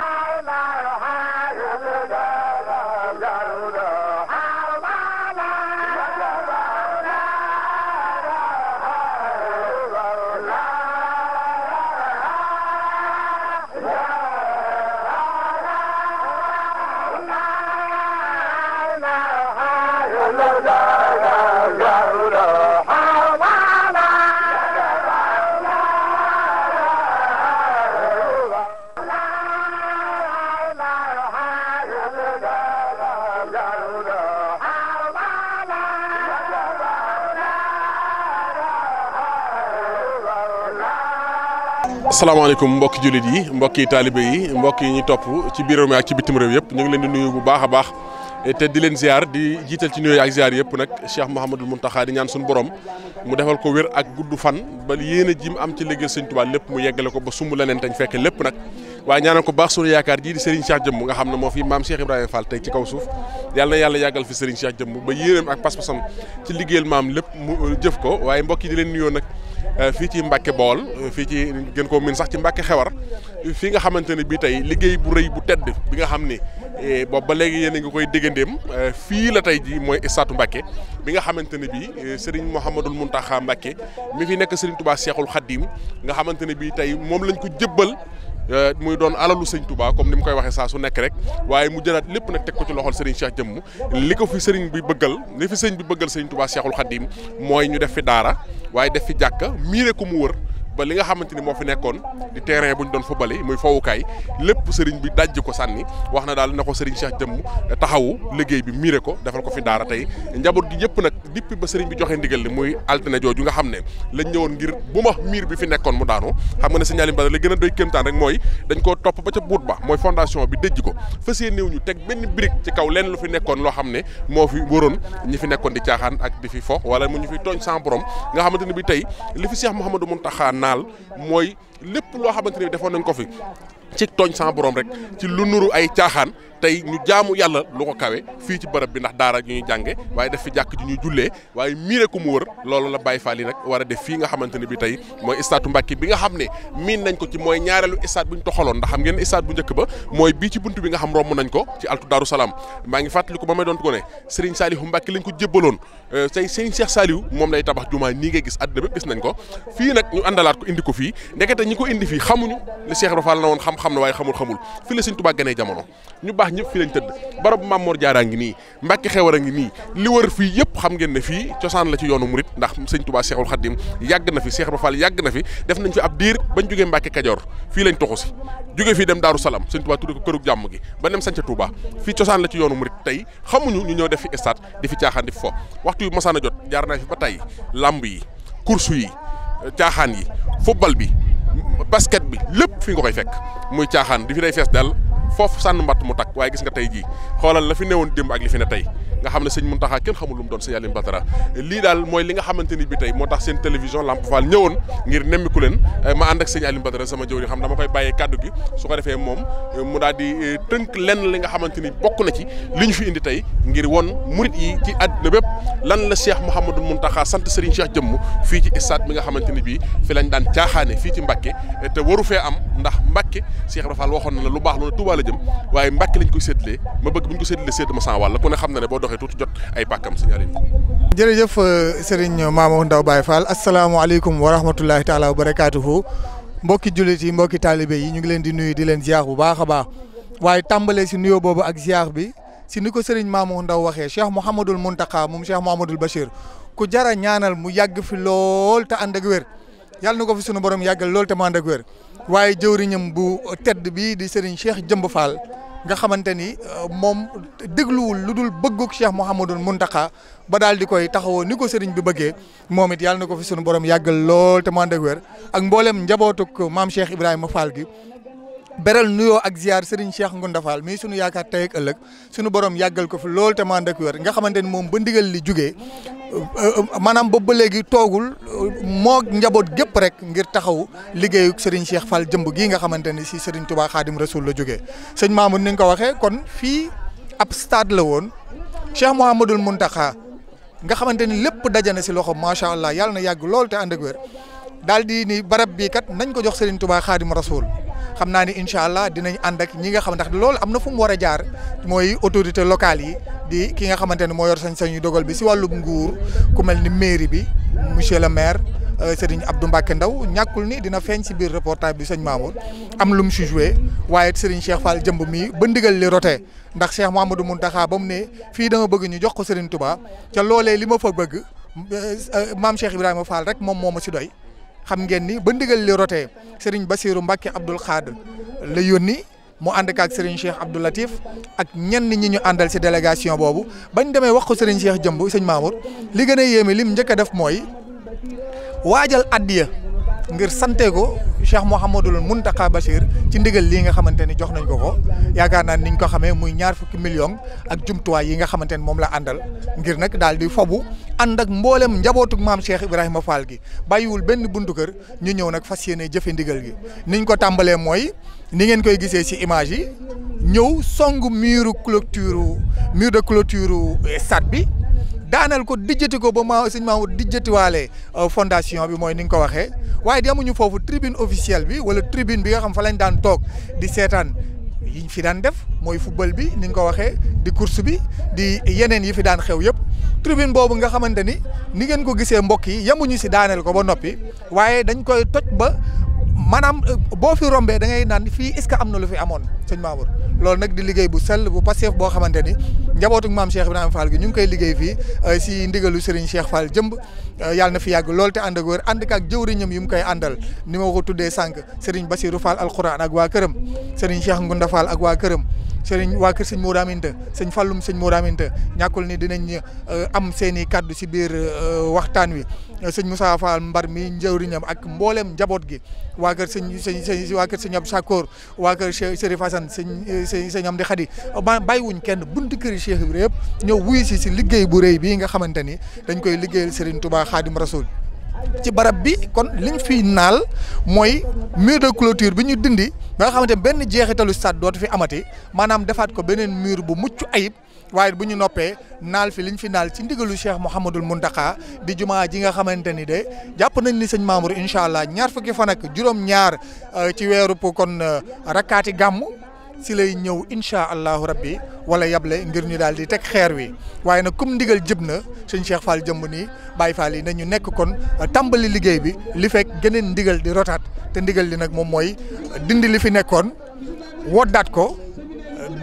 la la asalaamaaleykum mbokki jullit yi mbokki taalibe yi mbokk yi ñu topp ci biir ak ci bitim réew yëpp ñu ngi leen di nuyu bu baax a baax te di leen ziar di jiital ci nuyoo ak ziar yëpp nag Cheikh Mouhamadul Mountakha di ñaan suñu borom mu defal ko wér ak gudd fan ba yéen a jim am ci liggéey Sëñ Tuubaa lépp mu yeggale ko ba sumb leneen tañ fekke lépp nag waaye ñaanal ko baax suñu yaakaar jii di Serigne Cheikh Jëmm nga xam ne moo fi maam Cheikh Ibrahima Fall tey ci kaw suuf yàlla na yàggal fi Serigne Cheikh Jëmm ba yéeneem ak pas-pasam ci liggéeyal maam lépp mu jëf ko waaye mbokk yi leen nuyoo Euh, fii ci Mbàkke Bawol euh, fii ci gen koo miin sax ci Mbàkke xewar fii nga xamante ne bii tey liggéey bu rëy bu tedd bi nga xam ni eh, boobu ba léegi yéen a ngi koy déggandéem euh, fii la tey ji mooy istaatu Mbàkke bi nga xamante ne bii Serigne Mouhamadul Mountakha Mbàkke mi fi nekk Serigne Touba Cheikhul Khadim nga xamante ne bii tey moom lañ ko jëbbal Eh, muy doon alalu sëñ tubaa comme ni mu koy waxee saa su nekk rek waaye mu jëlaat lépp nag teg ko ci loxol Serigne Cheikh jëmm li ko fi sëriñ bi bëggal li fi sëñ bi bëggal sëñ Touba Cheikhul Khadim mooy ñu def fi daara waaye def fi jàkka miire ko mu wër ba li nga xamante ni moo fi nekkoon di terrain bu ñu doon fubali muy fowukaay lépp sëriñ bi dajj ko sànni wax na daal na ko sëriñ Cheikh jëmm eh, taxawu liggéey bi miire ko defal ko fi daara tey njaboot gi yëpp nag dippi ba sëriñ bi joxe ndigal li muy altine jooju nga xam ne lañ ñëwoon ngir bi fi nekkoon mu daanu xam nga ne signal ba la a doy kéemtaan rek mooy dañ koo topp ba ca buut ba mooy fondation bi dëjj ko fas yéene ñu teg benn brique ci kaw lenn lu fi nekkoon loo xam ne moo fi waroon ñi fi nekkoon di caaxaan ak di fi fo wala mu ñu fi tooñ sans borom nga xamante ni bi tey li fi Cheikh Mouhamadou naal mooy lépp loo xamante ne defoon nañ ko fi ci tooñ sans boroom rek ci lu nuru ay caaxaan tey ñu jaamu yàlla lu ko kawe fii ci bërëb bi ndax daara ju ñuy jànge waaye def fi jàkk ji ñuy jullee waaye miire ku mu wër loolu la Baye Fall yi nag war a def fii nga xamante ne bi tey mooy istaatu Mbàkke bi nga xam ne miin nañ ko ci mooy ñaareelu istaat bu ñu toxaloon ndax xam ngeen istaat bu njëkk ba mooy bii ci bunt bi nga xam romb nañ ko ci altu Daaru Salaam maa ngi fàttali ko ba may doon ko ne Serigne Saliou Mbàkke lañ ko jébbaloon euh, tey Serigne Cheikh Saliou moom lay tabax jumaa nii ngay gis àddina gis nañ ko fii nag ñu àndalaat ko indi ko fii ndekete ñi ko indi fii xamuñu li Cheikh Ibra Fall na woon xam-xam na waaye xamul fii la Serigne Touba gënee jamono ñëpp fii lañ tëdd barabu Mamor Diarra ngi nii Mbàkke Xewar a ngi nii li wër fii yëpp xam ngeen ne fii cosaan la ci yoonu mu murit ndax sëñ Touba Seexul Xaddim yàgg na fi Seex Ibra Fall yàgg na fi def nañ fi ab diir bañ jógee Mbàkke Kajoor fii lañ toxu si jógee fii dem Daaru Salaam sëñ Touba tudde ko kërug jàmm gi ba dem sanca Touba fii cosaan la ci yoonu murit tey xamuñu ñu ñëw def fi stade di fi caaxaan di fi fo waxtu yu masaan a jot jaar naa fi ba tey lamb yi course yi caaxaan yi football bi basket bi lépp fi nga koy fekk muy caaxaan di fi day fees dal foofu sànn mbatt mu takk waaye gis nga tey jii xoolal la fi newoon démb ak li fi ne tey nga xam ne sëñ Muntaxa kenn xamul lu mu doon sëñ Aliou Batara lii daal mooy li nga xamante ni bi tey moo tax seen télévision Lamp Fall ñëwoon ngir nemmiku leen eh, ma ànd ak sëñ Aliou Batara sama jëw yi xam dama koy bàyyee kàddu gi su ko defee moom eh, mu daal di eh, tënk lenn li nga xamante ni bokk na ci li ñu fi indi tey ngir won murit yi ci àddina bépp lan la Cheikh Mouhamadou Muntaxa ni bii fi lañ daan caaxaane fii ci Mbàkke te waru fee am ndax Mbàkke Cheikh la jëm waaye Mbàkke lañ koy séddalee ma bëgg bu ñu ko séddalee sédd ma sans wàll ku ne xam na ne boo doxee tuuti jot ay pàkkam signalé ko. jërëjëf euh, Serigne Mamadou Ndaw Baye Fall asalaamaaleykum wa rahmatulahi taala wa barakaatuhu mbokki jullit yi mbokki taalibe yi ñu ngi leen di nuyu di leen ziar bu baax a baax waaye tàmbalee si nuyoo boobu ak ziar bi si ni ko Serigne Mamadou Ndaw waxee Cheikh Mouhamadul Mountakha moom Cheikh Mouhamadul Bachir ku jara ñaanal mu yàgg fi lool ànd ak wér yàlla na ko fi sunu borom yàggal lool te mu waaye jëwriñam bu tedd bi di Serigne Cheikh Jëmb Fall nga xamante ni euh, moom dégluwul lu dul bëgguk Cheikh Mouhamadul Muntaka ba daal di koy taxawoo ni ko sëriñ bi bëggee moom it yàlla na ko fi sunu borom yàggal lool te mu ànd ak wér ak mboolem njabootuk maam Cheikh Ibrahima Fall gi beral nuyoo ak ziar Serigne Cheikh Ngounda Fall mii sunu yaakaar tey ëllëg sunu borom yàggal ko fi lool te man dëkk wér nga xamante ni moom ba ndigal li jugee maanaam boobu ba léegi toogul moo njaboot gépp rek ngir taxaw liggéeyu Serigne Cheikh Fall jëmb gii nga xamante ni si Serigne Touba Khadim Rasoul la jugee sëñ Mamoun ni nga ko waxee kon fii ab stade la woon Cheikh Mouhamadoul Mountakha nga xamante ni lépp dajana si loxo macha allah yàlla na yàgg lool te ànd daal di ni barab bii nañ ko jox Serigne Touba Khadim Rasoul xam naa ni incha allah dinañ ànd ak ñi nga xam ndax loolu am na fu mu war a jaar mooy autorité locale yi di ki nga xamante ne moo yor sañ-sañu dogal bi si wàllum nguur ku mel ni mairie bi monsieur le maire euh, Serigne Abdou Mbacke Ndaw ñàkkul ni dina feeñ si biir reportage bi sëñ Mamour am lu mu si joué waaye Serigne Cheikh Fall jëmb mii ba ndigal li rote ndax Cheikh Mouhamadou Mountakha ba mu ne fii dama bëgg ñu jox ko Serigne Touba ca li ma fa bëgg euh, euh, maam Cheikh Ibrahima Fall rek moom moo ma si doy. xam ngeen ni ba ndigal li rotee Serigne Bassirou Mbacke Abdoul Khadr la yónni mu ànd ak Serigne Cheikh Abdou Latif ak ñenn ñi ñu àndal si délégation boobu bañ demee wax ko Serigne Cheikh jëmb sëñ Mamour li gën a yéeme mu njëkk a def mooy waajal addiya ngir sante ko Cheikh mun Mountakha Bachir ci ndigal lii nga xamante ni jox nañ ko ko yaakaar naa niñ ko xamee muy ñaar fukki million ak jumtuwaay yi nga xamante ni moom la àndal ngir nag daal di fobu ànd ak mboolem njabootug maam Cheikh Ibrahima Fall gi bàyyiwul benn buntu kër ñu ñëw nag fas yéene jëfe ndigal gi niñ ko tàmbalee mooy ni ngeen koy gisee ci image yi ñëw song muru clôture mur de clôture sat bi daanal ko dijjati ko ba ma sëñ Mamour dijjatiwaale euh, fondation bi mooy ni nga ko waxee waaye di amuñu foofu tribune officielle bi wala tribune bi nga xam fa lañ daan toog di seetaan yiñ fi daan def mooy football bi ni nga ko waxee di course bi di yeneen yi fi daan xew yëpp tribune boobu nga xamante ni ni ngeen ko gisee mbokk yi yemuñu si daaneel ko ba noppi waaye dañ koy toj ba maanaam euh, boo fi rombee da ngay naan fii est-ce am na lu fi amoon sëñ Mamour loolu nag di liggéey bu sell bu passif boo xamante ni njabootuk maam Cheikh Ibrahima Fall gi ñu ngi koy liggéey fii euh, si ndigalu Serigne Cheikh Fall jëmb euh, yàlla na fi yàgg lool te ànd ak wér ànd ak jëwriñam yu mu koy àndal ni ma ko tuddee sànq Serigne Bassirou Fall alquran ak waa këram Serigne Cheikh Ngunda Fall ak waa këram sëriñ waa kër sëñ Modou Aminta sëñ Falloum sëñ Modou Aminta ñàkkul ni dinañ am seen i kaddu si biir waxtaan wi sëñ Moussa Fall mbar mi njëwriñam ak mboolem njaboot gi waa waa kër sëñ sëñ waa kër sëñ Abdou Sakkoor waa kër Chérif Hassane sëñ sëñ sëñ Amdi Xadi wuñ kenn buntu këri Cheikh Ibrahima yëpp ñëw wuyu si si liggéey bu rëy bii nga xamante ni dañ koy liggéeyal Serigne Touba Xaadim Rasoul ci barab bi kon liñ fiy naal mooy mur de clôture bi ñu dindi ba nga xamante benn jeexitalu stade dootu fi amati maanaam defaat ko beneen mur bu mucc ayib waaye bu ñu noppee naal fi liñ fi naal ci ndigalu Cheikh Mouhamadul Mountakha di jumaa ji nga xamante ni de jàpp nañ ni sëñ Mamour incha allah ñaar fukki fa nag juróom-ñaar euh, ci weeru kon euh, rakaati gàmm si lay ñëw incha allahu rabbi wala yable ngir ñu daal di teg xeer wi waaye nag comme ndigal jëb na sëñ Cheikh Fall jëmm nii Baye Fall yi nañu nekk kon euh, tàmbali liggéey bi li fekk geneen ndigal di rotaat te ndigal li nag moom mooy dindi li fi nekkoon woddaat ko.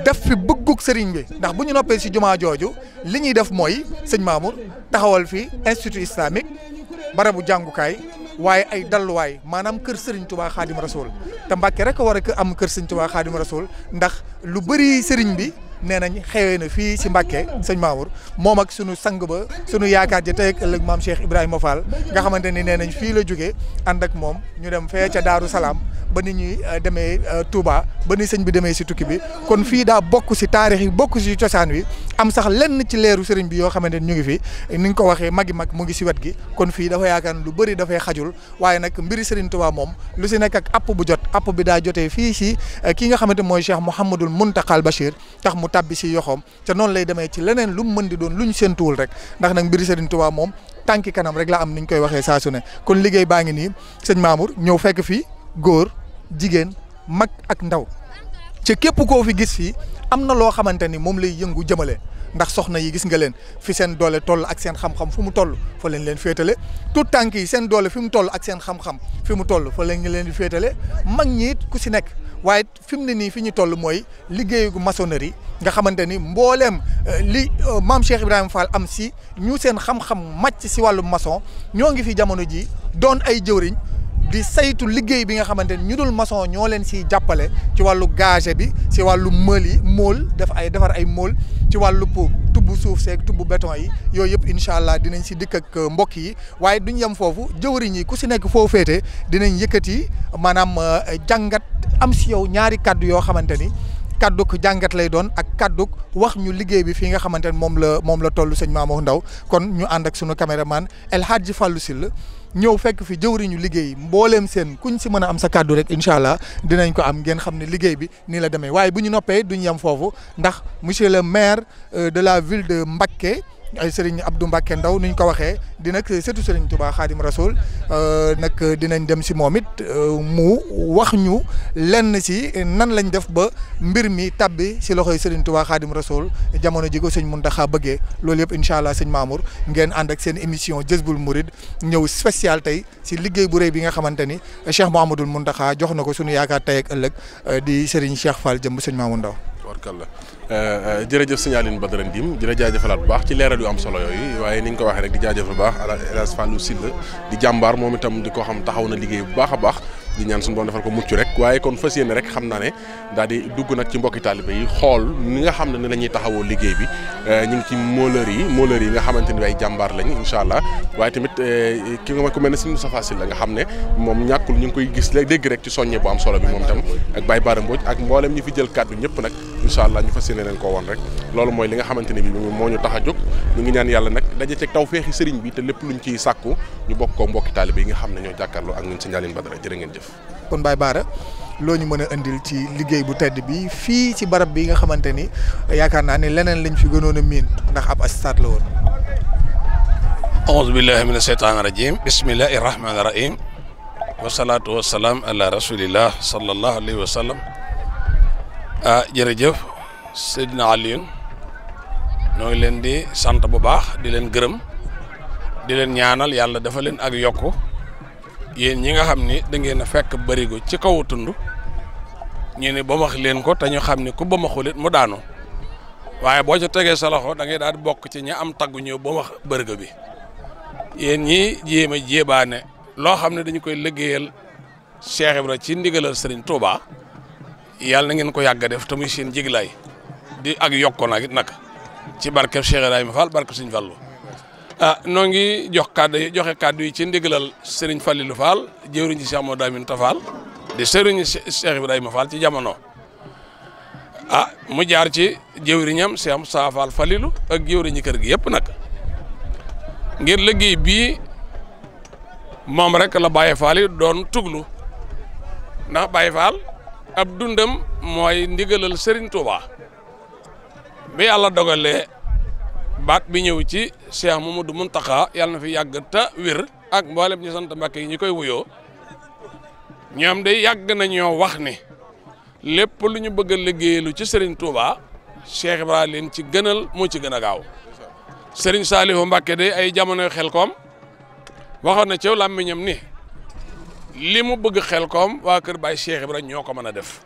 def fi bëggug sëriñ bi ndax bu ñu noppee si jumaa jooju li ñuy def mooy sëñ Mamour taxawal fi institut islamique barabu jàngukaay waaye ay dalluwaay maanaam kër sëriñ Touba Xaadim Rasoul te Mbàkke rek war a am kër sëriñ Touba Xaadim Rasoul ndax lu bëri sëriñ bi. nee nañ xewee na fii si Mbàkke sëñ Mamour moom ak sunu sang ba sunu yaakaar ja tey ak ëllëg maam Cheikh Ibrahima Fall nga xamante ni nee nañ fii la jógee ànd ak moom ñu dem fee ca Daaru Salaam ba ni ñuy euh, demee euh, Touba ba ni sëñ bi demee si tukki bi kon fii daa bokk si taarix yi bokk si cosaan wi am sax lenn ci leeru sëriñ bi yoo xamante ni ñu ngi fi ni nga ko waxee magi mag mu ngi si wet gi kon fii dafa yaakaar lu bëri dafay xajul waaye nag mbiri sëriñ tubaa moom lu si nekk ak app bu jot app bi daa jotee fii si euh, ki nga xamante mooy Cheikh Mouhamadul Muntaxal Bachir tax mu tàbbi si yoxoom te noonu lay demee ci leneen lu mu mën di doon lu ñu séentuwul rek ndax nag mbiri Serigne Touba moom tànki kanam rek la am ni ñu koy waxee saa su ne kon liggéey baa ngi nii seen Mamour ñëw fekk fii góor jigéen mag ak ndaw ci képp koo fi gis fii am na loo xamante ni moom lay yëngu jëmale ndax soxna yi gis nga leen fi seen doole toll ak seen xam-xam fu mu toll fa leen leen féetale tout tànk yi seen doole fi mu toll ak seen xam-xam mu toll fa leen leen di féetale mag ñiit ku si nekk waaye fi mu ne nii fi ñu toll mooy liggéeyu maçonnerie nga xamante ni mbooleem euh, li euh, maam Cheikh Ibrahima Fall am si ñu seen xam-xam màcc si wàllu maçon ñoo ngi fi jamono ji doon ay jëwriñ di saytu liggéey bi nga xamante ni ñu dul maçon ñoo leen siy jàppale ci wàllu gage bi si wàllu mël yi mool def ay defar ay mool ci wàllu tubb suuf seeg tubb béton yi yooyu yëpp incha allah dinañ si dikk ak euh, mbokk yi waaye duñ yem foofu jëwriñ yi ku si nekk foo féete dinañ yëkkati maanaam euh, jàngat am si yow ñaari kàddu yoo xamante ni kàdduk jàngat lay doon ak kàdduk wax ñu liggéey bi fii nga xamante ni moom la moom la toll sëñ Mamadou Ndaw kon ñu ànd ak sunu caméraman El Hadji Fallou Syll ñëw fekk fi jëwriñu liggéey mbooleem seen kuñ si mën a am sa kàddu rek incha allah dinañ ko am ngeen xam ne liggéey bi nii la demee waaye bu ñu noppee duñ yem foofu ndax monsieur le maire euh, de la ville de Mbacké ay Serigne Abdou Mbacke Ndaw ni ñu ko waxee di nag surtout Serigne Touba Khadim Rasoul euh, nag dinañ dem si moom it euh, mu wax ñu lenn si nan lañ def ba mbir mi tabbi si loxoy Serigne Touba Khadim Rasoul jamono ji ko sëñ Mountakha bëggee loolu yëpp incha allah sëñ Mamour ngeen ànd ak seen émission Jazboul Mouride ñëw spécial tey si liggéey bu rëy bi nga xamante ni Cheikh Mouhamadoul Mountakha jox na ko suñu yaakaar tey ak ëllëg euh, di Serigne Cheikh Fall jëm sëñ Mamour Ndaw tubaarkàlla euh, euh, jërëjëf signalin Badara Ndim di bu baax ci leeral yu am solo yooyu waaye ni nga ko waxee rek di jaajëf bu baax El Hadj Fallou Sylla di jàmbaar moom itam di ko xam taxaw na liggéey bu baax a baax di ñaan suñu borom defal ko mucc rek waaye kon fas yéene rek xam naa ne daal di dugg nag ci mbokki taalibe yi xool ni nga xam ne ne la ñuy taxawoo liggéey bi euh, ñu ngi ci mooleur yi mooleur yi nga xamante ni ay jàmbaar lañ incha allah waaye tamit euh, ki nga ku mel ne moom ñàkkul ñu ngi koy gis léeg dégg rek ci soññe bu am solo bi moom tam ak Baye Bara ak mboolem ñi fi jël kàddu ñëpp nag incha allah ñu fas yéene leen koo woon rek loolu mooy li nga xamante ni bi moo ñu tax a jóg ñu ngi ñaan yàlla nag daje ceeg taw feexi sëriñ bi te lépp luñ ciy sàkku ñu bokk ko mbokki taalibe yi nga xam ne ñoo jàkkaarloo ak ñun si Ndialine Badara kon Baye Bara loo ñu mën a indil ci liggéey bu tedd bi fii ci barab bi nga xamante ni yaakaar naa ni leneen lañ fi gënoona miin ndax ab stade la woon. aouzu billahi mina sheytaani rajim bismillahi rahmaani rahim wasalaatu wasalaam ala rasulillah sallallahu alayhi wa jërëjëf Seydina Alioune ñoo ngi leen di sant bu baax di leen gërëm di leen ñaanal yàlla dafa leen ak yokk yéen ñi nga xam ni dangeen a fekk bërigo ci kaw tund ñu ne ba max leen ko te ñu xam ne ku ba maxulit mu daanu waaye boo ca tegee sa loxo da daal di bokk ci ñu am tagg ñëw ba max bërigo bi yéen ñi jéem a jéebaane loo xam ne dañu koy liggéeyal Cheikh Ibra ci ndigalal sëriñ Touba yàlla na ngeen ko yàgg def te muy seen jiglaay di ak yokko nag nag ci barkeb Cheikh Ibrahima Fall barkeb Serigne Fallou ah noo ngi jox kàddu yi joxe kàddu yi ci ndigalal sëriñ Falilou Fall jëwriñu Cheikh Modou Aminta Fall di sëriñu Cheikh Ibrahima Fall ci jamono a ah, mu jaar ci jëwriñam Cheikh Moussa Fall Falilou ak jëwriñu kër gi yëpp nag ngir liggéey bii moom rek la Baye Fall yi doon tuglu ndax Baye Fall ab dundam mooy ndigalal sëriñ Touba bi yàlla dogalee baat bi ñëw ci Cheikh mun Mountakha yàlla na fi yàgg te wér ak mboolem ñu sant Mbàkke yi ñu koy wuyoo ñoom day yàgg nañoo wax ne lépp lu ñu bëgg a liggéeyalu ci Serigne Touba Cheikh Ibra leen ci gënal moo ci gën a gaaw Serigne Saliou Mbàkke day ay xel koom waxoon na ci làmmiñam ni li mu bëgg xel koom waa kër Baay Cheikh Ibra ñoo ko mën a def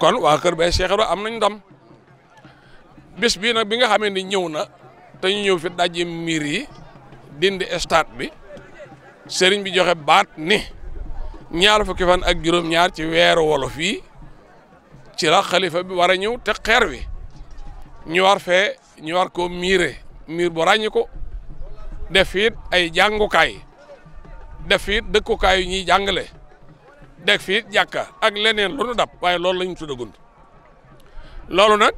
kon waa kër Baay Cheikh Ibra am nañ dam bis bii nag bi nga xamee ni ñëw na te ñu ñëw fi daji miir yi dindi stade bi sëriñ bi joxe baat ni ñaar fukki fan ak juróom-ñaar ci weeru wolof yi ci la xalifa bi war a ñëw te xeer wi ñu war fee ñu war koo miire miir bu ràññi ko def it ay jàngukaay def it dëkkukaay yu ñuy jàngale def it jàkka ak leneen lu nu dab waaye loolu la ñu tuddagul loolu nag.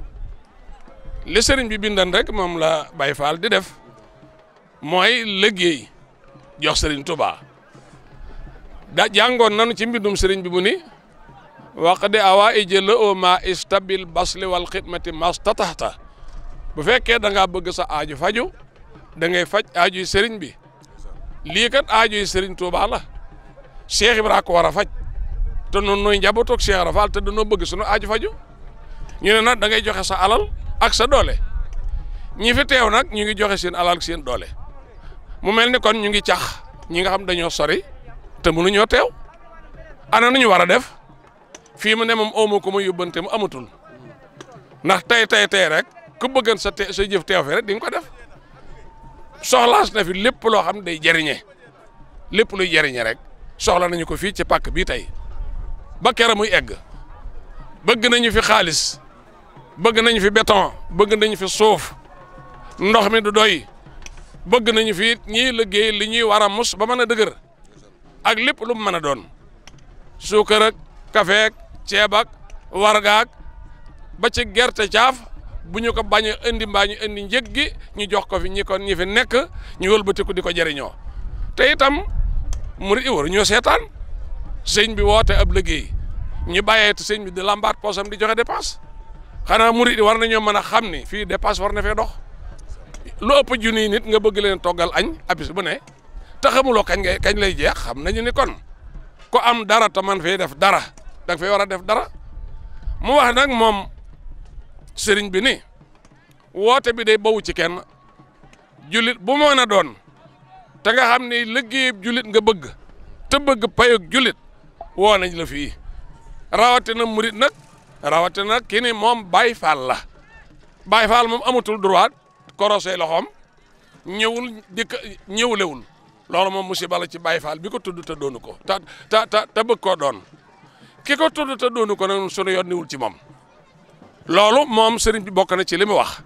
li sëriñ bi bindan rek moom la bay Fall di def mooy liggéey jox sëriñ Touba da jàngoon nan ci mbindum sëriñ bi bu ni waqdi awa ijëla o ma istabil basli wal xidmati mastataxta bu fekkee da nga bëgg sa aajo faju da ngay faj aajuy sëriñ bi lii kat aajuy sëriñ Touba la Cheikh Ibra ko war a faj te noonu nooy njabootoog Cheikh Ibra Fall te danoo bëgg sunu aajo faju ñu ne nag da ngay joxe sa alal ak sa doole ñi fi teew nag ñu ngi joxe seen alal seen doole mu mel ni kon ñu ngi cax ñi nga xam dañoo sori te mënuñoo teew ana nu ñu war a def fii mu ne moom oomo ko ma yóbbante mu amatul ndax tey tey tey rek ku bëggan sa te sa jëf teew fi rek di ko def soxlaas na fi lépp loo xam day jëriñe lépp luy jëriñe rek soxla nañu ko fii ci pàkk bii tey ba kera muy egg bëgg nañu fi xaalis bëgg nañ fi béton bëgg nañu fi suuf ndox mi du doy bëgg nañu fi ñi liggéey li ñuy war a mus ba mën a dëgër ak lépp lu mu mën a doon suukar ak kafe ak ceeb ba ci gerte caaf bu ñu ko bañ a indi mbaa ñu indi njëg gi ñu jox ko fi ñi ko ñi fi nekk ñu wëlbatiku di ko jëriñoo te itam murit yi waru ñoo seetaan sëñ bi woote ab liggéey ñu bàyyee te sëñ bi di lambaat poosam di joxe dépense. xanaa murid war nañoo mën a xam ni fii dépasse war na fee dox lu ëpp junniy nit nga bëgg leen toggal añ abis bu ne te xamuloo kañ ngay kañ lay jeex xam nañu ni kon ko am dara ta man fee def dara danga fay war a def dara mu wax nag moom sëriñ bi ni woote bi day bawu ci kenn jullit bu mën doon te nga xam ni liggéeyub jullit nga bëgg te bëgg payug jullit woo nañ la fii rawatina murit nag rawatina ki ni moom Baye Fall la Baye Fall moom amatul droit korosee loxoom ñëwul dikk ñëwlewul loolu moom musiba la ci Baye Fall bi ko tudd te doonu ko ta ta ta bëgg koo doon ki ko tudd te doonu ko nag sunu yoon niwul ci moom loolu moom sëriñ bi bokk na ci li mu wax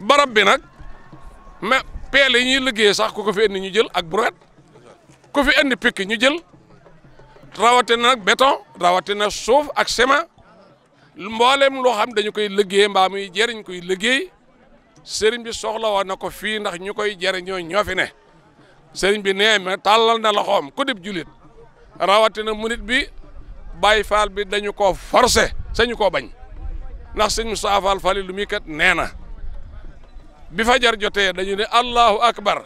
barab bi nag mais peel yi ñuy liggéey sax ku ko fi indi ñu jël ak brouette ku fi indi picc ñu jël rawatina nag béton rawatina suuf ak ciment mboolem loo xam dañu koy liggéey mbaa muy jëriñ koy liggéey sëriñ bi soxla woon na ko fii ndax ñu koy jëriñoo ñoo fi ne sëriñ bi nee ma tàllal na loxoom ku dib julit rawatina murit bi Baay Faal bi dañu ko forcé sañu koo bañ ndax sëñ Moussa Fall Fali lu muy kat nee na bi fajar jotee dañu ne allahu akbar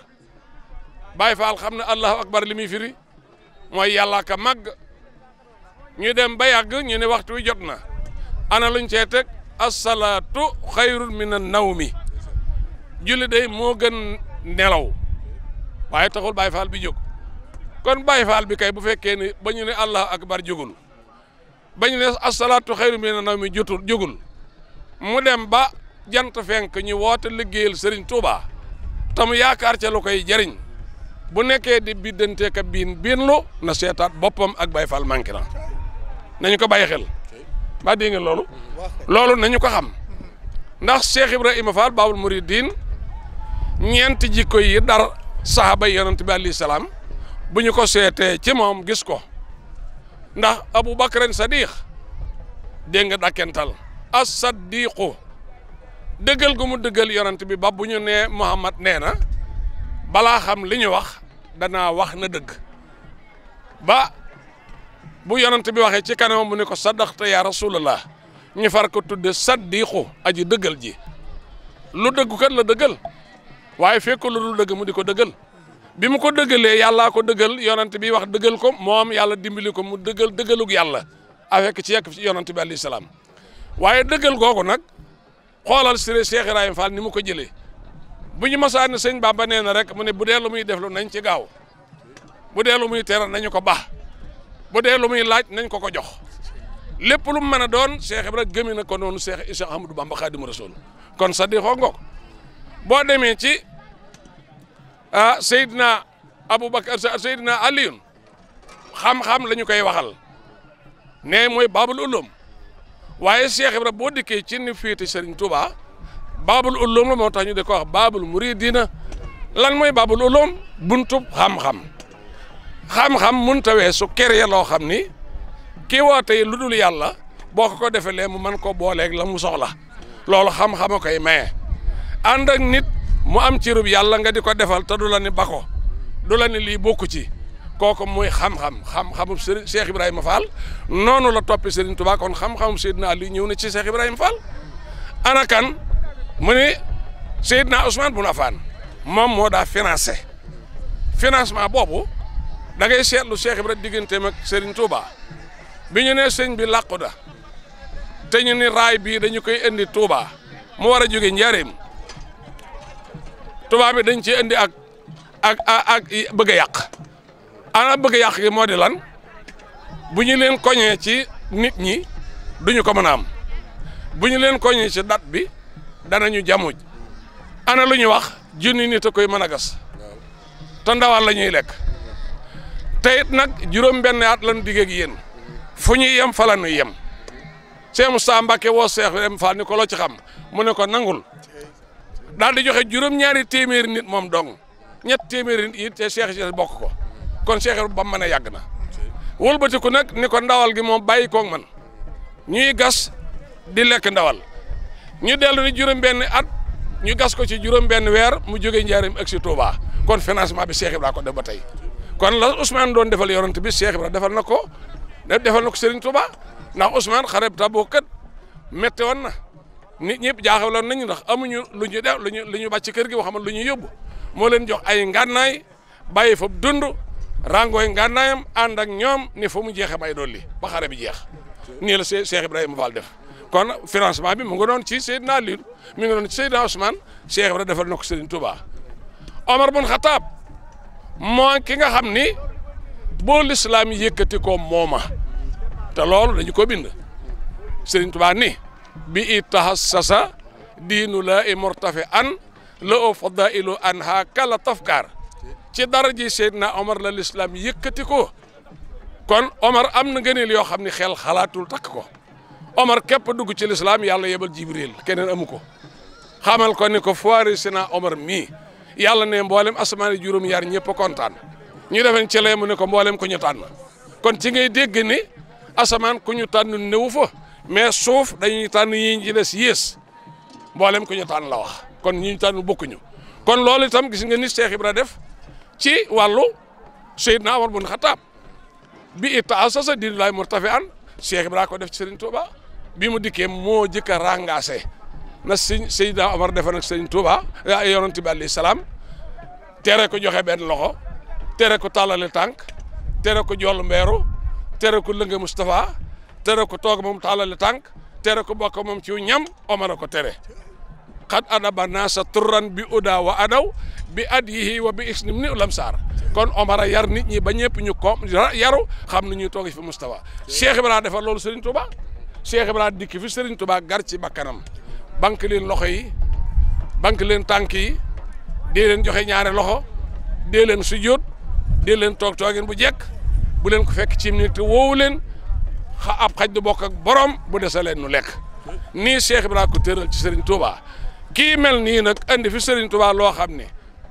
Baay Faal xam ne allahu akbar li muy firi mooy yàlla ka màgg ñu dem ba yàgg ñu ne waxtu wi jot na ana luñ cee teg asalaatu xayrun mina nawmi julli day moo gën nelaw waaye taxul Baay Faal bi jóg kon Baay Faal bi kay bu fekkee ni bañu ñu ne allahu akbar jógul bañu ñu ne asalaatu xayrun mina nawmi jotul jógul mu dem ba jant fenk ñu woot liggéeyal Serigne Touba tamu yaakaar ca lu koy jëriñ bu nekkee di biddanteeka biin biin lu na seetaat boppam ak Baay Faal manqué na nañu ko bàyyi xel mbaa dégg ngeen loolu loolu nañu ko xam ndax Cheikh Ibrahima Fall Babul Mouridine ñeenti jikko yi dar saxaaba yonent bi alayhi salaam bu ñu ko seete ci moom gis ko ndax Abu Bakrin Sadiq dégg nga dakkental as Sadiqu dëggal gu mu dëggal yonent bi ba bu ñu nee Muhammad nee na balaa xam li ñu wax danaa wax na dëgg ba. bu yonent bi waxee ci kanamam mu ne ko saddaxta yaa rasulallah ñu far ko tudde saddiqu aji dëggal ji lu dëggu kat la dëggal waaye fekk lu dul dëgg mu di ko dëggal bi mu ko dëggalee yàllaa ko dëggël yonent bi wax dëggal ko moom yàlla dimbali ko mu dëggal dëggalug yàlla afekk ci yekk ci yonent bi alayhi salaam waaye dëggal googu nag xoolal siré Cheikh Ibrahima Fall ni mu ko jëlee bu ñu masaan ne sëñ ba nee na rek mu ne bu dee lu muy def lu nañ ci gaaw bu dee lu muy nañu ko baax bu dee lu muy laaj nañ ko ko jox lépp lu mu mën a doon Cheikh Ibra gëmi na ko noonu Cheikh Isa Ahmadou Bamba Xaadimu Rasul kon sadixoo nga ko boo demee ci ah Seydina Aboubacar Seydina Aliyun xam-xam la ñu koy waxal ne mooy baabul ulum waaye Cheikh Ibra boo dikkee ci ni féete Serigne Touba baabul ulum la moo tax ñu di ko wax baabul muridina lan mooy baabul ulum buntub xam-xam. xam-xam mun ta weesu kere loo xam ni kii woote lu dul yàlla boo ko ko defalee mu man ko booleeg la mu soxla loolu xam-xama koy maye ànd ak nit mu am cirub yàlla nga di ko defal te du la ni bako du la ni lii bokku ci kooku muy xam-xam xam-xamub Ibrahima Fall noonu la toppee Serigne Touba kon xam-xamub lii Ali ñëw na ci Cheikh Ibrahima Fall ana kan mu ni Seydina Ousmane Bun Affan moo daa financé financement boobu. da ngay seetlu bi Ibra digganteem mag Serigne Touba bi ñu nee sëñ bi làqu da te ñu ni raay bii dañu koy indi Touba mu war a jóge njaareem Touba bi dañ ci indi ak ak ak bëgg a yàq ana bëgg a yàq gi moo di lan bu ñu leen koñee ci nit ñi duñu ko mën a am bu ñu leen koñee ci date bi danañu jamuj ana lu ñu wax junni nit a koy mën a gas te ndawal la ñuy lekk teyit nag juróom benn at lañu digéeg yéen fu ñuy yem fa yem Cheikh Moustapha Mbacké woo Cheikh Ibrahima ni ko loo ci xam mu ne ko nangul daal di joxe juróom-ñaari téeméeri nit moom dong ñett téeméeri nit yi te Cheikh si bokk ko kon Cheikh ba mën a yàgg na wëlbatiku nag ni ko ndawal gi moom bàyyi koog man ñuy gas di lekk ndawal ñu dellu ni juróom benn at ñu gas ko ci juróom benn weer mu jóge njaarim ak si Touba kon financement bi Cheikh Ibrahima ko def ba tey kon la Ousmane doon defal yonent bi Cheikh Ibrahima defal na ko defal na ko Serigne Touba ndax Ousmane xare bu Tabuk kat métti woon na nit ñëpp jaaxaloon nañu ndax amuñu lu ñu def lu ñu lu ñu bàcc kër gi boo xam ne lu ñu yóbbu moo leen jox ay ngànnaay bàyyi fa dund rangooy ngànnaayam ànd ak ñoom ni fa mu jeexee may dolli ba xare bi jeex nii la Cheikh Ibrahima Fall def. kon financement bi mu ngi doon ci Seydina Aliou mi ngi doon ci Seydina Ousmane Cheikh Ibrahima defal na ko Serigne Touba Omar bun Khattab. mooy ki nga xam ni boo lislaam yëkkati ko mooma te loolu dañu ko bind Sëriñ Tuubaa ni bi i tahassasa diinu la i murtafi an la o fadailu an ha kala tafkaar ci daraji Seydina Omar la lislaam yëkkati ko kon Omar am na ngëneel yoo xam ne xel xalaatul takk ko Omar képp dugg ci lislaam yàlla yebal Jibril keneen amu ko xamal ko ni ko foiri sina Omar mii yàlla ne mboolem asamaani juróom-ñaar ñëpp a kontaan ñu defen ci lay mu ne ko mboolem ku ñu tànn kon ci ngay dégg ni asamaan ku ñu tànn newu fa mais suuf dañuy tànn yi ñu ci des yées mboolem ku ñu la wax kon ñi ñu tànn bokkuñu kon loolu itam gis nga ni Cheikh Ibra def ci wàllu Seydina Omar bun Xataab bi itaasasa diinullaahi murtafi'an Cheikh Ibra ko def ci Serigne Touba bi mu dikkee moo jëkk a rangaase na sëñ Seydina Omar defoon ak sëñ Touba yonent bi alayhi salaam tere ko joxe benn loxo tere ko tàllale tànk tere ko joll mbeeru tere ko lënge Moustapha tere ko toog moom tàllale tànk tere ko bokk moom ci ñam Omar ko tere xat adaba naa sa turran bi uda wa adaw bi ad yihi wa bi isnim ni ulam kon Omar yar nit ñi ba ñëpp ñu ko yaru xam na ñuy toog fi Moustapha Cheikh Ibrahima defar loolu Serigne Touba Cheikh Ibrahima dikki fi Serigne Touba gar ci bakkanam bank leen loxo yi banque leen tànk yi dee leen joxe ñaare loxo dee leen sujjóot dee leen toog toogin bu jekk bu leen ko fekk ci nit te woowu leen xa ab xaj du bokk ak borom bu dese leen nu lekk nii Cheikh Ibrahima ko tëral ci Serigne Touba kii mel nii nag andi fi Serigne Touba loo xam ne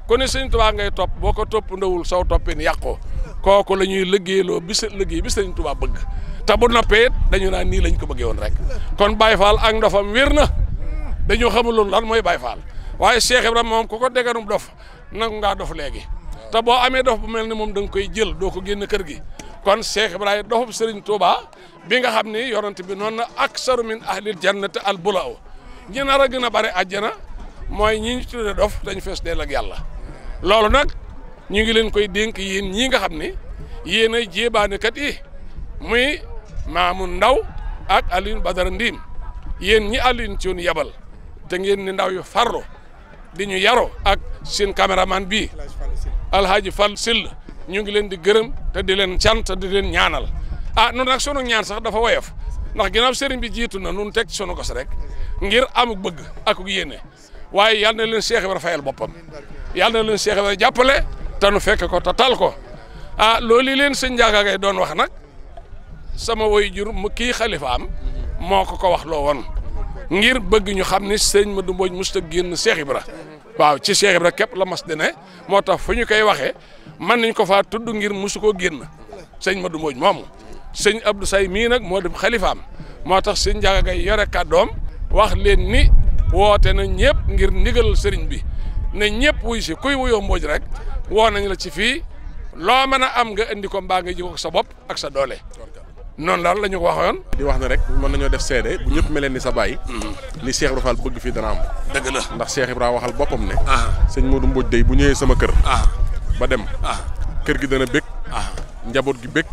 ku ne Serigne ngay topp boo ko topp ndawul saw toppin yàqoo kooku lañuy ñuy liggéeyloo bi sa liggéey bi Serigne Touba bëgg te bu noppee dañu naan nii lañ ko bëggee woon rek kon Baye Fall ak na. dañoo xamuloon lan mooy bay Fall waaye Cheikh Ibrahima moom ku ko dégganum dof nangu ngaa dof léegi te boo amee dof bu mel ni moom da koy jël doo ko génn kër gi kon Cheikh Ibrahima dofub sëriñ Touba bi nga xam ni yonent bi noonu na aksaru min ahlil jannati al bulaaw ñi nar a gën a bare àjjana mooy ñi ñu tudde dof dañu fees dell ak yàlla loolu nag ñu ngi leen koy dénk yéen ñii nga xam ni yéen ay jéebaanekat yi muy Maamun Ndaw ak Alioune Badara Ndiim yéen ñi Alioune Thion yabal te ngeen ni ndaw yu farlu di ñu yaro ak seen caméraman bii alhaaji Fall Sill ñu ngi leen di gërëm te di leen cant te di leen ñaanal ah nun nag sunu ñaan sax dafa woyof ndax ginnaaw sëriñ bi jiitu na nun teg ci sunu gos rek ngir amuk bëgg akuk yéene waaye yal na leen Cheikh Ibra fayal boppam yal na leen Cheikh Ibra jàppale te nu fekk ko te tal ko ah loolu leen sëñ Ndiaga Gaye doon wax nag sama woy jur mu kii xalifaam moo ko ko wax loo woon ngir bëgg ñu xam ni sëñ Madou Mbodj mosut a génn Cheikh Ibra waaw ci Cheikh Ibra képp la mas di ne moo tax fu ñu koy waxee mën nañ ko faa tudd ngir mosu génn sëñ ma du Mbodj moomu sëñ Abdou Say mii nag moo dem xalifaam moo tax sëñ Ndiaga Gaye yore kàddoom wax leen ni woote na ñëpp ngir ndigal sëriñ bi ne ñëpp wuy si kuy wuyoo Mbodj rek woo nañ la ci fii loo mën a am nga indi ko mbaa nga ji ko sa bopp ak sa doole. noonu daal la ñu waxoon. di wax ne rek mën nañoo def seede bu ñëpp meleen ni sa bàyyi. li Cheikh Ibra Fall bëgg fii dana am. dëgg la ndax Cheikh Ibra waxal boppam ne. Ah. sëñ Modou Mbodj day bu ñëwee sama kër. Ah. ba dem. Ah. kër gi dana bëgg. njaboot gi bég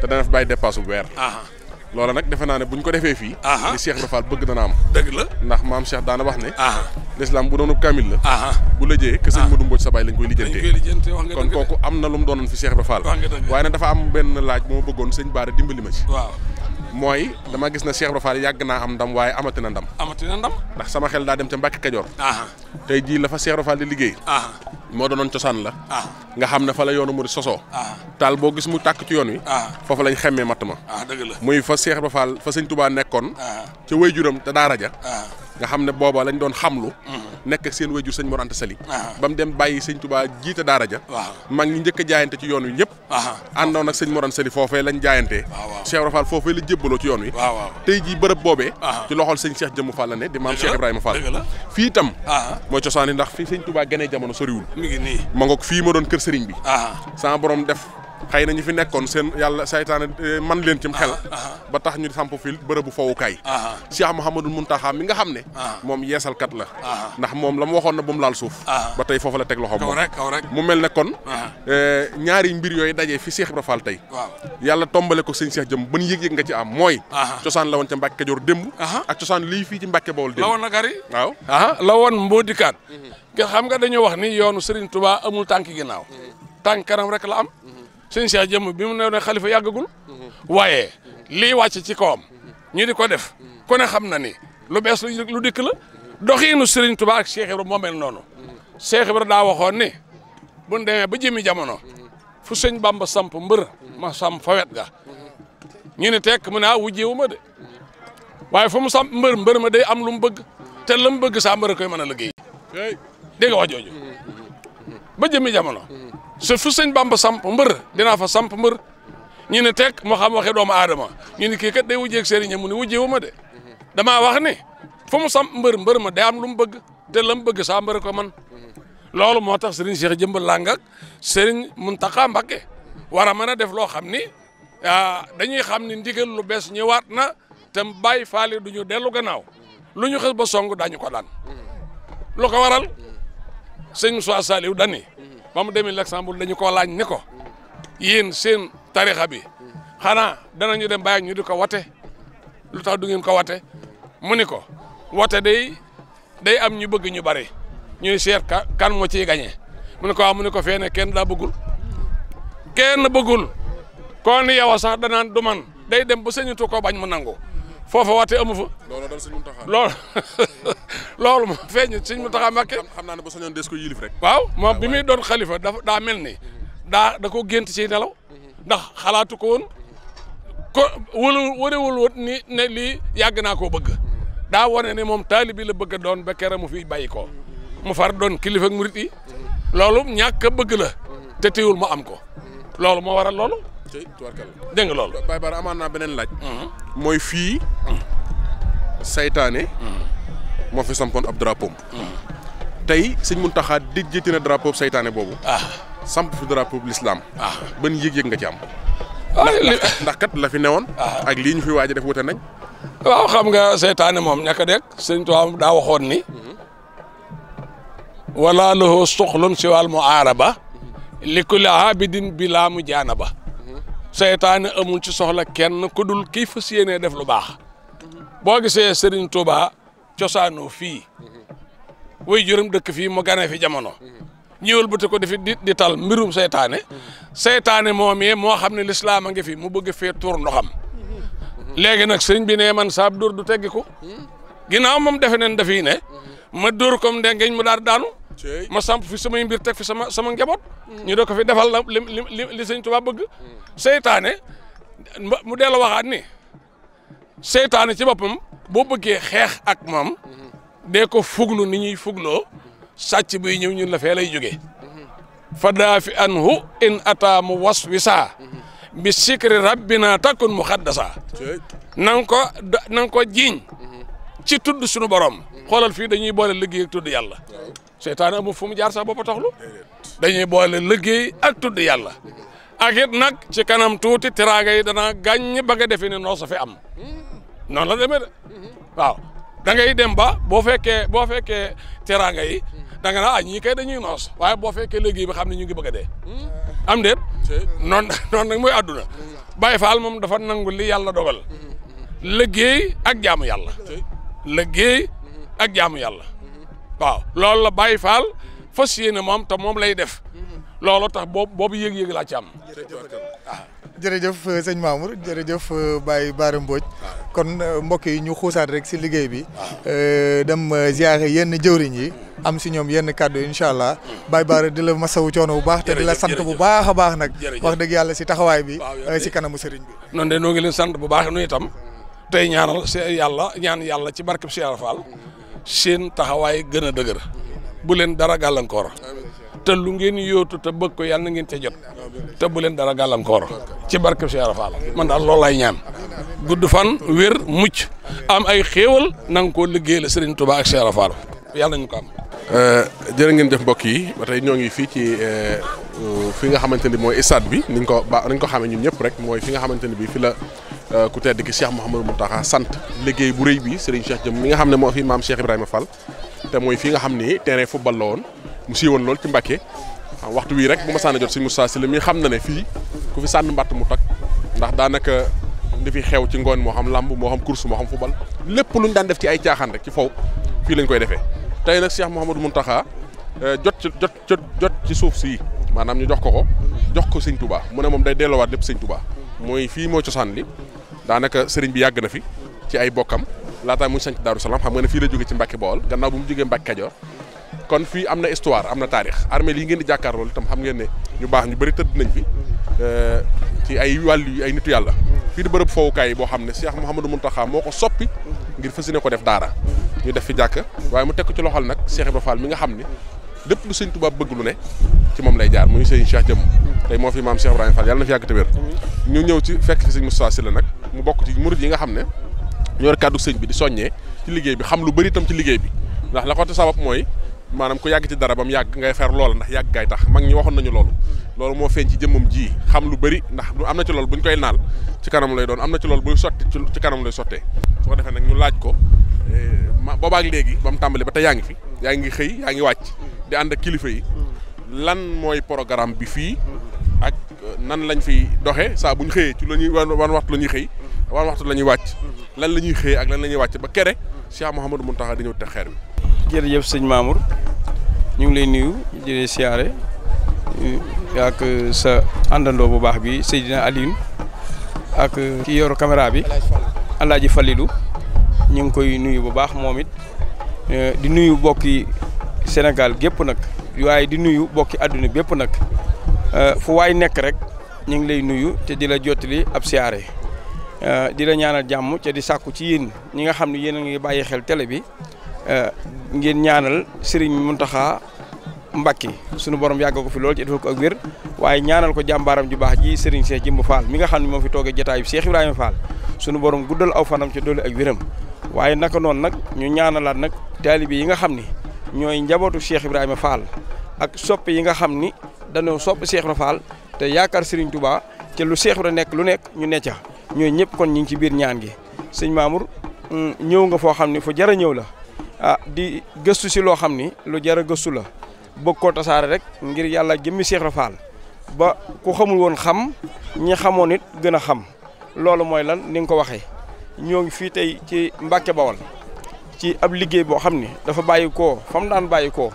te dana fi bàyyi dépasse bu weer. loola nag defe naa ne bu ñu ko defee fii. li Cheikh Ibra Fall bëgg dana am. dëgg la ndax maam Cheikh daana wax ne. l'islam bu doonu kaamil la ah, ah. bu lëjee que sëñ Modou Mbodj sa baay lañ koy lijjantee kon kooku am na lu mu doonoon fi Cheikh Ibra Fall waaye nag dafa am benn laaj moo ma bëggoon sëñ Bara dimbali ma ci mooy dama gis na Cheikh Ibra Fall yàgg naa am ndam waaye amati na ndam amati na ndax sama xel daa dem ca Mbàkke Kajoor ah, tey jii la fa Cheikh Ibra Fall di liggéey moo doonoon cosaan la nga xam ne fa la yoonu murid sosoo taal boo gis mu tàkk ci yoon wi foofu lañ xemmee matt ma dëgg la muy fa Cheikh Ibra fa sëñ Touba nekkoon ca wéy juram te daara ja nga xam ne booba lañ doon xamlu mm-hmm. nekk seen wéju sëñ Mor Anta Sali ah. ba mu dem bàyyi sëñ Touba jiite daara ja mag ñi njëkk jaayante ci yoon wi ñëpp ah. àndoon ak sëñ Mor Anta Sali foofee lañ jaayantee Cheikh Ibra Fall foofee la jébbaloo ci yoon wi tey jii bërëb boobee ah. ci loxol sëñ Cheikh Jëmm Fall la ne di maam Cheikh Ibrahima Fall fii itam mooy cosaan yi ndax fii sëñ Touba genee jamono soriwul ma ngoog fii ma doon kër sëriñ bi sama boroom def xëy na ñu fi nekkoon seen yàlla saytaane eh, man leen cim xel ah, ah, ah. ba tax ñu samp fi bërëbu fowukaay Cheikh Mouhamadul Muntaxa mi nga xam ne moom yeesalkat la ndax moom la mu waxoon na ba mu laal suuf ba tey foofu la teg loxoom mu mel ne kon eh, ñaari mbir yooyu dajee fi Cheikh Ibra Fall tey yàlla tombale ko sëñ Cheikh jëm ban yëg-yëg nga ci am mooy cosaan la woon ca Mbàkke Kajoor démb ak cosaan lii fii ci Mbàkke Bawol démb la woon nagari waaw la woon mboodikaat nga xam nga dañoo wax ni yoonu Serigne Touba amul tànk ginnaaw mm-hmm. tànk kanam rek la am mm-hmm. sëñ Cheikh jëmm bi mu ne ne xalifa yàggagul waaye lii wàcc ci kawam ñu di ko def kone xam na ni lu bees lu dikk la doxiinu Serigne Touba ak a Ibrahima moo mel noonu Cheikh Ibrahima daa waxoon ni buñ demee ba jëmi jamono fu sëñ Bamba samp mbër ma samp fa wet ga ñu ni tekk mu ne ah wujjeewu ma de waaye fu mu samp mbër mbër ma day am lu mu bëgg te la mu bëgg saa mbër koy mën a liggéey dégg nga wax jooju ba jëmi jamono se fu sëñ bamba samp mbër dinaa fa samp mbër ñu ne teg moo xam waxe doomu aadama ñu ne kii kat day wujjeeg sëriñ mu ne wujjeewu ma de damaa wax ne fu mu samp mbër mbër ma de am lu mu bëgg te la mu bëgg saa mbër ko man loolu moo tax sëriñ Cheikh Jëmbal Lang ak sëriñ Muntaxa Mbakke war a mën a def loo xam ni ah, dañuy xam ni ndigal lu bees ñëwaat na te bàyyi faale du ñu dellu gannaaw lu ñu xës ba song daañu ko daan lu ko waral sëñ Moussa Saliou dani ba mu demee Luxembourg dañu koo laaj ne ko yéen seen tarixa bi xanaa danañu dem bàyyi ñu di ko wate lu tax du ngeen ko wate mu ni ko wate day day am ñu bëgg ñu bari ñuy seet ka kan moo ciy gañe mu ne ko waaw mu ne ko fee ne kenn daa bëggul kenn bëggul kon yow sax danaan du man day dem ba sañatu ko bañ mu nangu foofa waatee amu fa. loolu daal suñu muntaxaa loolu loolu moom feeñ suñu muntaxaa naa ne ba soñoon des ko yilif rek. waaw moom bi muy doon xalifa dafa daa mel ni. daa da ko gént ci nelaw. ndax xalaatu ko woon. ko wëlu wërewul woon ni ne lii yàgg naa ko bëgg. daa wane ne moom taalibi la bëgg doon ba kera mu fi bàyyi ko. mu far doon kilifa ak murit loolu ñàkk bëgg la. te teewul mu am ko. loolu moo waral loolu. dégg nga loolu. Baye Bara amaan beneen laaj. Mm-hmm. mooy fii. seytaane mm-hmm. moo fi sampoon ab drapeau mm-hmm. tey sëñ Mountakha dijjati na drapeau seytaane boobu. Ah. samp fi drapeau l'islam. Ah. ban yëg-yëg nga ci am. Ah, ndax kat la fi newoon. ak lii ñu fi waaj a def wute nañ. waaw xam nga seytaane moom ñàkk a dégg sëñ daa waxoon ni. wala lahu si siwal mu aaraba. li kulli aabidin bilaa mu jaana ba. seytaane amul ci soxla kenn ku dul kii fas yéenee def lu baax boo gisee Serigne Touba cosaanoo fii way juróom dëkk fii mu gane fi jamono ñëwal ba ko defi di di tal mbirum seytaane seytaane moom yee moo xam ne lislaam a ngi fi mu bëgg fee tuur ndoxam léegi nag sëriñ bi ne man saab dóor du teggiku ginnaaw moom defe neen dafiy ne ma dóor comme ndengeñ mu daal daanu ma samp fi sama mbir teg fi sama sama njaboot. ñu doo ko fi defal la li sëñ Tuubaa bëgg. seytaane mu delloo waxaat ni seytaane ci boppam boo bëggee xeex ak moom. dee ko fuglu ni ñuy fugloo sàcc buy ñëw ñun la fee lay jógee. fa daa fi anhu in ataa mu was wi saa bi sikri rabbina takkun mu xaddasa na ko na nga ko ci tudd sunu borom xoolal fii dañuy boole liggéey ak tudd yàlla seytaane amul fu mu jaar sax bopp taxlu dañuy boole liggéey ak tudd yàlla ak nag ci kanam tuuti teraanga yi dana gàññ ba nga defe ne noo sa fi am non la demee de waaw da ngay dem ba boo fekkee boo fekkee teraanga yi da nga naa ah ñii kay dañuy noos waaye boo fekkee liggéey bi xam ne ñu ngi bëgg a dee am déet noonu nag mooy àdduna Baay Faal moom dafa nangu li yàlla dogal liggéey ak jaamu yàlla liggéey ak jaamu yàlla waaw loolu la Baye Fall fas yéene moom te moom lay def mm-hmm. loolu tax boobu boobu yëg-yëg laa ci am jërëjëf ah. euh, sëñ Mamour jërëjëf euh, Baye Bara Mbodj ah. kon euh, mbokk yi ñu xuusaat rek si liggéey bi ah. dem ziare yenn jëwriñ yi am si ñoom yenn kàddu incha allah mm. Baye Bara di la masawu coono bu baax te di la sant bu baax a baax nag wax dëgg yàlla si taxawaay bi si kanamu sëriñ bi noon de noo ngi leen sant bu baax nu itam tey ñaanal yàlla ñaan yàlla ci barkeb Cheikh Fall seen taxawaay gën a dëgër bu leen dara gàllankoor te lu ngeen yóotu te bëgg ko yàlla na ngeen ca jot te bu leen dara gàllankoor ci barke Cheikh Ibra Fall man daal loolu laay ñaan gudd fan wér mucc am ay xéewal na nga koo liggéeyal Serigne Touba ak Cheikh Ibra Fall yàlla nañu ko am. Euh, jërë ngeen def mbokk yi ba tey ñoo ngi fii ci euh, fi nga xamante ni mooy stade bi niñ ko ba niñ ko xamee ñun ñëpp rek mooy fi nga xamante ni bii fi la. Euh, ku tedd ki Cheikh Mouhamadou Mountakha sant liggéey bu rëy bi Serigne Cheikh Jëm mi nga xam ne moo fi maam Cheikh Ibrahima Fall te mooy fii nga xam ni terrain football la woon mu siiwoon lool ci Mbàkke waxtu wii rek bu ma sànni jot Serigne Moustapha Sylla xam ne fii fi sànn mbatt mu tak ndax daanaka di fi xew ci ngoon moo xam lamb moo xam course moo xam football lépp lu daan def ay caaxaan rek ci faw fii lañ koy defee tey nag Cheikh Mouhamadou Mountakha euh, jot ci jot jot ci suuf si maanaam ñu jox ko ko jox ko Sëñ Touba mu ne moom day delloowaat lépp Sëñ Touba mooy fii moo cosaan li daanaka sëriñ bi yàgg na fi ci ay bokkam laataa muy sanc Daaru Salaam xam nga ne fii la jóge ci Mbàkke Bawol gannaaw bu mu jógee Mbàkke Kajoor kon fii am na histoire am na taarix armée lii ngeen di jàkkaarloo itam xam ngeen ne ñu baax ñu bëri tëdd nañ fi euh, ci ay wàllu ay nitu yàlla fii di bërëb fowukaay yi boo xam ne Cheikh Mouhamadou Mountakha moo ko soppi ngir fas yéene ko def daara ñu def fi jàkk waaye mu tekk ci loxol nag Cheikh Ibra Fall mi nga xam ne lépp lu sëñ Tuubaa ne ci moom lay jaar muy sëñ Cheikh moo fi yàlla na fi yàgg ñu ñëw ci fekk fi sëñ Moustapha Sylla nag mu bokk ci murit yi nga xam ne ñoo kàddu sëñ bi di soññee ci liggéey bi xam lu bari tam ci liggéey bi ndax la ko te sabab mooy maanaam ku yàgg ci dara ba mu yàgg ngay fer loola ndax yàgg gaay tax mag ñi waxoon nañu loolu loolu moo feeñ ci jëmmam ji xam lu bari ndax am na ci loolu buñ koy naal ci kanam lay doon am na ci loolu buy sotti ci kanam lay sottee su defee nag ñu laaj ko eh, boobaak léegi ba mu tàmbali ba tey yaa ngi fi yaa ngi xëy yaa ngi wàcc di ànd ak kilifa yi lan mooy programme bi fii ak nan lañ fiy doxe saa ñu xëyee ci la ñuy wan waxtu la ñuy xëy waa waxtu la ñuy wàcc lan la ñuy xëyee ak lan la ñuy wàcc ba kere Cheikh Mouhamadou Mountakha di ñëw te xeer bi jërëjëf sëñ Mamour ñu ngi lay nuyu di siyaare ak sa àndandoo bu baax bi Seydina Alioune ak ki yoru caméra bi Alaaji Fallilu ñu ngi koy nuyu bu baax moom it eh, di nuyu bokki Sénégal gépp nag waaye di nuyu bokki àdduna bépp nag eh, fu waay nekk rek ñu ngi lay nuyu te di la jottali ab siyaare Euh, di la ñaanal jàmm ca di sàkku ci yéen ñi nga xam ne yéen a ngi bàyyi xel télé bi euh, ngeen ñaanal sëriñ Serigne Mountakha Mbacké sunu borom yàgg ko fi lool ci defal ko ak wér waaye ñaanal ko jàmbaaram ju baax ji Serigne Cheikh Jimba Fall mi nga xam ne moo fi toogee jotaayu Cheikh Ibrahima Fall sunu borom guddal aw fanam ca doole ak wéram waaye naka noonu nag ñu ñaanalaat nag taalibe yi nga xam ni ñooy njabootu Cheikh Ibrahima Fall ak sopp yi nga xam ni dañoo sopp Cheikh Ibrahima Fall te yaakaar Serigne Touba te lu Cheikh Ibrahima nekk lu nekk ñu necca ñooñu ñëpp kon ñu ngi ci biir ñaan gi sëñ Mamour mm, ñëw nga foo xam ni fu jar ñëw la ah, di gëstu si loo xam ni lu jar a gëstu la bëgg ko tasaare rek ngir yàlla jëmmi Cheikh Ibra Fall ba ku xamul woon xam ñi xamoon it gën a xam loolu mooy lan ni nga ko waxee ñoo ngi fii tey ci Mbàkke Bawal ci ab liggéey boo xam ni dafa bàyyi koo fa mu daan bàyyi koo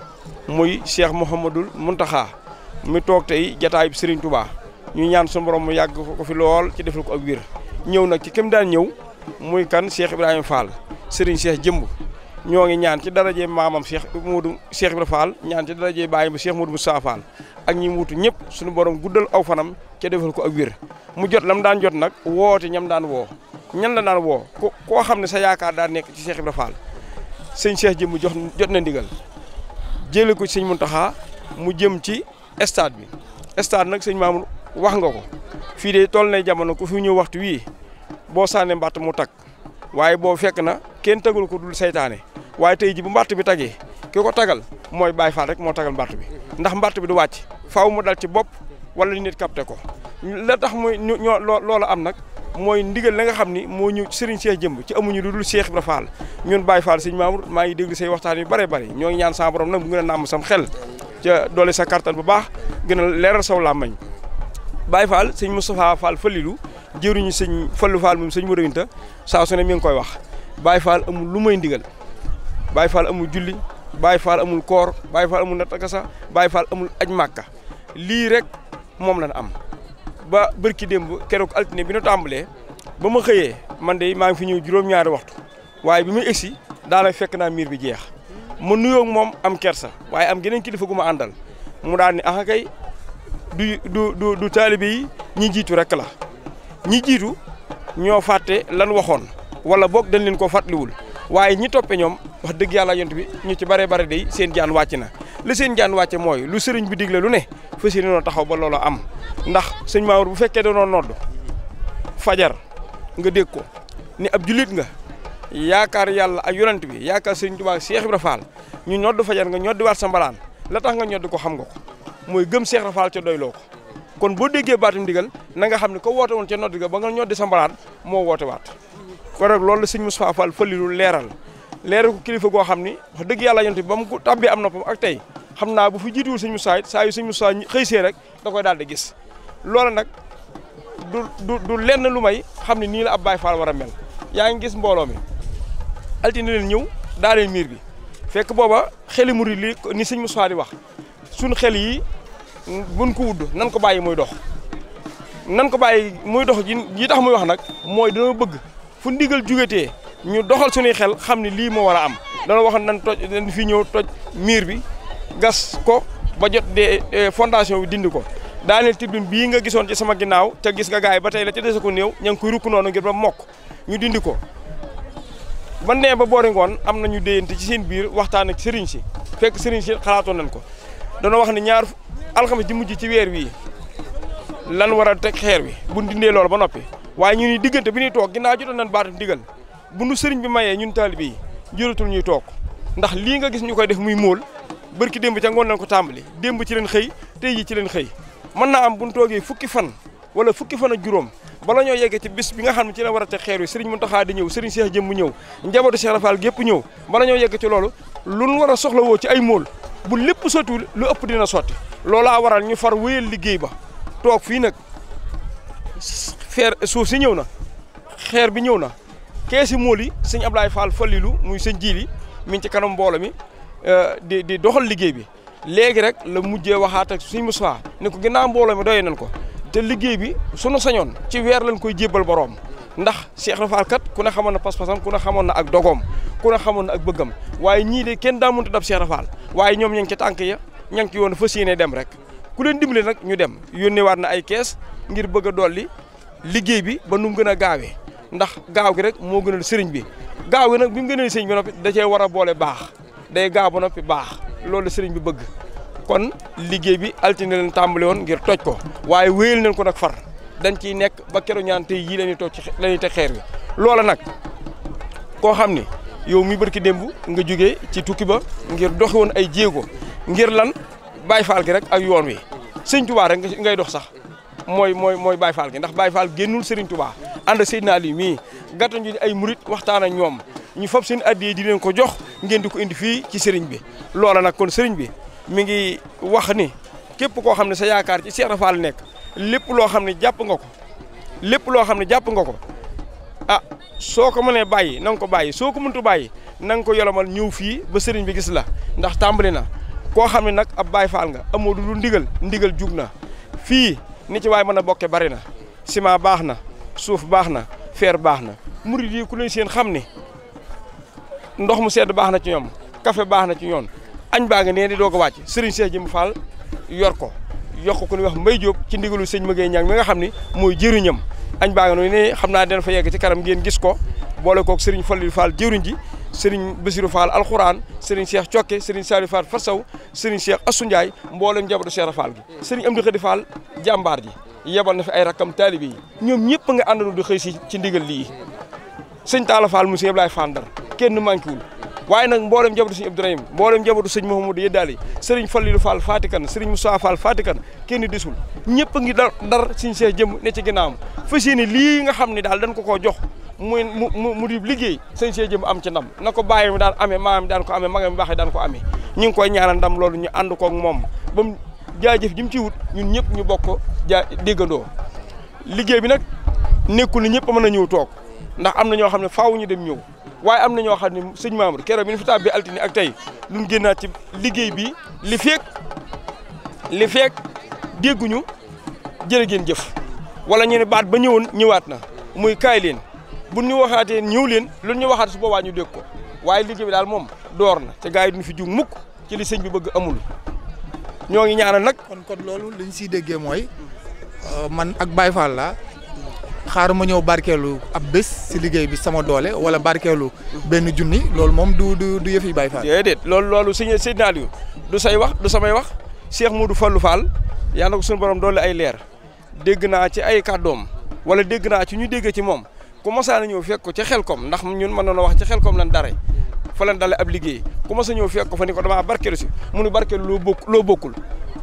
muy Cheikh Mouhamadul Muntaxa mi toog tey jataayub Serigne Touba ñu ñaan suñu borom mu yàgg ko fi lool ci defal ko ak wér ñëw nag ci kim daan ñëw muy kan Cheikh Ibrahima Fall Serigne Cheikh jëmb ñoo ngi ñaan ci daraje maamam Cheikh Modou Cheikh Ibrahima Fall ñaan ci daraje baayam ba Cheikh Modou Moustapha Fall ak ñi wutu ñëpp suñu borom guddal aw fanam ca defal ko ak wér mu jot lam daan jot nag woote ñam daan woo ñan la daan woo ko koo xam ne sa yaakaar daan nekk ci Cheikh Ibrahima Fall sëñ Cheikh jëmb jox jot na ndigal jëlee ko sëñ Muntaxa mu jëm ci stade bi stade nag sëñ Mamour wax nga ko fii de toll na jamono ko fi ñëw waxtu wii boo sànnee mbàtt mu tag waaye boo fekk na kenn tagul ko dul seytaane waaye tey ji bu mbàtt bi tagee ki ko tagal mooy Baay Faal rek moo tagal mbàtt bi ndax mbàtt bi du wàcc faaw mu dal ci bopp wala nit capté ko la tax muy ñoo loola am nag mooy ndigal la nga xam ni moo ñu Serigne Cheikh jëmb ci amuñu lu dul Cheikh Ibra Fall ñun Baye faal Serigne Mamour maa ngi déglu say waxtaan yu bare bare ñoo ngi ñaan sa borom nag mu gën a nàmm sam xel ca doole sa kattan bu baax gën a leeral saw làmmañ Baye Fall sëñ Moustapha Fall Fallilu jëruñu sëñ Fallu Fall moom sëñ Morawinta saa su ne mi ngi koy wax Baye Fall amul lu may ndigal Baye Fall amul julli Baye Fall amul koor Baye Fall amul natakasa Baye Fall amul aj màkka lii rek moom lañ am ba bërki démb keroog altine bi nu tàmbalee ba ma xëyee man de maa ngi fi ñëw juróom-ñaari waxtu waaye bi muy egsi daanaka fekk naa miir bi jeex ma nuyoo moom am kersa waaye am geneen kilifa gu ma àndal mu daan ne du du du taalibe yi ñi jiitu rek la ñi jiitu ñoo fàtte lan waxoon wala boog dañ leen ko fàttaliwul waaye ñi toppe ñoom wax dëgg yàlla yont bi ñu ci bare bare dey seen jaan wàcc na li seen jaan wàcce mooy lu sëriñ bi digle lu ne fas yéene taxaw ba loolu am ndax sëñ Mamour bu fekkee danoo nodd fajar nga dégg ko ni ab jullit nga yaakaar yàlla ak yonent bi yaakaar sëriñ Tuubaa Seex Ibra Faal ñu ñodd fajar nga ñoddi waat sa mbalaan la tax nga ñodd ko xam nga mooy gëm Cheikh Rafal ca doyloo ko kon boo déggee baatum ndigal na nga xam ne ko woote woon ca nodd ga ba nga ñoo di sa mbalaat moo woote waat kon nag loolu la sëñ Moustapha leeral leeral kilifa goo xam ni dëgg yàlla yonte ba mu ko tàbbee am noppam ak tey xam naa bu fi jiituwul sëñ Moustapha saa yu sëñ Moustapha xëy see rek da koy daal di gis loola nag du lenn lu may xam ne nii la ab Baye Fall war a mel yaa ngi gis mbooloo mi altine leen ñëw daal leen miir bi fekk booba xel mu li ni sëñ Moustapha di wax sunu xel yi buñ ko wudd nan ko bàyyi muy dox nan ko bàyyi muy dox ji yi tax muy wax nag mooy dana bëgg fu ndigal jugatee ñu doxal suñuy xel xam ne lii moo war a am dana wax nan toj dañ fi ñëw toj miir bi gas ko ba jot de eh, fondation bi dindi ko daaneel tribune bii nga gisoon ci sama ginaaw te gis nga gaay ba tey la ca dese ko néew ña ngi koy rukk noonu ngir ba mokk ñu dindi ko ba nee ba boori ngoon am na ñu déyante ci seen biir waxtaan ak sëriñ si fekk sëriñ si xalaatoon nañ ko danoo wax ne ñaar alxames ji mujj ci weer wii lan war a teg xeer wi bu dindee loolu ba noppi waaye ñu diggante bi ñuy toog gi ginnaaw jotoon nañ baatam digal bu nu sëriñ bi mayee ñun taalibe yi ñuy toog ndax lii nga gis ñu koy def muy móol bërki démb ca ngoon nañ ko tàmbali démb ci leen xëy tey ji ci leen xëy mën naa am bu ñu toogee fukki fan wala fukki fan a juróom bala ñoo yeggee ci bis bi nga xam ne ci la war a teg xeer wi sëriñ Muntaxa di ñëw sëriñ Seex Jëmb ñëw njabootu Seex Rafal gépp ñëw bala ñoo yegg ci loolu lu war a soxlawoo ci ay móol bu lépp sottiwul lu ëpp dina sotti loolaa waral ñu far wéyal liggéey ba toog fii nag fer suuf si ñëw na xeer bi ñëw na keesi mool yi sëñ Ablaye Fall Fallilu muy sëñ jiili mi ci kanam mboolo mi euh, di di doxal liggéey bi léegi rek la mujjee waxaat ak suñ Moussa ne ko ginnaaw mboolo mi doy nañ ko te liggéey bi sunu sañoon ci weer lañ koy jébbal boroom ndax Cheikh Ibra kat ku ne xamoon na pas-pasam ku ne xamoon na ak dogoom ku ne xamoon na ak bëggam waaye ñii de kenn daa mënta dab Cheikh Ibra Fall waaye ñoom ña ngi ca tànk ya ña ngi ci yoon fas yéene dem rek ku leen dimbale nag ñu dem yónnee yónneewaat na ay kees ngir bëgg a dolli liggéey bi ba nu mu gën a gaawee ndax gaaw gi rek moo gën a sëriñ bi gaaw gi nag bi mu gën gënal sëriñ bi noppi da war a boole baax day gaaw ba noppi baax loolu sëriñ bi bëgg kon liggéey bi altine leen tàmbali woon ngir toj ko waaye wéyal nañ ko nag far dañ ciy nekk ba keru ñaan tey yii lañuy ñuy ci la ñuy xeer bi loola nag koo xam ni yow mi barki démb nga jóge ci tukki ba ngir doxi ay jéego ngir lan Baay Faal gi rek ak yoon wi Sëñ Tuubaa rek ngay dox sax mooy mooy mooy Baay Faal gi ndax Baay Faal génnul Sëriñ Tuubaa ànd naa Ali mii gàttan ñu ay murit waxtaan ak ñoom ñi fab seen addiye di leen ko jox ngeen di ko indi fii ci sëriñ bi loola nag kon sëriñ bi mi ngi wax ni képp koo xam ne sa yaakaar ci Cheikh nekk lépp loo xam ne jàpp nga ko lépp loo xam ne jàpp nga ko ah soo ko mënee bàyyi na nga ko bàyyi soo ko mëntu bàyyi nanga ko yolomal ñëw fii ba sëriñ bi gis la ndax tàmbali na koo xam ne nag ab baay faal nga amoo du lu ndigal ndigal jug na fii ni ci waay mën a bokke bari na ciment baax na suuf baax na fer baax na murid yi ku leen seen xam ni ndox mu sedd baax na ci ñoom kafe baax na ci ñoom añ baa nga nee di doog a wàcc sëriñ Cheikh Jëmb Fall yor ko yokku ku ñuy wax Mbaye Diop ci ndigalu ma Maguette Niang mi nga xam ni mooy jëriñam añ baa nga noonu ne xam naa dana fa yegg ci kanam ngeen gis ko boole kook fal Fallou Fall jëriñ ji sëriñ Bassirou Fall alxuraan sëriñ Cheikh Cokke sëriñ Saliou Fall Farsaw sëriñ Cheikh Assou Ndiaye mboolem njabootu Cheikh Fall gi am Amdi Khady Fall jàmbaar ji yebal na fi ay rakkam taalibe yi ñoom ñëpp nga àndandoo di xëy si ci ndigal lii sëñ Talla Fall mu sëñ Ablaye kenn manqué wul waaye nag mboolem njabootu sëñ Abdourahim mboolem njabootu sëñ Mouhamadou Yeddaali sëriñ Fallilu Fall Fatikan sëriñ Moussa Fall Fatikan kenn desul ñëpp a ngi dar dar sëñ jëm ne ci ginnaawam fas yéene lii nga xam ne daal dañ ko koo jox muy mu mu mu di liggéey sëñ Cheikh jëm am ci ndam na ko bàyyi mi daan maam daan ko amee magam mi baaxee daan ko amee ñu ngi koy ñaanal ndam loolu ñu ànd koog moom ba jaajëf ji mu ci wut ñun ñëpp ñu bokk jaa déggandoo liggéey bi nag nekkul ni ñëpp mën a ñëw toog ndax am na ñoo xam ne faaw ñu dem ñëw waaye am na ñoo xam ne sëñ Mamour keroog bi ñu fi tàbbee altine ak tey lu ñu génnaat ci liggéey bi li feek li feek dégguñu jërë jëf wala ñu ne baat ba ñëwoon ñëwaat na muy kaay leen bu ñu waxaatee ñëw leen lu ñu waxaat su boobaa ñu dégg ko waaye liggéey bi daal moom door na te gars yi duñu fi jug mukk ci li sëñ bi bëgg amul ñoo ngi ñaanal nag. kon kon loolu liñ siy déggee mooy euh, man ak Baye Fall laa ma ñëw barkeelu ab bés si liggéey bi sama doole wala barkeelu benn junni loolu moom du du du yëf yi Baye Fall. déedéet loolu loolu suñu sëñ Aliou du say wax du samay wax Cheikh Moudou Fallou Fall yàlla na ko suñu borom doole ay leer dégg naa ci ay kàddoom wala dégg naa ci ñu dégg ci moom ku mosaan ñëw fekk ko ci xelkom ndax ñun mën na wax ci xelkom lan dare fa lan dale liggéey ku mos a ñëw fekk ko fa ko damaa barkeelu si mu nu barkeelu loo bokk loo bokkul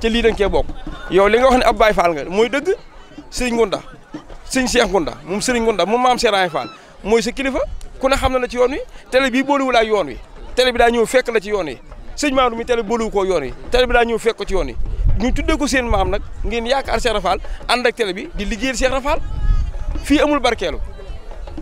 lii dañ cee bokk yow li nga wax ne ab Baye Fall mooy dëgg sëñ Ngunda sëñ Cheikh Ngounda moom sëriñ Ngounda moom maam Cheikh Ibra Fall mooy sa kilifa ku ne xam na la ci yoon wi télé bii boolewul ak yoon wi télé bi daa ñëw fekk la ci yoon wi sëñ Maodo mi télé boolewu koo yoon wi télé bi daa ñëw fekk ko ci yoon wi ñu tuddee ko seen maam nag ngeen yaakaar Cheikh Ibra Fall ànd ak télé bi di liggéey Cheikh Ibra Fall fii amul barkeelu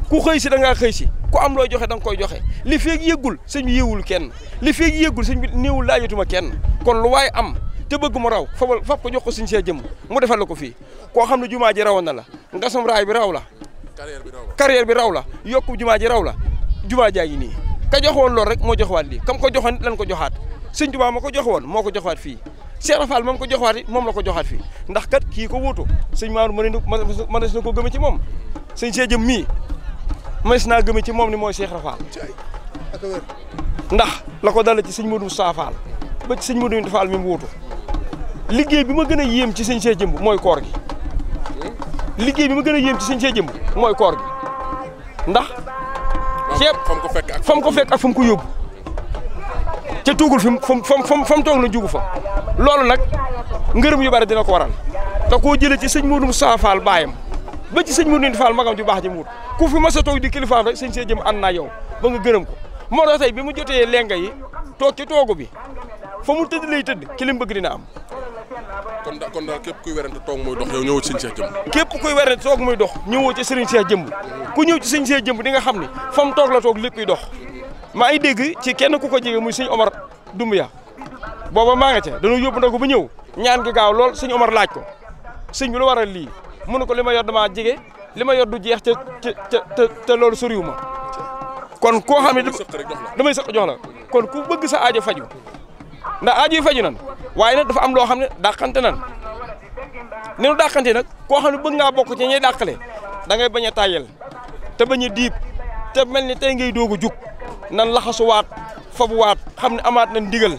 ku xëy si da ngaa xëy si ku am looy joxe da nga koy joxe li feeg yëggul sëñ bi yëwul kenn li feeg yëggul sëñ bi néewul laajatuma kenn kon lu waay am te bëgg mu raw fabal fab ko jox ko suñ see jëm mu defal la ko fii koo xam ne jumaa ji rawoon na la ngasum raay bi raw la carrière bi raw la yokku jumaa ji raw la jumaa jaa ngi nii ka jox woon loolu rek moo jox joxwaat lii kam ko joxoon lan ko joxaat sëñ Tuubaa ko jox woon moo ko joxwaat fii Cheikh Rafal moom ko joxwaat yi moom la ko joxaat fii ndax kat kii ko wuutu sëñ Maodo mën na na ko gëme ci moom sëñ see jëm mii mënees naa gëme ci moom ni mooy Cheikh Rafal ndax la ko dala ci sëñ Modou Moustapha Fall ba ci sëñ Modou mi mu liggéey bi ma gën a yéem ci sëñ Cheikh Jëmb mooy koor gi liggéey bi ma gën a yéem sëñ Cheikh Jëmb mooy koor gi ndax. ceeb fa ko fekk ak fa mu ko fekk ak ko yóbbu ca tuugul fi mu fa mu fa mu toog na jugu fa loolu nag ngërëm yu bari dina ko waral te koo jëlee ci sëñ Modou Moussa Fall baayam ba ci sëñ Modou Ndindi Fall magam ju baax wut ku fi mas a toog di kilifaam rek sëñ Cheikh Jëmb an naa yow ba nga gërëm ko moo tax bi mu jotee lenga yi toog ci toogu bi fa mu tëdd lay tëdd ci li mu bëgg dina am. kon da kon daal képp kuy werante toog muy dox ñëw ñëwoo ci sëñ Cheikh Jëmb. képp kuy werante toog muy dox ñëwoo ci sëriñ Cheikh Jëmb ku ñëw ci sëñ Cheikh di nga xam ni fa mu toog la toog lépp dox maa ngi dégg ci kenn ku ko jege muy sëñ Omar Dumbuya booba maa nga ca dañoo yóbbu ndogu bu ñëw ñaan gi gaaw lool sëñ Omar laaj ko sëñ bi lu waral lii mu ne ko li ma yor damaa jege li ma yor du jeex te te te te loolu soriwu ma kon koo xam ne damay sëq jox la kon ku bëgg sa aajo faju ndax aajo yi faju nan waaye nag dafa am loo xam ne dàqante nan ni nu dàqante nag koo xam ne bëgg ngaa bokk ci ñuy dàqale da ngay bañ a tàyyel te bañ a diib te mel ni tey ngay doog a jug nan laxasuwaat fabuwaat xam ne amaat nañ ndigal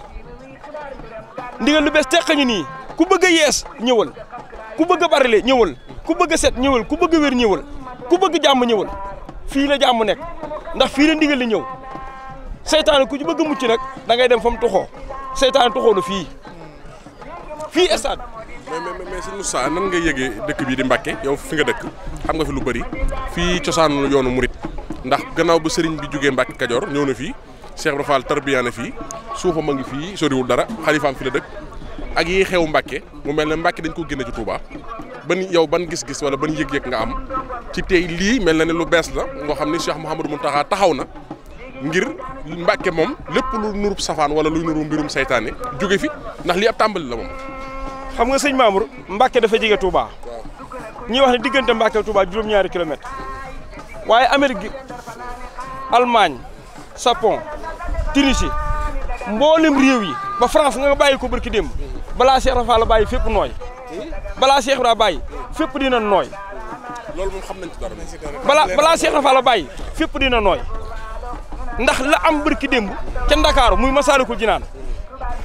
ndigal lu bees teq ñu nii ku bëgg a yees ñëwal ku bëgg a barile ñëwal ku bëgg set ñëwal ku bëgg wér ñëwal ku bëgg jàmm ñëwal fii la jàmm nekk ndax fii la ndigal li ñëw seytaane ku ci bëgg mucc nag da ngay dem fa mu tuxoo seytaan taxoon na fii fii stade. mais ma mais sëñ Moussa nan nga yëgee dëkk bii di Mbacke yow fi nga dëkk xam nga fi lu bari fii cosaanu yoonu murit ndax gannaaw ba sëriñ bi jógee Mbacke Kajoor ñëw na fii Cheikh Ibra Fall na fii suufam a ngi fii soriwul dara xalifaam fi la dëkk ak yi xew Mbacke mu mel ne Mbacke dañ ko génne ci Touba ban yow ban gis-gis wala ban yëg-yëg nga am ci tey lii mel na ne lu bees la nga xam ne Cheikh Mouhamadou Mountakha taxaw na ngir Mbàkke moom lépp lu nurub safaan wala luy nuru mbirum saytaane jóge fi ndax lii ab tàmbali la moom. xam nga sëñ Mamour Mbàkke dafa jege Touba. ñuy wax ne diggante Mbàkke Touba juróom-ñaari kilomètre waaye Amérique gi Allemagne Japon Tunisie mboolem réew yi ba France nga bàyyi ko barki démb balaa Cheikh Rafa la bàyyi fépp nooy balaa Cheikh Ibra bàyyi fépp dina nooy. loolu moom xam nañ ci dara. balaa balaa Cheikh la bàyyi fépp dina nooy. ndax la am bërki démb ca Ndakaaru muy Masaalikul Jinaan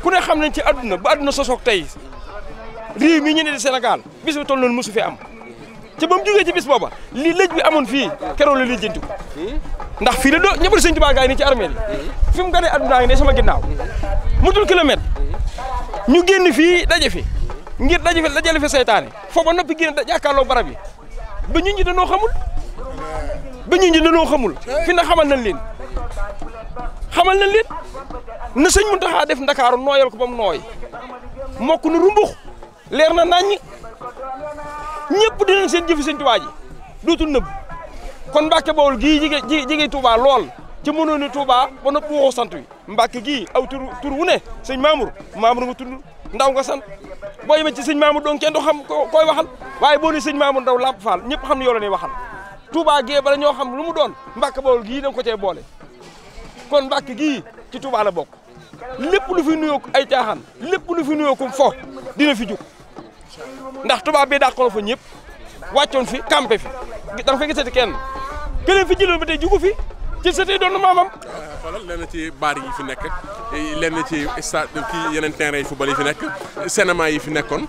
ku ne xam nañ ci àdduna ba àdduna sosoog tey réew mi ñu ne di Sénégal bis bi toll noonu fi am ca ba mu ci bis booba lii lëj bi amoon fii keroog la li ndax fii la doo ñëppal sëñ Tuubaa ci armée li fi mu gane àdduna ngi ne sama ginnaaw mu dul kilomètre ñu génn fii daje fi ngir daje fi dajale fi seytaane foo ba noppi génn jàkkaarloo barab yi ba ñu ñi danoo xamul ba ñu ñi danoo xamul fi na xamal nañ leen xamal na leen na sëñ Muntaxa def ndakaaru nooyal ko ba mu nooy mokk na rumbux leer na naññ ñëpp dinañ seen jëfi sëñ Tuubaa ji dootul nëbb kon Mbàkke Bawol gii jige jige Tuubaa lool ci mënoo ne Tuubaa ba noppi waxoo sant wi gii aw tur tur wu ne sëñ Mamour Mamour nga tudd ndaw nga sant boo yemee ci sëñ Mamour doon kenn du xam kooy waxal waaye boo ne sëñ Mamour ndaw làmp faal ñëpp xam ne yow waxal Touba gee bala ñoo xam lu mu doon Mbàkke Bawol gii da nga ko cay boole kon Mbàkke gii ci Touba la bokk lépp lu fi nuyoo ay caaxaan lépp lu fi nuyoo ko fo dina fi jug ndax Touba bi dàqoon fa ñëpp wàccoon fi campé fi da nga fa gisati kenn keneen fi jëloon ba tey jugu fi ci sëtee doon maamam xoolal lenn ci baar yi fi nekk lenn ci stade kii yeneen terrain yi football yi fi nekk cinéma yi fi nekkoon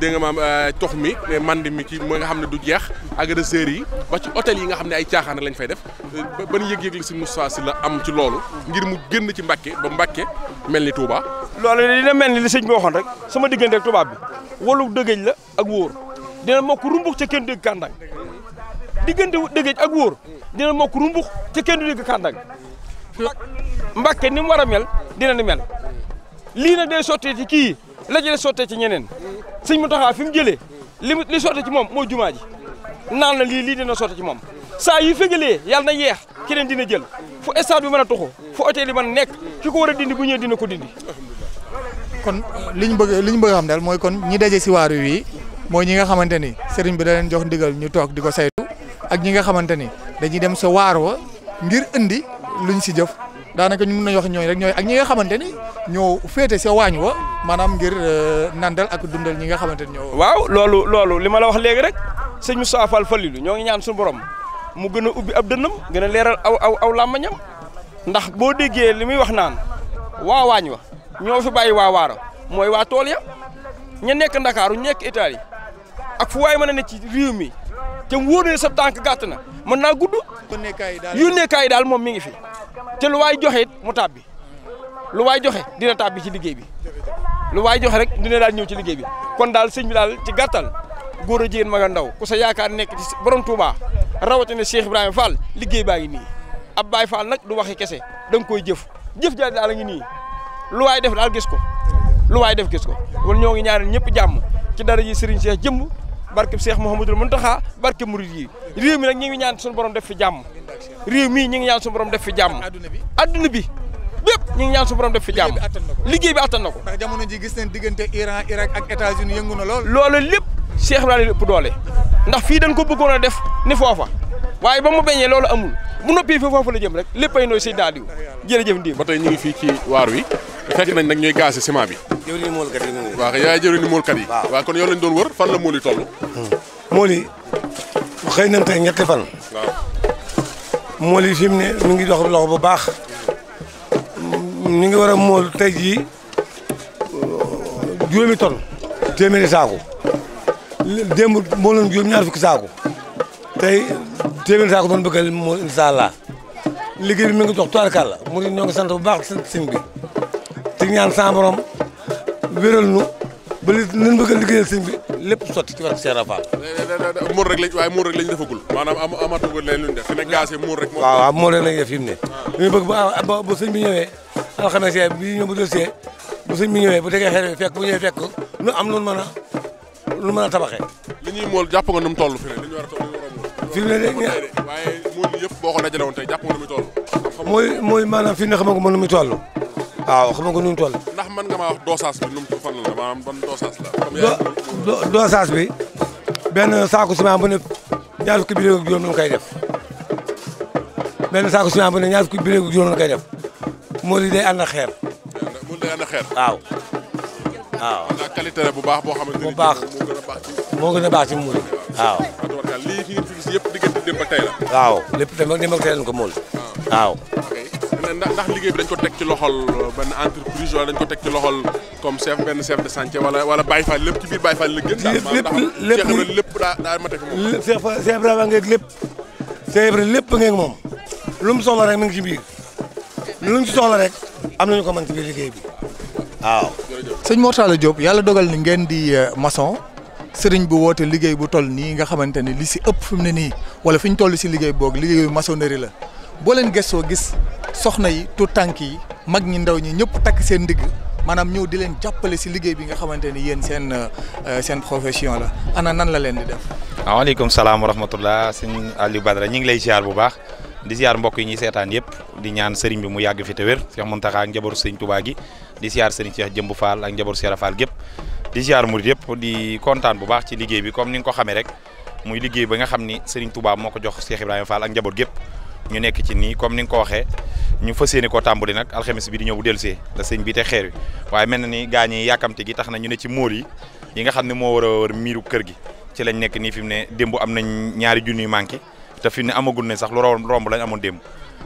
dégg nga maam euh, mi mand mi ci ma nga xam ne du jeex agresseurs yi ba ci hôtel yi nga xam ne ay caaxaan lañ fay def ban yëg-yëg si Moustapha Sy la am ci loolu ngir mu génn ci Mbàkke ba Mbàkke mel ni Touba. loolu dina mel ni li sëñ bi waxoon rek sama diggante ak tubaab bi walu dëgëj la ak wóor dina mokk rumbux ci kenn dégg kàndang diggante dëgëj ak wóor dina mokk rumbux ca kenn dégg kàndang Mbàkke ni mu war a mel dina ni mel lii nag day sottee ci kii la jëlee sottee ci ñeneen sëñ mu taxaa fi mu jëlee li li sottee ci moom mooy jumaa ji naan na lii lii dina sottee ci moom saa yu fégalee yàlla na yeex keneen dina jël fu stade bi mën a tuxu fu hôtel yi mën nekk ki ko war a dindi bu ñëwee dina ko dindi kon li ñu bëgg li ñu bëgg xam daal mooy kon ñi daje si waaru wi mooy ñi nga xamante ni sëriñ bi da leen jox ndigal ñu toog di ko saytu ak ñi nga xamante ni dañuy dem sa waar wa ngir indi ñu si jëf daanaka ñu mun nañu wax ñooñu rek ñoo ak ñi nga xamante ni ñoo féete se waañ wa maanaam ngir euh, nandal ak dundal ñi nga xamante ni ñoo. waaw loolu loolu li ma la wax léegi rek sëñ Moustapha fa Falilou ñoo ngi ñaan suñu borom mu gën a ubbi ab dënnam gën a leeral aw aw aw làmmañam ndax boo déggee li muy wax naan waa waañ wa ñoo fi bàyyi waa waara mooy waa tool ya ña nekk Ndakaaru ñekk Italie ak fu waay mën na ne ci réew mi. te wóor na sa tànk gàtt na mën naa gudd. yónneekaay yi daal moom mi ngi fi te lu waay joxe it mu tàbbi lu waay joxe dina tàbbi ci liggéey bi lu waay joxe rek dina daal ñëw ci liggéey bi kon daal sëñ bi daal ci gàttal góor a jigéen mag a ndaw ku sa yaakaar nekk ci borom Touba rawatina Cheikh Ibrahima Fall liggéey baa ngi nii ab Baye Fall nag du waxi kese da koy jëf jëf jaay daal a ngi nii lu waay def daal gis ko lu waay def gis ko wal ñoo ngi ñaanal ñëpp jàmm ci dara ji Serigne Cheikh jëmm. barkeb Cheikh Mouhamadul Mountakha barkeb murid yi réew mi nag ñu ngi ñaan suñu borom def fi jàmm réew mii ñu ngi ñaan suñu borom def fi jàmm adduna bi bépp ñu ngi ñaan suñu borom def fi jàmm liggéey bi attan na ko ndax jamono ji gis nañ diggante Iran Irak ak états lool loolu lépp Cheikh doole ndax fii dañ ko bëggoon a def ni foofa waaye ba mu beñee loolu amul mu noppee fa foofu la jëm rek léppay nooy Seydina Aliou jërëjëf Ndié. ba tey ñu ngi fii ci waar wi fekk nañ nag ñooy gaase ciment bi. jëwriñu moolkat yi moom waaw yaay jëwriñu moolkat yi. waaw kon yow lañ doon wër fan la mool yi toll. mool yi xëy nañ tey ñetti mu ne mi ngi dox loxo bu baax ñu ngi war a mool tey jii juróomi tonne téeméeri saako démb mooloon juróom ñaar fukki saako. tey téeméer saa ko doon bëggal moo incha allah liggéey bi mi ngi dox tubaarkàlla mu ngi ñoo ngi sant bu baax sant sëñ bi te ñaan sa borom wéral nu ba li nañ bëgg a liggéeyal bi lépp sotti ci wàllu seera Rafa. muur rek lañ waaye muur rek lañ defagul maanaam am amatagul leen lu ñu def fi nekk gaas yi muur rek. waaw waaw muur rek lañ def fi mu ne. dañu bëgg ba ba sëñ bi ñëwee yi bi ñëw bu déllusé bu sëñ bi ñëwee bu tegee xel bi fekk bu ñëwee fekk lu am lu mën a lu mën a tabaxee. li ñuy mool firnde rek waaye moom yëpp boo ko dajale woon tey jàpp nga nu muy toll. mooy mooy maanaam firnde xam nga mën nu muy toll. nga nu mu toll. ndax mën nga maa wax dosage bi nu mu fan la maanaam ban dosage la. comme dosage bi benn saako ciment bu ne a fukki biréeg ak juróom la koy def benn saako ciment bu ne ñaar fukki biréeg ak juróom la koy def moo di day ànd ak xeer. mu day ànd ak xeer waaw. waaw qualité bu baax boo xamante ni moo a baax ci moo gën a baax démb ak tey la. waaw lépp ko mool. waaw. ndax ndax liggéey bi dañ ko teg ci loxol euh, benn entreprise wala dañ ko teg ci loxol comme chef benn chef de chantier wala lépp ci la gën. lépp lépp lépp lépp daa daa ma teg moom. lépp Cheikh Cheikh Ibrahima ngeeg lépp. Cheikh lu mu soxla rek mi ngi ci biir. lu mu soxla rek am nañu ko mën ci biir liggéey bi waaw. sëñ Mortala Diop yàlla dogal ni ngeen di euh, maçon sëriñ bu woote liggéey bu toll nii nga xamante ni li si ëpp fi mu ne nii wala fi ñu toll si liggéey boog liggéeyu maçonnerie la boo leen gëstoo gis soxna yi tout tànk yi mag ñi ndaw ñi ñëpp takk seen ndigg maanaam ñëw di leen jàppale si liggéey bi nga xamante ni yéen seen euh, seen profession la ana nan la leen di def. waaleykum salaam wa rahmatullah sëñ Aliou Badara ñu ngi lay ziar bu baax di ziar mbokk yi ñuy seetaan yëpp di ñaan sëriñ bi mu yàgg fi te wér Cheikh Mountakha ak njaboot sëriñ Touba gi di ziar sëriñ Cheikh Jëmb faal ak njaboot Cheikh Fall gépp di ziar yëpp di kontaan bu baax ci liggéey bi comme ni nga ko xamee rek muy liggéey ba nga xam ni Serigne Touba moo ko jox Cheikh Ibrahima Fall ak njaboot gépp ñu nekk ci nii comme ni nga ko waxee ñu fas yéene koo tàmbali nag alxames bi di ñëw bu dellusee sëñ bi te xeer wi waaye ni gaañ yi yàkkamte gi tax na ne ci móol yi yi nga xam ne moo war a wër miiru kër gi ci lañ nekk nii fi mu ne démb am nañ ñaari junni yu manqué te fi mu ne amagul ne sax lu romb lañ amoon démb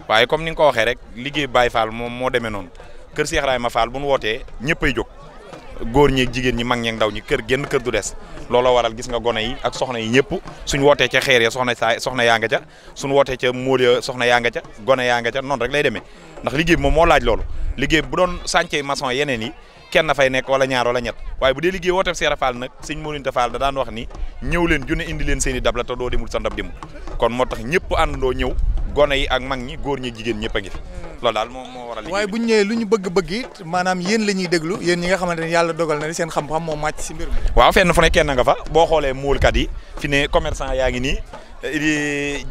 waaye comme ni nga ko waxee rek liggéey baay Fall moom moo demee noonu kër Cheikh Ibrahima Fall bu nu wootee ñëppay jóg góor ñeeg jigéen ñi mag ñeeg ndaw ñi kër génn kër du des looloo waral gis nga gone yi ak soxna yi ñëpp suñ wootee ca xeer ya soxna saa soxna yaa nga ca suñ wootee ca móol ya soxna yaa nga ca gone yaa nga ca noonu rek lay demee ndax liggéey moom moo laaj loolu liggéey bu doon sànce maçon yeneen yi kenn fay nekk wala ñaar wala ñett waaye bu dee liggéey wooteb Seera Fall nag suñ Morinta Fall da daan wax ni ñëw leen junne indi leen seen i dab la te doo demul sa ndab demul kon moo tax ñëpp àndandoo ñëw gone yi ak mag ñi góor ñi jigéen ñëpp ngi fi hmm. loolu daal moom moo waral waaye bu ñu ñëwee lu ñu bëgg-bëgg it maanaam yéen la ñuy déglu yéen ñi nga xamante ne yàlla dogal na seen xam-xam moo màcc si mbir mi waaw fenn fu ne kenn nga fa boo xoolee muulkat yi fi ne commerçant yaa ngi nii di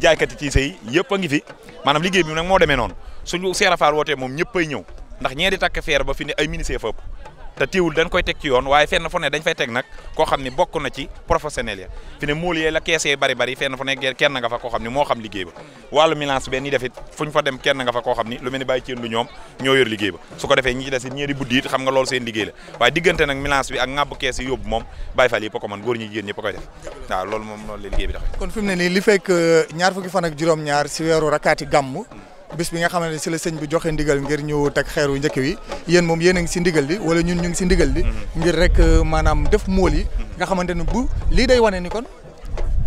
jaaykat yi ci sëy yëpp a ngi fi maanaam liggéey bi nag moo demee noonu suñu seerafaar wootee moom ñëpp ay ñëw ndax ñee di takk feer ba fi ne ay ministère fa te teewul dañ koy teg ci yoon waaye fenn fu ne dañ fay teg nag koo xam ni bokk na ci professionnel ya fi ne mool yee la kees bari bari fenn fu kenn nga fa koo xam ni moo xam liggéey ba wàllu milance benn ñi defit fu ñu fa dem kenn nga fa koo lu mel ni bàyyi ceen lu ñoom ñoo yor liggéey ba su ko defee ñi ci des ñeeri buddi xam nga loolu seen liggéey la waaye diggante nag milance bi ak ŋàbb kees yi yóbbu moom bàyyi fal yi ko man góor ñi jigéen ñëpp a koy def waaw loolu moom loolu la liggéey bi tax kon fi ne nii li fekk euh, ñaar bis bi nga xamante ne si la sëñ bi joxe ndigal ngir ñu teg xeeru njëkk wi yéen moom yéen a ngi si ndigal li wala ñun ñu ngi si ndigal li mhm. ngir rek euh, maanaam def mool yi mhm. nga xamante ne bu lii day wane ni kon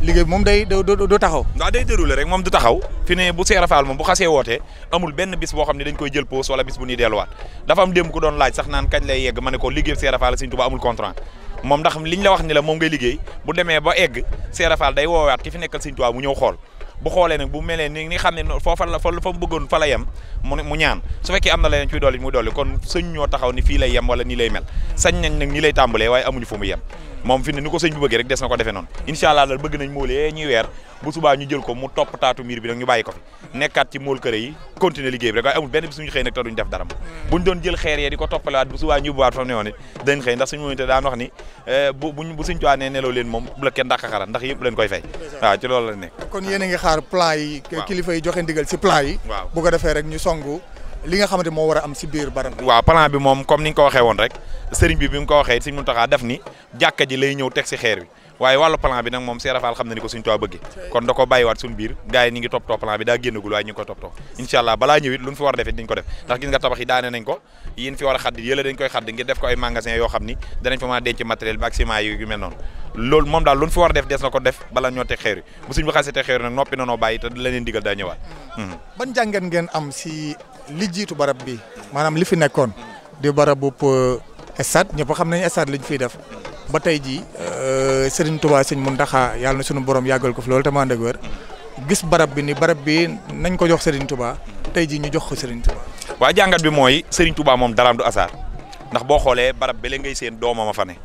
liggéey bi moom day taxaw waaw day déroulé rek moom du taxaw fi ne bu Seera Faal moom bu xasee wootee amul benn bis boo xam ne dañ koy jël pause wala bis bu ñuy delluwaat dafa am démb ku doon laaj sax naan kañ lay egg ma ne ko liggéey Seera Faal Sëñ Tuubaa amul contrat moom ndax liñ la wax ni la moom ngay liggéey bu demee ba egg Seera Faal day woowaat ki fi nekkal Sëñ Tuubaa mu ñëw xool bu xoolee nag bu melee ni ni xam ne foofa la fa mu bëggoon fa la yem mu mu ñaan su fekkee am na leneen ciy dolli mu dolli kon sëñ ñoo taxaw ni fii lay yem wala nii lay mel sañ nag nii lay tàmbalee waaye amuñu fu mu yem moom fi ne ni ko sëñ bi bëggee rek des na ko defee noonu incha allah daal bëgg nañ moolee ñuy weer bu subaa ñu jël ko mu topp taatu miir bi nag ñu bàyyi ko fi nekkaat ci mool kër yi continuer liggéey bi rek waaye amul benn bis ko toppalewaat bu suñ eh, tuwaa xaar plan yi. kilifa yi joxe ndigal si plan yi. bu ko defee rek ñu song li nga xamante moo war a am si biir barab waaw plan bi moom comme ni nga ko waxee woon rek sëriñ bi bi nga ko waxee si sëriñ Mountakha def ni jàkka ji lay ñëw teg si xeer bi waaye wàllu plan bi nag moom Seera Faal ko suñ tuwaa bëgge kon da ko bàyyiwaat suñ biir gars yi ñi ngi toppatoo plan bi daa génnagul waaye ñu ngi koy toppatoo incha balaa ñëwit lu fi war a defit diñ ko def ndax gis nga tabax yi daane nañ ko yéen fi war a xadd yële dañ koy xadd ngir def ko ay magasin yoo xam a yi noonu loolu na ko bàyyi te leneen digal daa ñëwaat hmm. Hmm. ban jàngat ngeen am si li jiitu barab bi maanaam li fi nekkoon di barab euh, ba tey jii euh, Serigne Touba Serigne Mountakha yàlla na sunu borom yàggal ko fi loolu te maa wér gis barab bi ni barab bi nañ ko jox Serigne tubaa tey jii ñu jox ko Serigne Touba. waa jàngat bi mooy Serigne tubaa moom daraam du asaar ndax boo xoolee barab bi ngay seen doomam a fa ne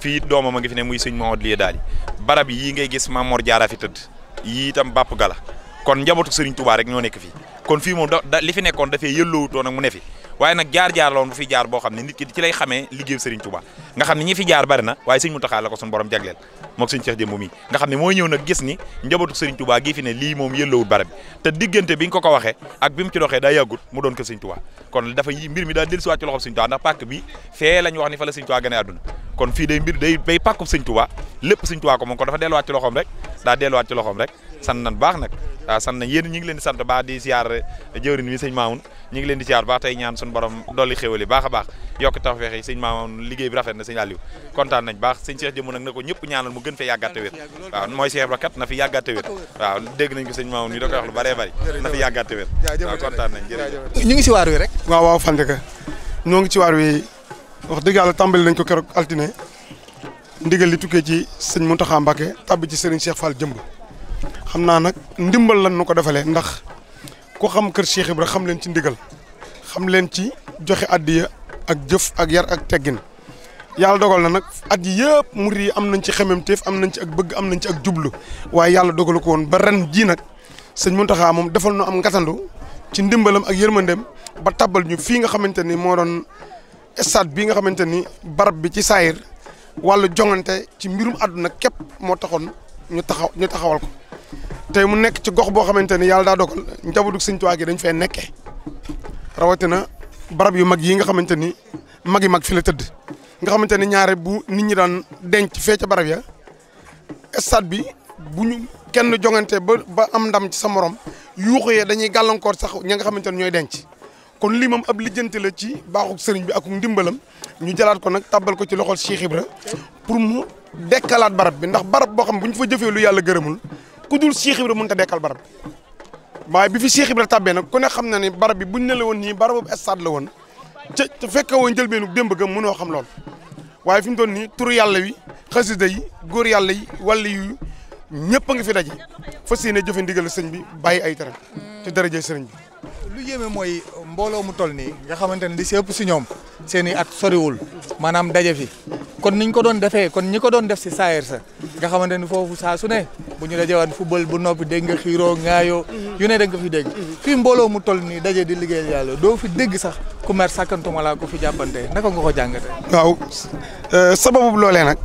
fii doomam a ngi fi ne muy sëñ Maodo Lié daal barab yii ngay gis Mamor Diarra fi tëdd yii itam bàpp gala kon njabootu Serigne Touba rek ñoo nekk fii kon fii moom da li fi nekkoon dafay yëlloowutoon ak mu ne fi waaye nag jaar-jaar la bu fi jaar boo xam ne nit ki ci lay xamee liggéeyu Serigne Touba nga xam ne ñi fi jaar bari na waaye Serigne Mountakha la ko suñu borom jagleel moog Serigne Cheikh Jëmb ne mooy ñëw nag gis ni njabootu Serigne Touba gii fi ne lii moom yëllawul barab bi te diggante bi nga ko ko waxee ak bi mu ci doxee daa yàggut mu doon ko Serigne Touba kon dafa mbir mi daa dellusiwaat ci loxob Serigne Touba ndax pàkk bi fee wax ni fa la Serigne Touba gane àdduna kon fii day mbir day bay pàkkub Serigne Touba lépp Serigne ko moom kon dafa delluwaat rek daa delluwaat ci loxoom sant nañ baax nag waaw sant nañ yéen ñi ngi leen di sant baax di siyaar jëwrin bi sëñ Maamoun ñi ngi leen di siyaar baax tey ñaan suñu borom dolli xéwal yi baax a baax yokk tax feexe sëñ Maamoun liggéey bi rafet na sëñ Aliou kontaan nañ baax sëñ Cheikh jëmu nag na ko ñëpp ñaanal mu gën fee yàggate wér waaw mooy Cheikh Ibra kat na fi yàggate wér waaw dégg nañ ko sëñ Maamoun yi da koy wax lu bëree bëri na fi yàggate wér waaw kontaan nañ jërëjëf ñu ngi si waar wi rek waaw waaw Fandika ñoo ngi ci waar wi wax dëgg yàlla tàmbali nañ ko keroog altine ndigal li xam naa nag ndimbal lan nu ko defalee ndax ku xam kër Cheikh rek xam leen ci ndigal xam leen ci joxe addiya ak jëf ak yar ak teggin yàlla dogal na nag at yi yëpp murid yi am nañ ci xememteef am nañ ci ak bëgg am nañ ci ak jublu waaye yàlla dogalu ko woon ba ren jii nag sëñ Mountakha moom defal nu am ngatandu ci ndimbalam ak yërmandeem ba tabbal ñu fii nga xamante ni moo doon stade bii nga xamante ni barab bi ci saayir wàllu jongante ci mbirum àdduna képp moo taxoon ñu ñu taxawal ko tey mu nekk ci gox boo xamante ni yàlla daa dogal njabootu Sëñ Tuubaa gi dañ fee nekkee rawatina barab yu mag yi nga xamante ni mag yi mag fi la tëdd nga xamante ni ñaare bu nit ñi daan denc fee ca barab ya stade bi bu ñu kenn jongante ba ba am ndam ci sa morom yuuxu yee dañuy gàllankoor sax ña nga xamante ne ñooy denc kon lii moom ab lijjanti la ci baaxuk sëriñ bi ak ndimbalam ñu jëlaat ko nag tàbbal ko ci loxol Cheikh Ibra pour mu dekkalaat barab bi ndax barab boo xam bu ñu fa jëfee lu yàlla gërëmul ku dul Cheikh Ibra mënut a dekkal barab waaye bi fi Cheikh Ibra tàbbee nag ku ne xam na ni barab bi buñ ne woon nii barabu stade la woon ca ca fekke woon njëlbeenu démb ga mënoo xam lool waaye fi mu doon nii turu yàlla wi xasida yi góor yàlla yi wàll yu ñëpp a fi daje fas yéene jëfe ndigal sëñ bi bàyyi ay tere ci daraje sëriñ bi lu yéeme mooy mbooloo mu toll nii nga xamante ne li si ëpp si ñoom seen i at soriwul maanaam daje fi kon niñ ko doon defee kon ñi ko doon def si saayer sa nga xamante ni foofu saa su ne bu ñu dajewaan football bu noppi dégg nga xiiroo ŋaayoo mhm. yu ne da nga fi dégg mhm. fii mbooloo mu toll nii daje di liggéeyal yàlla doo fi dégg sax ku mer sàkkantuma laa ko fi jàppante naka nga ko jàngate waaw euh, sababu loolee nag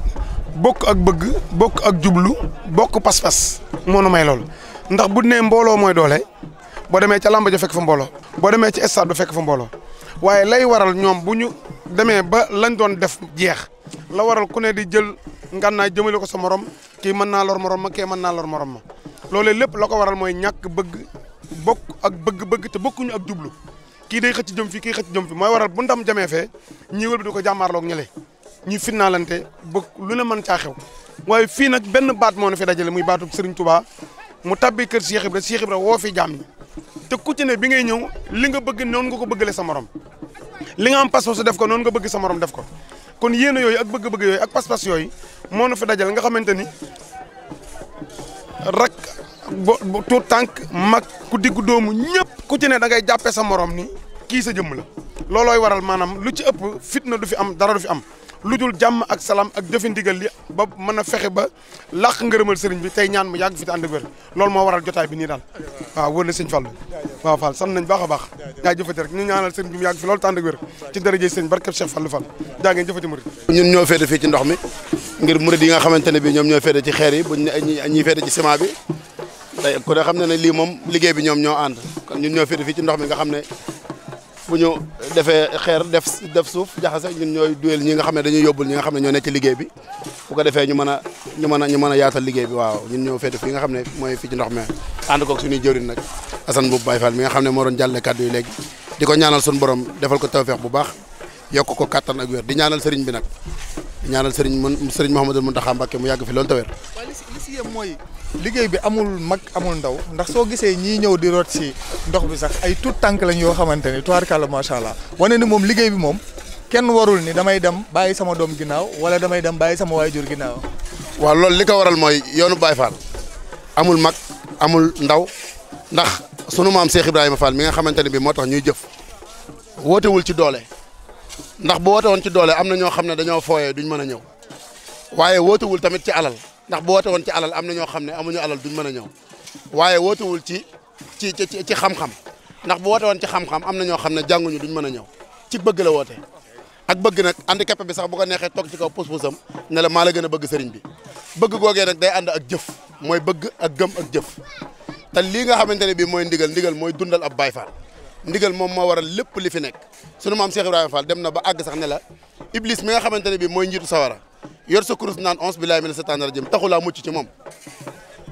bokk ak bëgg bokk ak jublu bokk pas-pas moo nu may lool ndax bu ne mbooloo mooy doole boo demee ca làmb ja fekk fa mbooloo boo demee ci stade ba fekk fa mbooloo waaye lay waral ñoom bu ñu demee ba lañ doon def jeex la waral ku ne di jël ngànnaay jëmale ko sa moroom kii mën naa lor morom ma kii mën naa lor morom ma loolee lépp la ko waral mooy ñàkk bëgg bokk ak bëgg-bëgg te bokkuñu ak jublu kii day xëcc jëm fi kii xëcc jëm fi mooy waral bu ndam jamee fee ñii wël bi di ko jàmmaarloog ñële ñi finnaalante bëgg lu ne mën caa xew waaye fii nag benn baat moo f fi dajale muy baatub Serigne Touba mu tabbi kër Cheikh Ibra Cheikh Ibra woo fi jaam ñi te ku ne bi ngay ñëw li nga bëgg noonu nga ko bëggale sa morom li nga am pas-pas def ko noonu nga bëgg sa morom def ko kon yéen yooyu ak bëgg-bëgg yooyu ak pas-pas yooyu moo nu fi dajal nga xamante ni rak bo tuut tànk mag ku diggu doomu ñëpp ku ne da ngay jàppee sa moroom ni kii sa jëmm la loolooy waral maanaam lu ci ëpp fitna du fi am dara du fi am lu dul jàmm ak salaam ak jëfe ndigal li ba mën a fexe ba làq ngërëmal sëriñ bi tey ñaan mu yàgg fi te ànd ak wér loolu moo waral jotaay bi nii daal waaw wóor na sëñ Fallou waaw Fall sant nañ baax a baax yaa jëfati rek ñu ñaanal sëriñ bi mu yàgg fi loolu te ànd ak wér ci daraje sëriñ barkeb Cheikh Fallou Fall jaa ngeen jëfati murid ñun ñoo féete fii ci ndox mi ngir murid yi nga xamante ne bi ñoom ñoo féete ci ci ciment bi day xam ne ne lii moom liggéey bi ñoom ñoo ànd kon ñun ñoo fii ci ndox mi nga xam ne bu ñu defee xeer def def suuf jaxase ñun ñooy duel ñi nga xam ne dañuy yóbbul ñi nga xam ne ñoo nekk ci liggéey bi bu ko defee ñu mën a ñu mën a ñu mën yaatal liggéey bi waaw ñun ñoo féete fii nga xam ne mooy fii ci ndox mi ànd koog suñuy jëwriñ nag Assane Boub Baye Fall mi nga xam ne moo doon jàlle kàddu yi léegi di ko ñaanal suñu borom defal ko tawfeex bu baax yokk ko kattan ak wér di ñaanal sëriñ bi nag ñaanal sëriñ mën sëriñ mun Mountakha Mbacké mu yàgg fi loolu tawér liggéey bi amul mag amul ndaw ndax soo gisee ñii ñëw di root si ndox bi sax ay tout tànk lañu yoo xamante ni tubaarkàlla macha allah wane ni moom liggéey bi moom kenn warul ni damay dem bàyyi sama doom ginnaaw wala damay dem bàyyi sama waajur ginnaaw. waaw loolu li ko waral mooy yoonu Baye Fall amul mag amul ndaw ndax sunu maam Cheikh Ibrahima Fall mi nga xamante ne bii moo tax ñuy jëf wootewul ci doole ndax bu woote woon ci doole am na ñoo xam ne dañoo fooyee duñ mën a ñëw waaye wootewul tamit ci alal. ndax bu woote woon ci alal am na ñoo xam ne amuñu alal duñ mën a ñëw waaye wootewul ci ci ci xam-xam ndax bu woote woon ci xam-xam am na ñoo xam ne jànguñu duñ mën a ñëw ci bëgg la woote ak bëgg nag keppe bi sax bu ko neexee toog ci kaw pus-pusam ne la maa la gën a bëgg sëriñ bi bëgg googee nag day ànd ak jëf mooy bëgg ak gëm ak jëf te lii nga xamante ne bii mooy ndigal ndigal mooy dundal ab Baay Faal ndigal moom moo waral lépp li fi nekk sunu maam Cheikh Ibrahima Fall dem na ba àgg sax ne la Iblis mi nga xamante ne bii mooy njiitu sawara yor sa kurus naan onze billahi mina a rajim taxulaa mucc ci moom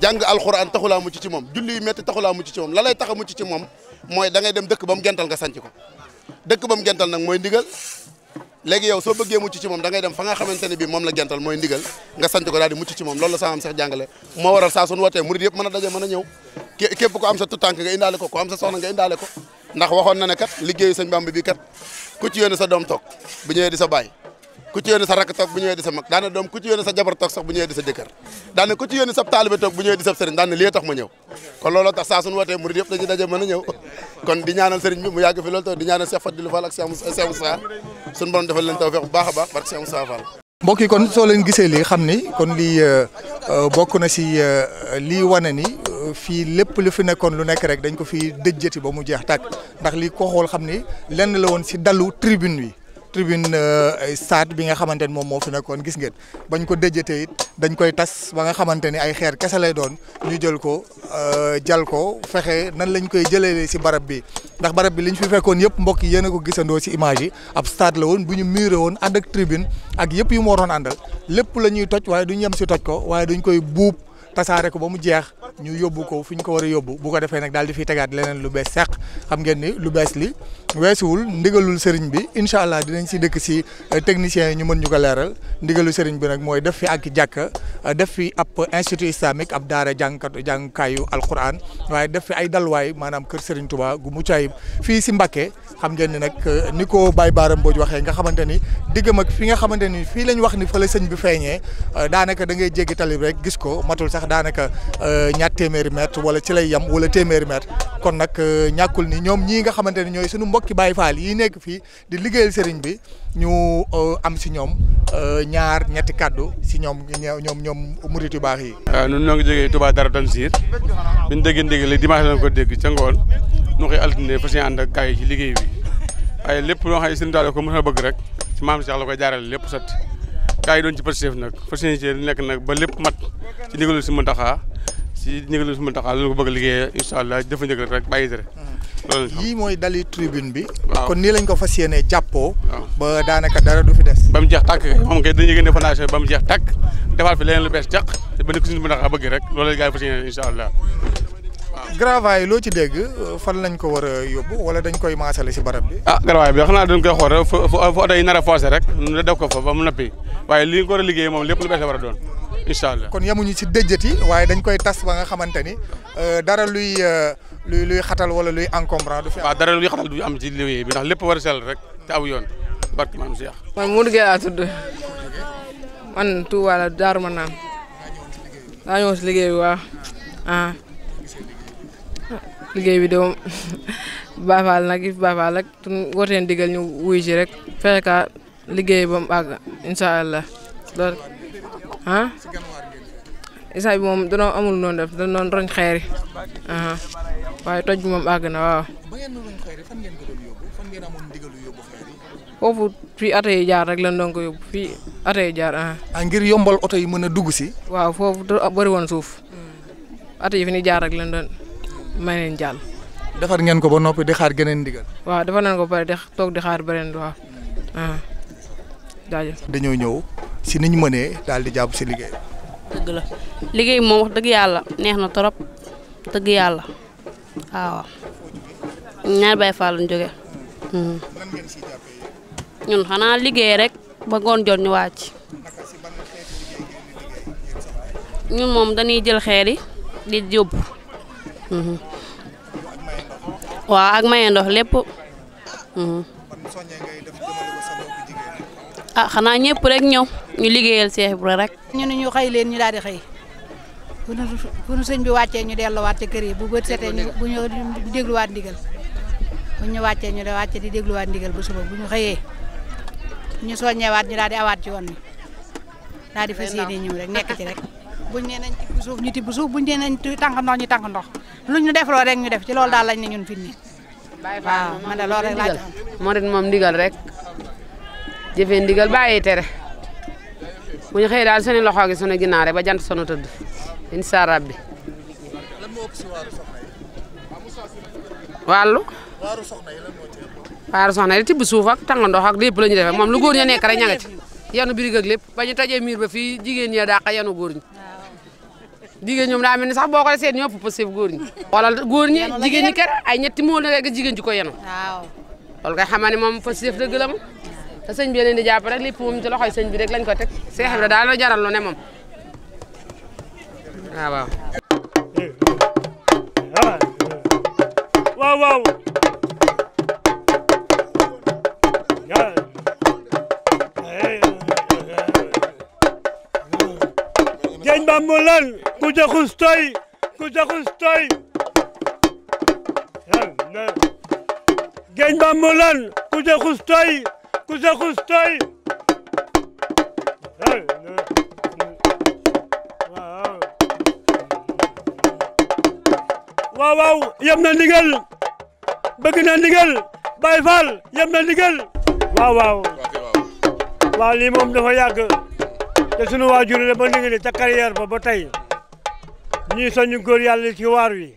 jàng alxuraan taxulaa mucc ci moom julli yu métti taxulaa mucc ci moom la lay tax a ci moom mooy da ngay dem dëkk ba mu gental nga sanc ko dëkk ba mu gental nag mooy ndigal léegi yow soo bëggee mucc ci moom da ngay dem fa nga xamante ne bi moom la gental mooy ndigal nga sanc ko daal di mucc ci moom loolu la sama am sax jàngale moo waral saa suñu wootee murid yëpp mën a daje mën a ñëw képp ko am sa tutànk nga ko ko am sa soxna nga indaale ko waxoon na ne kat liggéeyu sëñ Bamba bi kat ku ci yónni sa doom toog bu ñëwee di sa bàyyi ku ci yónni sa rakk toog bu ñëwee di sa mag daana doom ku ci sa jabar toog sax bu ñëwee di sa jëkkër daana ku ci sa taalibe toog bu ñëwee di sa sëriñ daana lii tax ma ñëw kon looloo tax saa suñu wootee murid yëpp dañuy daje mën a ñëw kon di ñaanal sëriñ bi mu yàgg fi loolu tax di ñaanal Cheikh Fadilou Fall ak Cheikh Moussa suñu borom defal leen tawfeex bu baax a baax barke Cheikh Moussa kon soo leen gisee lii xam ni kon lii euh, euh, bokk na si euh, lii wane ni fii lépp lu fi nekkoon lu nekk rek dañ ko fi dëjjati ba mu jeex tàkk ndax lii ko xool xam ni lenn la woon si dalu tribune wi tribune euh, stade bi nga xamante ni moom moo fi nekkoon gis ngeen bañ ko déjjatee it dañ koy tas ba nga xamante ni ay xeer kese lay doon ñu jël ko euh, jal ko fexe nan lañ koy jëlee si barab bi ndax barab bi liñ fi fekkoon yëpp mbokk yéen a ko gisandoo si image yi ab stade la woon bu ñu muré woon ànd ak tribune ak yëpp yu mu waroon àndal lépp la ñuy toj waaye duñ yem si toj ko waaye duñ koy buub. tasaare ko ba mu jeex ñu yóbbu ko fi ñu ko war a yóbbu bu ko defee nag daal di fiy tegaat leneen lu bees seq xam ngeen ni lu bees li weesuwul ndigalul sëriñ bi incha allah dinañ si dëkk si euh, techniciens yi ñu mën ñu ko leeral ndigalu sëriñ bi nag mooy def fi ak jàkka euh, def fi ab institut islamique ab daara jàngkat jàngkaayu alquran waaye def fi ay dalwaay maanaam kër sëriñ Touba gu mucc fii si Mbacke xam ngeen ni nag euh, ni ko Baye Baara Mbodj waxee nga xamante ni diggam ak fi nga xamante ni fii lañ wax ni fa la bi feeñee daanaka da ngay rek gis ko matul sax sax daanaka euh, ñaar téeméeri metre wala ci lay yem wala téeméeri mètre kon nag euh, ñàkkul ni ñoom ñi nga xamante ne ñooy sunu mbokki Baay Faal yi nekk fii di liggéeyal sëriñ bi ñu euh, am si ñoom ñaar ñetti kàddu si ñoom ñoom ñoom murit yu baax yi. waaw ñun ñoo ngi jógee Touba Darou Tanzir bi ñu déggee ndigal dimanche lañ ko dégg ca ngoon ñu xëy altine fas yéene ànd ak ci liggéey bi waaye lépp loo xam ne sëriñ Tuubaa ko mën a bëgg rek ci maam Cheikh la koy jaarale lépp gaa yi doon ci Pastef nag fas yéene ci nekk nag ba lépp mat ci ndigalu si Muntaxa si ndigalu si Muntaxa lu ko bëgg a liggéeyee allah jëfa njëkk rek rek bàyyi dara yii mooy dali tribune bi kon nii lañ ko fas yéene jàppoo ba daanaka dara du fi des ba mu jeex tàkk moom kay dañuy génne fondation ba mu jeex tàkk defaat fi leneen lu bees càq te ba nekk suñu Muntaxa bëgg rek loolu la gaa yi fas yéene incha allah gravaay loo ci dégg fan lañ ko war a yóbbu wala dañ koy maasale si barab bi. ah gravaay bi xanaa dañ koy xool rek fu fu oto yi nar a def ko fa ba mu noppi waaye li ñu ko war a liggéey moom lépp lu bees la a doon incha allah. kon yemuñu si déjjati waaye dañ koy tas ba nga xamante ni euh, dara euh, luy luy xatal wala luy encombrant du fi am. dara luy xatal du am ci bi ndax lépp war a sell rek te aw yoon barke maam si yàq. man Modou Gueye laa tudd man Touba la Darou Manane daa ñëw liggéey bi waaw ah. liggéey bi doom baafaal nag if rek suñ digal ñu wuy si rek fexe liggéey ba mu àgg allah loolu bi moom danoo amul noonu def da doon roñ xeeri waaye toj bi moom àgg na waaw. foofu fii oto yi jaar rek lan doon ko yóbbu fii oto yi jaar ah. ngir yombal oto yi mën a dugg si. waaw foofu da woon suuf oto hmm. yi fi ni jaar rek lan doon. ma leen jàll. defar ngeen ko ba noppi di xaar geneen ndigal. waaw defar nañ ko ba pare di toog di xaar beneen waaw ah. jaajëf. dañoo ñëw si ni mënee daal di jàpp si liggéey. liggéey moom wax dëgg yàlla neex na torop dëgg yàlla waaw ñaar bay faal lañ jógee. Hmm. ñun xanaa liggéey rek ba ngoon jot ñu wàcc ñun moom dañuy jël xeer yi di yóbbu. Mhm. waaw ak maye ndox lépp. Mhm. ah xanaa ñëpp rek ñëw ñu liggéeyal Cheikh Ibra rek. ñu ne ñu xëy leen ñu daal di xëy bu nu bu sëñ bi wàccee ñu delluwaat ci kër yi bu bët setee bu ñu dégluwaat ndigal bu ñu wàccee ñu de wàccee di dégluwaat ndigal bu suba bu ñu xëyee ñu soññewaat ñu daal di awaat ci woon bi daal di fas yéene ñëw rek nekk ci rek. buñ nee nañ tibb suuf ñu tibb suuf buñ nee nañ tànk ñi ñu ndox luñ ñu defloo rek ñu def ci loolu daal lañ ne ñun fi nii waaw man de loolu rek laa morit ndigal rek jëfee ndigal bàyyi tere bu ñu xëyee daal sunu loxo gi sunu ginaare ba jant sunu tëdd incha rabbi wàllu waaru soxna yi tibb suuf ak tàng ndox ak lépp la ñu defee moom lu góor ña nekk rek ña nga ci yanu ba ñu tajee miir ba fii jigéen ñi dàq yanu góor ñi jigéen ñoom daa mel ni sax boo ko seet ñoo ëpp possible góor ñi. xoolal góor ñi jigéen ñi kat ay ñetti moo la rek jigéen ji ko yenu waaw loolu kay ne moom possible dëgg la moom te sëñ bi leen di jàpp rek lépp moom ci loxoy sëñ bi rek lañ ko teg Cheikh Ibra daal la jaral lu ne moom waaw waaw Sen ben lan kucak ustay, kucak ustay. Sen ne? Gen ben lan kucak yem na ndigal bëgg na ndigal Baye Fall yem na ndigal waaw waaw waaw lii moom te sunu waajur la ba léegi ni ca carrière ba ba tey ñuy soññu góor yàlla ci waar wi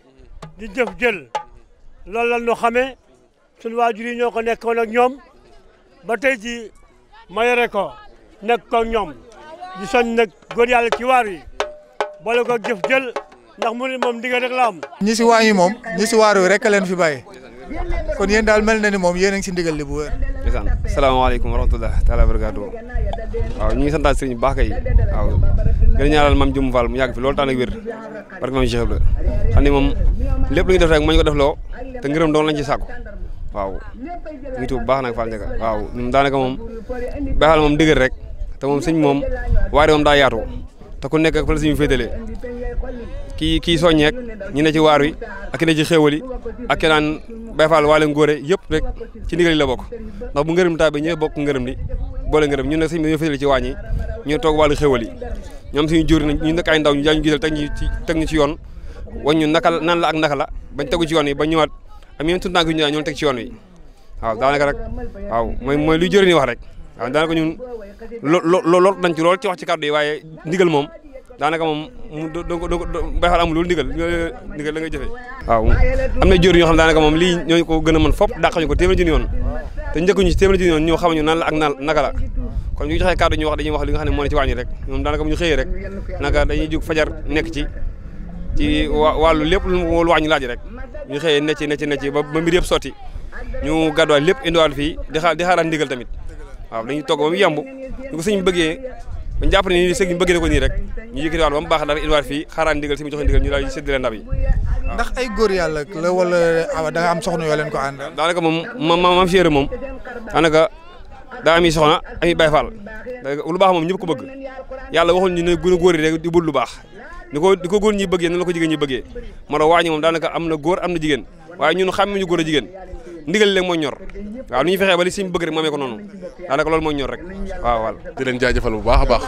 di jëf jël loolu la ñu xamee sunu waajur yi ñoo ko nekk nekkoon ak ñoom ba tey ji ma yore ko nekk ko ñoom di soñ nag góor yàlla ci waar wi boole ko jëf jël ndax mu ne moom ndigal rek la am. ñi si waañ yi moom ñi si waar wi rek leen fi bàyyi. kon yéen daal mel na ni moom yéen a ngi si ndigal li bu wér. ndeysaan salaamaaleykum wa rahmatulah taala barakaatu waaw ñu ngi santaat sëriñ baax kay waaw gën a ñaanal mam Jum Fall mu yàgg fi loolu tax nag wér parce que maam Cheikh Ibra xam moom lépp lu ñu def rek ma ñu ko def loo te ngërëm doon lañ ci sàkku waaw ñu tuub baax nag Fall Ndiaga waaw daanaka moom baaxal moom dëgër rek te moom sëñ moom waaye moom daa yaatu te ku nekk ak si ñu suñu féetalee kii kii soññeek ñi ne ci waar wi ak ki ne ci xéewali ak ki naan bay faal waale ngóore yëpp rek ci ndigal la bokk ndax bu ngërëm taa bi ñëpp bokk ngërëm li boole ngërëm ñun nag suñu dañoo féetale ci waañ yi ñu toog wàllu xéewal yi ñoom suñu jur nañ ñu nekk ay ndaw ñu jaa ñu gisal teg ñu ci teg ñu ci yoon wañ ñu naka nan la ak naka la bañ tegu ci yi ba ñëwaat am yéen tuntànk ñu daa ñoon teg ci yoon yi daanaka rek waaw mooy mooy luy jëriñ wax rek waaw daanaka ñun lo lo lool nañ ci lool ci wax ci kàddu yi waaye ndigal moom daanaka moom mu do do bay xal amul loolu ndigal ndigal la ngay jëfee. waaw am na jur yoo xam daanaka moom lii ñoo ko gën mën fop dàq ñu ko téeméer junni yoon te njëkk ñu ci téeméer junni yoon la ak nan naka la kon ñu joxee kàddu ñu wax dañuy wax li nga xam ne moo ne ci rek ñoom daanaka bu ñu xëyee rek naka dañuy jug fajar nekk ci ci wàllu lépp lu wàññi laaj rek ñu xëyee necc necc necc ba mbir yëpp sotti ñu gàdduwaay lépp indiwaal fii di xaar di ndigal tamit waaw dañuy togg ba mu yemb bëggee jàpp ne nii sëñ bi ko nii rek ñu yëkkatiwaat ba mu baax daal indiwaat fii xaaraan ndigal si mu joxe ndigal ñu daal ndax ay góor yàlla la wala ah, da nga am soxna yoo leen ko àndal daanaka moom ma maam fiére moom daanaka daa ami soxna ami Baay Faal lu baax moom ñëpp ko bëgg yàlla waxul ñu ne gën a góor yi rek di bul lu baax ni ko di ko góor ñi bëggee na la ko jigéen ñi bëggee moo tax waa ñi moom daanaka am na góor am na jigéen waaye ñun xàmme ñu góor a jigéen ndigal léegi moo ñor waaw nu ñu fexee ba li ñu bëgg rek moomee ko noonu daanaka loolu moo ñor rek waaw waaw di leen jaajëfal bu baax a baax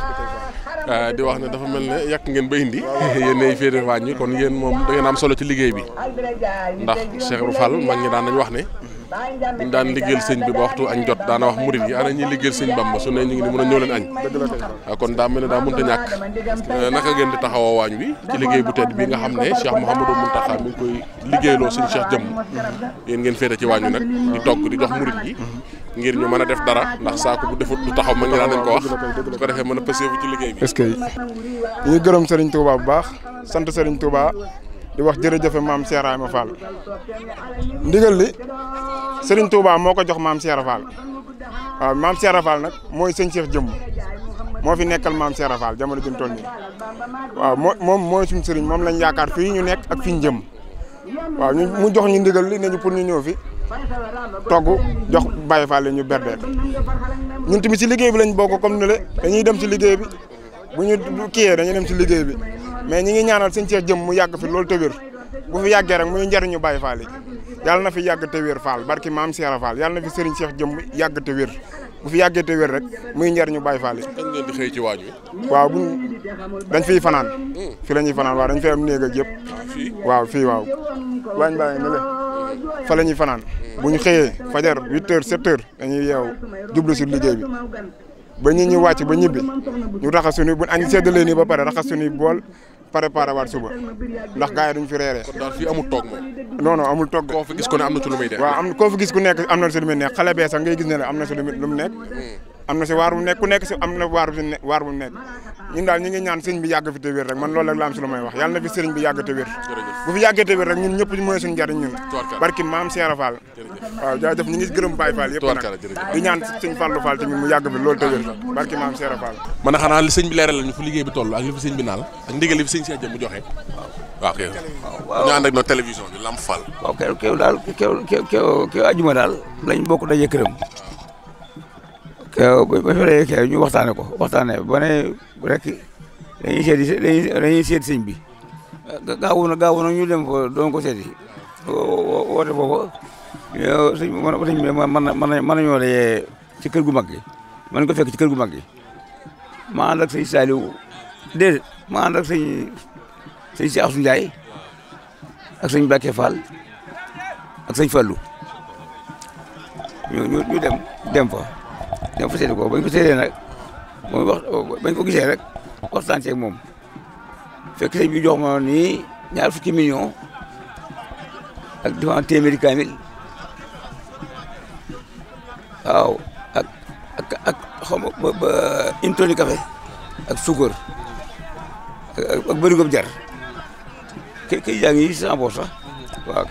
euh, di wax ne dafa mel ne yàq ngeen ba indi yéen ay féete waañ ñi kon yéen moom da ngeen am solo ci liggéey bi ndax Cheikh Ibra Fall mag ñi daan nañ wax ne ñu daan liggéeyal sëñ bi ba waxtu añ jot daana wax murit yi ana ñuy liggéeyal sëñ Bamba su ne ñu ngi ni mën a ñëw leen añ ah, kon daa mel ne daa mënta ñàkk eh, naka ngeen di taxawoo waañ wi ci liggéey bu tedd bi nga xam ne Cheikh Mouhamadou Mountakha mi ngi koy liggéeyloo sëñ Cheikh jëmm yéen ngeen féete ci waañ wi nag di togg di jox murit yi ngir ñu mën a def dara ndax saako bu defut du taxaw ma ngi daan nañ ko wax su ko defee mën a pëseefu ci liggéey bi est-ce que ñu gërëm Serigne Touba bu baax sant Serigne Touba di wax jërëjëfe maam Cheikh Ibrahima Fall ndigal li Serigne Touba moo ko jox maam Cheikh Fall waaw maam Cheikh Fall nag mooy sëñ Cheikh jëm moo fi nekkal maam Cheikh Fall jamono jëm toll nii waaw moom mooy suñu Serigne moom lañ yaakaar fii ñu nekk ak fi ñu jëm waaw mu jox ñu ndigal li ne ñu pour ñu ñëw fi togg jox Baye Fall ñu berdeel ñun tamit si liggéey bi lañ bokk comme ni le dañuy dem si liggéey bi bu ñu kiyee dañuy dem si liggéey bi. mais ñi ngi ñaanal sëñ Cheikh jëm mu yàgg fi loolu te wér bu fi yàggee rek muy njëriñu Baye Fall yi yàlla na fi yàgg te wér faal barki maam Cheikh Fall yàlla na fi Serigne Cheikh jëm yàgg te wér bu fi yàggee te wér rek muy njëriñu Baye Fall yi. dañ leen di ci waañ wi. waaw bu dañ fi fanaan. Hmm. fi la ñuy fanaan waa dañ fay am néeg ak yëpp. waaw fii waaw. waañ bàyyi na le fa la ñuy fanaan. bu ñu xëyee fajar 8h 7 dañuy yeew jublu si liggéey bi. ba ñi ñu wàcc ba ah, ñibbi ñu raxas suñuy bu añ seddalee nii ba pare raxas suñuy bool préparé waat suba ndax gars yi duñ fi reeree. kon amul toog moom. non non gis ku ne am na ci lu muy nekk am na ci lu muy nekk xale bee sax ngay gis ne la am na ci lu mu nekk. Hmm. am na si waar bu nekk ku nekk si am na waar bu nekk ñun daal ñu ñaan sëñ bi yàgg fi te wér rek man loolu la am si may wax yàlla na fi sëriñ bi yàgg te wér. bu fi yàggee tamit rek ñun ñëpp mooy suñu njariñ ñun barki maam Seera Fall waaw jaajëf ñu ngi gërëm Baye Fall yëpp nag di ñaan sëñ Fallou Fall tamit mu yàgg fi loolu tawér barki maam Seera Fall man a xanaa li sëñ bi leeral lañu fu liggéey bi toll ak li fi sëñ bi naal ak ndigal li fi sëñ si ajjë mu joxe waaw kay waaw ñu ànd ak no télévision bi kew kew kew kew ajuma daal lañ bokk daje këram kew ba fere kew ñu waxtaane ko waxtaane ba ne rek dañuy seeti dañuy bi gaawu na gaawu ñu dem fa doon ko seeti woote foofa sëñ sëñ bi mën na mën nañoo dajee ci kër gu mag gi mën ko fekk ci kër gu mag gi ma ànd ak sëñ Saliou déedéet ma ak sëñ sëñ si Assou ñu ñu dem dem fa dem fa seeti ko bañ ko seetee nag bañ ko gisee rek waxtaan ceeg moom fekk sëñ bi jox ma nii ñaar fukki million ak devant téeméeri kaamil waaw ak ak ak xaw ma ak suukar ak bëri ko jar kë kër yaa ngi waaw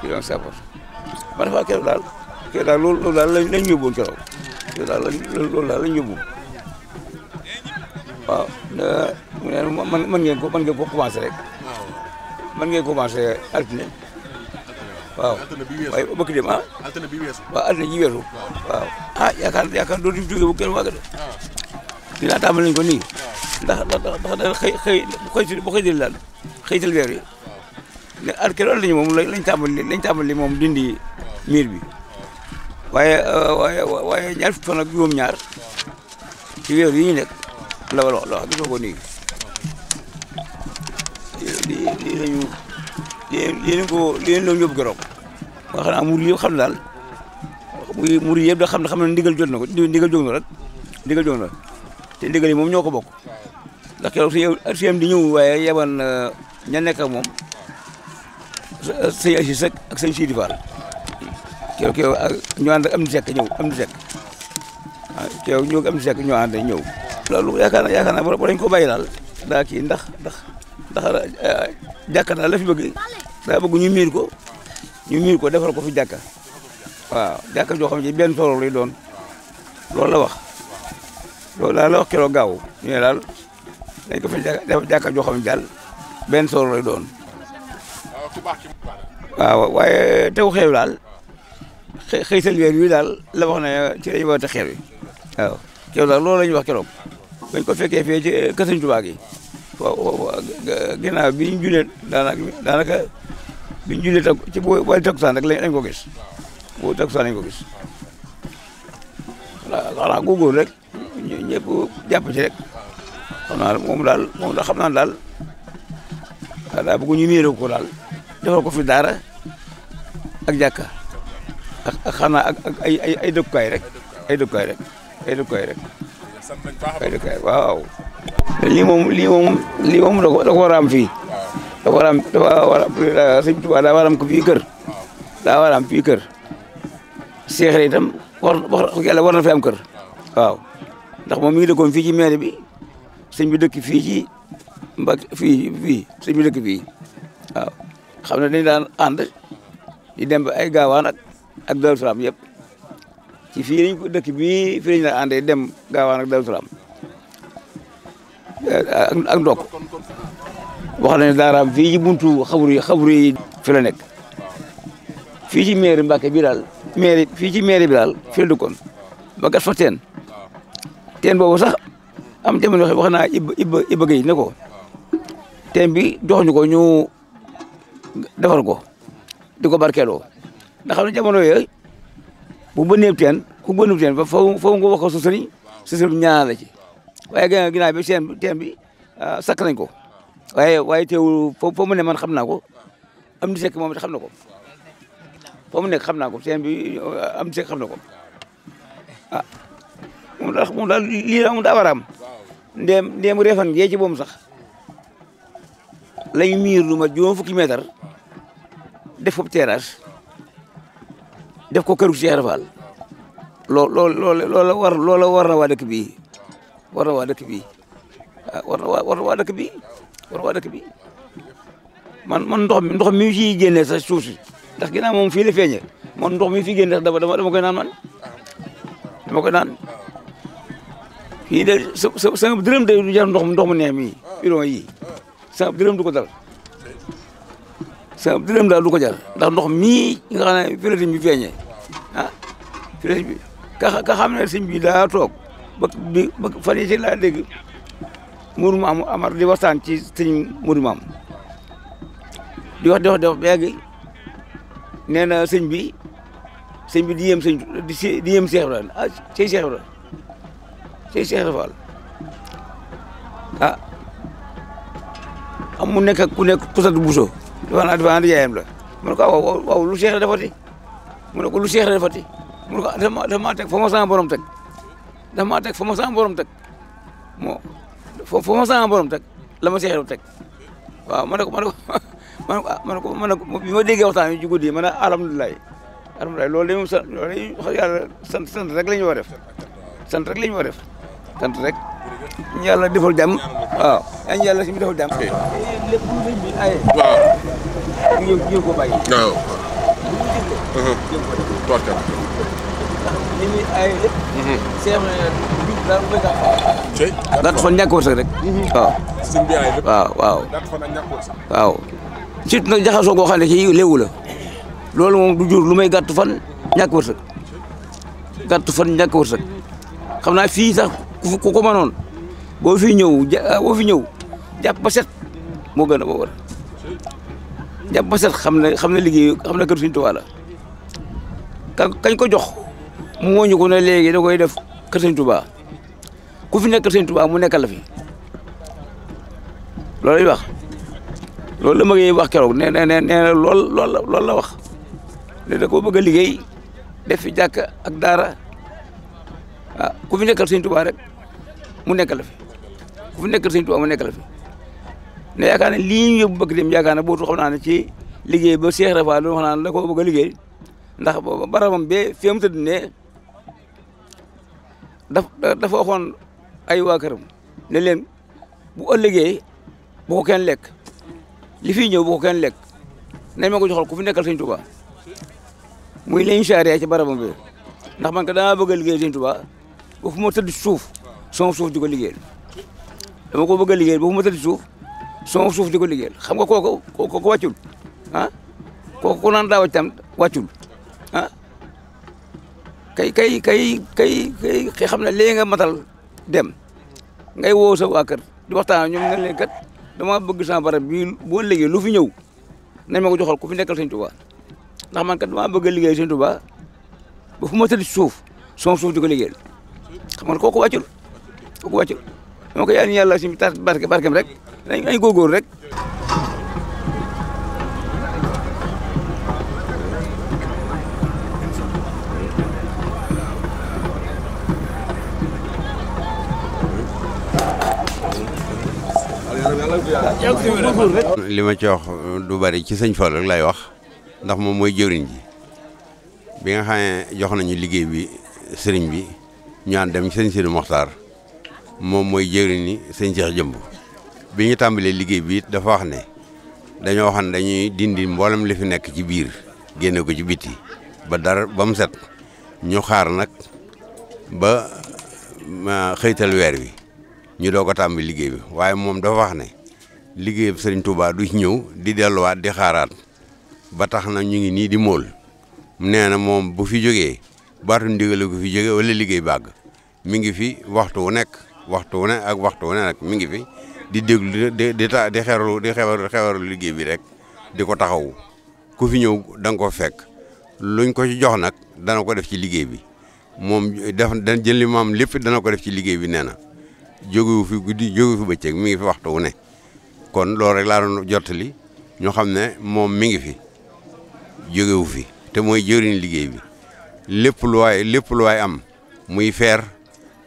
kii yaa ngi cent pour cent man daal ah, keroog daal keroog daal lañ lañ ñëwoon keroog loolu daal lañ loolu waaw euh, mu ne man ngeen ko man ngeen ko commencé rek. man ngeen commencé altine. waaw waaye bëgg dem ah. altine bi weesu waaw altine ji weesu. waaw ah yaakaar yaakaar doo di jóge bu de. dinaa ah. tàmbali nañ ko nii. Ah. ndax ndax ndax bu xëy si bu xëy si la daal xëy si weer yi. Ah. ne moom lañ tàmbali dindi miir bi. waaye euh, waaye waaye ñaar fukki fan ñaar ci weer yi ñu nekk. lawal wax wax gisoo ko nii lii lii la ñu lii lañ xam ne daal muy mur yëpp da xam ne xam ne ndigal jot na ko ndigal jóg na te ndigal yi moom ñoo ko bokk ndax keroog su di ñëw waaye yeban ña nekk moom sëñ Asi Seck ak sëñ Sidi keroog keroog ñu am di sekk ñëw am di sekk teew ñoo am sekk ñoo ànd ñëw loolu yaakaar naa yaakaar naa war ko bàyyi daal daa kii ndax ndax ndax eh, jàkka daal la fi bëgg daa bëgg ñu miir ko ñu miir ko defar ko fi jàkka waaw jàkka joo xam benn tool lay doon la wax daal la gaaw ñu ne daal ko fa jàkka benn tool lay doon waaw waaye tew xew daal xëy seen weer wi daal la wax ne ci lañu woote xew yi waaw keroog daal loolu la wax keroog bañ ko fekkee fee ci eh, kër Sëñ Tuubaa gi waaw ginnaaw bi ñu jullee daanaka ñu ci booy wàllu takkusaan rek lañ ko gis boobu takkusaan lañ ko gis waaw xanaa rek ñëpp jàpp ci rek xam moom daal moom daal xam naa daal daa bëgg ñu ko daal defal ko fi daara ak jàkka ak xanaa ay ay dëkkukaay rek ay dëkkukaay rek. Seydou waaw. lii moom lii moom lii moom da ko war a am fii. da ko war a kër. daa war a kër. seex itam war war yàlla war na kër. waaw ndax moom mi ngi dëkkoon fii ci bi sëñ bi dëkk fii ci mbak fii fii sëñ bi dëkk fii waaw xam na dañ daan ànd di dem ba ay gaawaan ak ak Daaru Salaam ci fii lañ ko dëkk bii fii lañ la àndee dem gaawaan ak Daaru Salaam ak ndokk wax nañ daaraam fii ci buntu xabru yi xabru yi fi la nekk fii ci mairie Mbacke bi daal mairie fii ci mairie bi daal fi la dëkkoon ba gat fa teen teen boobu sax am jamono wax naa Iba Iba Iba ne ko teen bi dox ñu ko ñu defar ko di ko barkeeloo ndax ne jamono yooy bu bënneeb teen ku bënneeb teen ba foofu foofu nga wax ko sa sëriñ sa sëriñ la ci waaye gannaaw ginnaaw bi seen bi ah, sakk nañ ko waaye waaye teewul foo ne man xam naa ko am di sekk moom it xam na ko mu nekk xam naa ko teen bi am di sekk xam na ko ah, daa war a am ndéem ndéem sax lañ miir lu ma fukki mètre def foofu terrasse def ko këru Cheikh Fall loo loo loola war loola war na waa dëkk bii war na waa dëkk bii ah, war na war na waa dëkk bii man man ndox mi ndox mi ciy génnee sa suuf si ndax ginnaaw moom fii la feeñee man ndox mi fi génnee sax dama dama koy naan man dama koy naan fii de sa sa sa dërëm de du jar ndox mu ndox mu neex mii bidon yi sa dërëm du ko dal. sa dërëm daal du ko jar ndax ndox mii nga xam ne fële bi feeñee ah, ka xam ne sëñ daa toog ba bi ba fan laa dégg Mourou Amar di waxtaan ci sëñ Mourou Maam di wax di nee na sëñ bi sëñ bi di yem sëñ di si di yem Cheikh Ibrahima ah Cheikh Cheikh Ibrahima Cheikh Cheikh Fall ah am mu nekk ku nekk kusatu buso wala wala ndiyaayam la mu ne ko waaw waaw lu Cheikh la defati mu ne lu Cheikh la defati mu ne ko dafa maa teg fa ma sama borom teg dafa maa teg fa ma sama borom teg moo fa ma sama borom teg la ma Cheikh teg waaw ma ne ko ma ko ah, ma ne ko ma ne ko bi ma ma ne ah, alhamdulilah loolu de moom sant loolu de rek la ñu war a sant rek la ñu sant rek yàlla defal jàmm waaw a xaar mhm. mhm. daat fan ñàkk wërsëg rek waaw waaw waaw daat nag jaxasoo goo xam ne ci loolu moom du jur lu may gàtt fan ñàkk wërsëg gàtt fan ñàkk wërsëg xam naa fii sax ku ko manoon boo fi ñëw ja ah, fi ñëw jàpp ba set moo gën a ba war jàpp ba set xam ne xam ne liggéey xam ne kër Sëriñ Tuubaa la kañ ko jox mu wóññi ko ne léegi da koy def kër Sëriñ Tuubaa ku fi nekk Sëriñ Tuubaa mu nekkal la fi loolu wax loolu la ma wax keroog nee na nee na lool lool la wax ne da koo bëgg a liggéey def fi jàkka ak daara ah ku fi nekkal Sëriñ Tuubaa rek. mu nekk nekkal fi ku fi nekkal sëñ Tuubaa mu nekk fi ne yaakaar ne lii ñu yóbbu bëgg dem yaakaar ne bootu xam naa ci liggéey ba Cheikh Rafa loolu xam naa ne la ko bëgg liggéey ndax booba barabam bee fi mu tëdd ne dafa waxoon ay waa këram leen bu ëllëgee bu ko kenn lekk li fi ñëw bu ko kenn lekk nañ ma ko joxal ku fi nekkal sëñ Tuubaa muy lañ saaree ci barabam bi ndax man ka dama bëgg a liggéey sëñ Tuubaa ba fu ma tëdd suuf sama suuf di ko liggéeyal dama ko bëgg liggéey liggéeyal ba fu ma suuf sama suuf di ko liggéeyal xam nga kooku kooku wàccul ah kooku ku ah? kay kay kay kay kay xam ne léegi nga matal dem ngay woo sa waa kër di waxtaan ñoom nga dama bëgg sama barab boo liggéey lu fi ñëw nañ ma ko joxal ku fi nekkal sëñ Tuubaa ndax man kat dama bëgg a liggéey sëñ Tuubaa ba fu ma tëdd suuf sama suuf di ko liggéeyal ku yàlla suñu tas barke barkeem rek li ma ci wax euh, du bari ci sëñ Fall rek lay wax ndax moom mooy jëwriñ ji bi nga xam jox nañu liggéey bi sëriñ bi ñu ànd dem ci sëñ Moxtaar moom mooy jëwri ni sëñ Cheikh Jëmb bi ñu tàmbalee liggéey bi it dafa wax ne dañoo wax ne dañuy dindi mboolem la fi nekk ci biir génne ko ci biti ba dara ba mu set ñu xaar nag ba xëytal weer wi ñu doo ko tàmbali liggéey bi waaye moom dafa wax ne liggéeyam sëriñ Touba du ci ñëw di delluwaat di xaaraat ba tax na ñu ngi nii di mool nee na moom bu fi jógee baatu ndigal ko fi jógee wala liggéey bàgg mi ngi fi waxtu wu nekk waxtu wu ne ak waxtu wu ne nag mi ngi fi di déglu di di ta liggéey bi rek di ko taxaw ku fi ñëw da nga ko fekk luñ ko ci jox nag dana ko def ci liggéey bi moom def dañ jël li maam lépp dana ko def ci liggéey bi nee na jógewu fi guddi jógewu fi bëccëg mi ngi fi waxtu wu ne kon loolu rek laa doon jottali ñoo xam ne moom mi ngi fi jógewu fi te mooy jëriñ liggéey bi lépp lu lépp lu waay am muy fer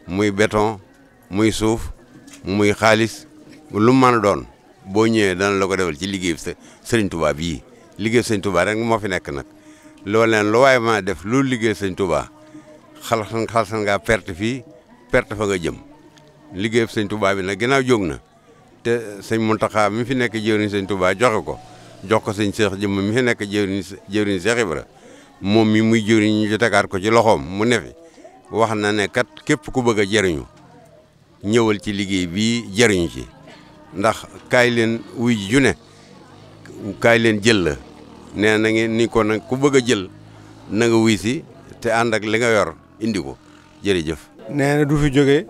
muy beton muy suuf muy xaalis lu mu doon boo ñëwee dana la ko defal ci liggéey sëriñ tubaab bii liggéey sëriñ Touba rek moo fi nekk nag loolu leen lu waaye ma def lu liggéey sëriñ Touba xal xalsan ngaa perte fii perte fa nga jëm liggéey sëriñ Touba bi nag ginnaaw jóg na te sëñ Mountakha mi fi nekk jëwriñ sëriñ Touba joxe ko jox ko sëñ Cheikh jëm mi fi nekk jëwriñ jëwriñ Cheikh Ibra moom mi muy jëwriñ ñu tegaat ko ci loxoom mu ne wax na ne kat képp ku bëgg a jëriñu ñëwal ci liggéey bi jariñu ci ndax kaay leen wuy ju kaay leen jël la nee na ngeen ni ko nag ku bëgg a jël na nga si te ànd ak li yor indi ko jërëjëf. nee na du fi jógee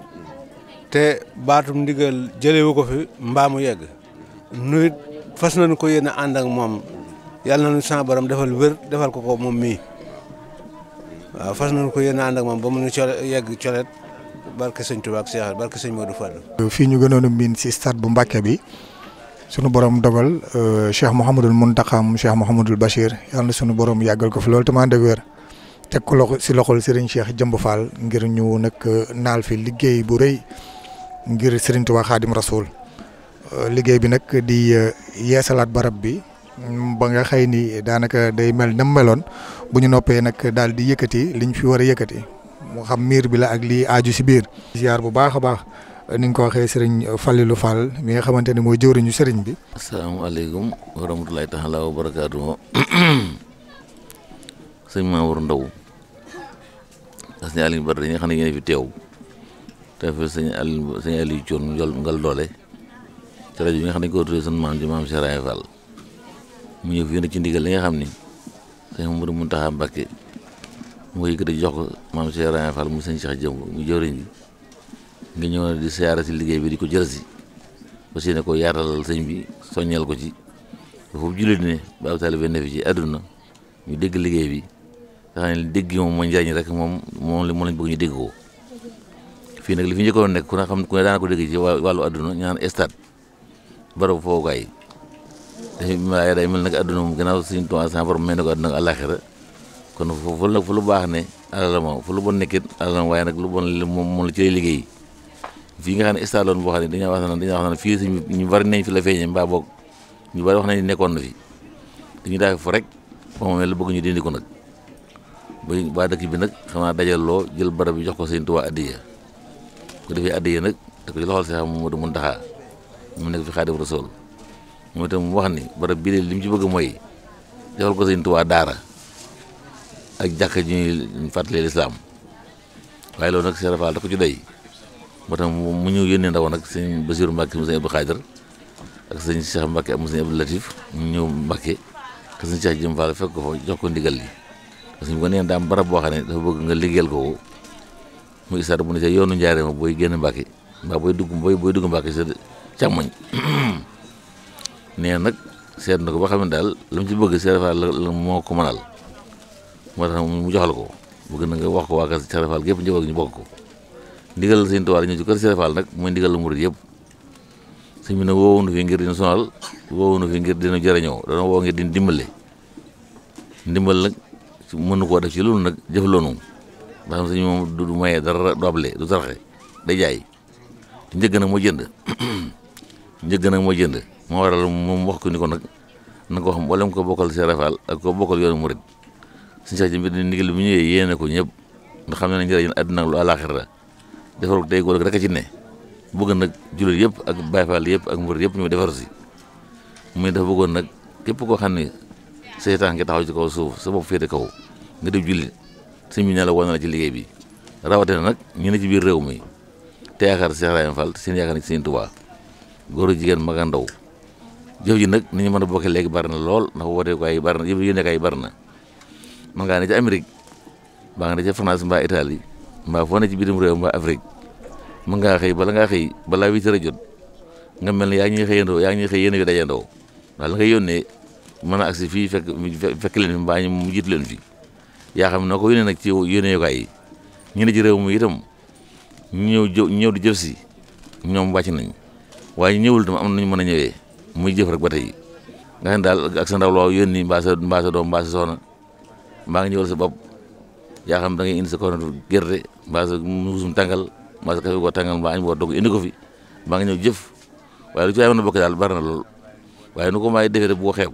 te baatum ndigal jëlewu ko fi mbaamu yegg nu fas nañu ko yéen a ànd ak moom yàlla nañu sa borom defal wér defal ko ko moom mii waaw fas ko yéen a ànd ak moom ba mu nu co yegg colet barke sëñ Touba ak Cheikh barke sëñ Modou Fall. fii ñu gënoon a miin si stade bu Mbàkke bi sunu borom dogal euh, Cheikh Mouhamadul Mountakha Cheikh Mouhamadul Bachir yàlla na sunu borom yàggal ko fi loolu tamit ànd wér teg ko si loxol Serigne Cheikh Jëmb Fall ngir ñu nag naal fi liggéey bu rëy ngir Serigne Touba Xaadim Rasoul euh, liggéey bi nag di euh, yeesalaat barab bi ba nga xëy ni daanaka day mel nam meloon bu ñu noppee nag dal di yëkkati liñ fi war a yëkkati. moo xam miir bi la ak lii aaju si biir. ziar bu baax a baax ni nga ko waxee sëriñ Falilou Fall mi nga xamante ne mooy jëwriñu sëriñ bi. asalaamaaleykum wa rahmatulahi taala wa barakaatu sëñ Mamour Ndaw ak sëñ Aliou xam ne yéen fi teew bi nga xam ne ko maam ji maam mu ñëw fi yéen ci ndigal li nga xam ni sëñ Mourou Mountakha Mbacké mu ngi yëkkati jox ko maam Cheikh Ibrahima Fall mu sëñ Cheikh Jëmb mu jëriñ bi nga ñëw di siyaara si liggéey bi di ko jël si ba si ne ko yaatalal sëñ bi soññal ko ci foofu jullit ne ba ab ne fi ci àdduna ñu dégg liggéey bi nga xam ne dégg moom mooy njariñ rek moom moom moom lañ ñu dégg ko fii nag li fi nekk ku ne xam ku daana ko dégg ci wàllu àdduna ñaan stade barab foofu gaay dañuy day mel nag àdduna moom gannaaw suñu tuwaan sans borom mel ne ko àdduna ak àllaaxira kon foofu nag fu lu baax ne alalama fu lu bon nekkit alalama waaye nag lu bon li moom moom la ci lay liggéey fii nga xam ne stade loon boo xam ne dañoo wax naan dañoo ñu bari nañ fi la feeñee mbaa boog ñu bari wax nañ nekkoon na fi dañu daal fa rek moom la bëgg ñu dindi ko nag ba waa dëkk bi nag xam naa dajaloo jël barab bi jox ko seen Tuubaa addiya ko defee nag te ko ci loxol Seex Mamadu Muntaxa nekk fi Xaadimu Rasuul moom mu wax ni barab bii de li mu ci bëgg mooy joxal ko seen Tuubaa daara ak jàkka ji ñuy fàttali lislaam waaye loolu nag Cheikh Rafal da ko ci doy moo tax mu ñu yónnee ndaw nag sëñ Basiru Mbàkke mu sëñ Abdou Xaadir ak sëñ mu ñëw Mbàkke ak sëñ Cheikh Jëm Fall fekk ko fa ko ndigal li ko neen daam boo xam ne dafa bëgg nga liggéeyal ko mu isaar bu ne ca yoonu njaaree booy génn Mbàkke booy dugg booy booy dugg Mbàkke sa càmmoñ nag seet na ko ba xam ne daal lu mu ci bëgg Cheikh Rafal la moo ko mënal moo tax mu jox ko bëgg na nga wax ko waa kër Cheikh Ibra Fall gépp ak ñu bokk ko ndigal Sëñ Tuubaa ñu ci kër Cheikh Ibra Fall nag mooy ndigal la murid yëpp sëñ bi nag woowunu fi ngir dina sonal woowunu woo ngir dina dimbale ndimbal nag mënu koo def ci nag jëfaloonu ndax sëñ moom dara du able du day jaay te njëgg nag moo jënd njëgg jënd moo waral moom wax ko ni ko nag na koo xam wala mu ko bokkal Cheikh Ibra ak ko bokkal yoonu murid suñu seex ci mbir mi ndigal bu ñëwee yéene ko ñëpp ndax xam ne nañ njëriñ àddina lu àllaaxira defaru tey góor rek a ci ne bëgg nag jullit yëpp ak Baay Faal yëpp ak mbër yëpp ñu defar si muy dafa bëggoon nag képp koo xam ne seytaan nga taxaw ci kaw suuf sa bopp féete kaw nga def jullit sëñ bi ne la woon la ci liggéey bi rawatina nag ñu ne ci biir réew mi te yaakaar Seex Ibrahima Fall seen yaakaar ne ci seen Tuubaa góor jigéen mag ak ndaw jëf ji nag ni ñu mën a bokkee léegi bari na lool ndax woote ko bari na yëpp yéene ay bari na man ngaa ne ca Amérique mbaa nga ne ca France mbaa Italie mbaa foo ne ci bitim Afrique mën ngaa xëy bala ngaa xëy balaa huit heures a jot nga mel ne yaa ngi ñuy xëyandoo yaa ngi ñuy xëy yéen a ngi dajandoo waaw la nga yónnee mën a agsi fii fekk fekk leen mbaa mu jiitu leen fi yaa xam noo ko yónnee nag ci yónneeyukaay yi ñu ne ci réew mi itam ñëw jë ñëw si ñoom wàcc nañ waaye ñëwul itam am nañu mën a ñëwee muy jëf rek tey nga xam daal ak sa ndaw loo yónni mbaa sa mbaa sa doom mbaa maa ngi ñëwal sa bopp yaa xam da ngay indi sa kornatu gerte mbaa sa muusum tàngal mbaa sa kafe boo tàngal mbaa añ boo dogg indi ko fi maa ngi ñëw jëf waaye lu ci waay mën a bokk daal bari na lool waaye nu ko maay defee boo xeeb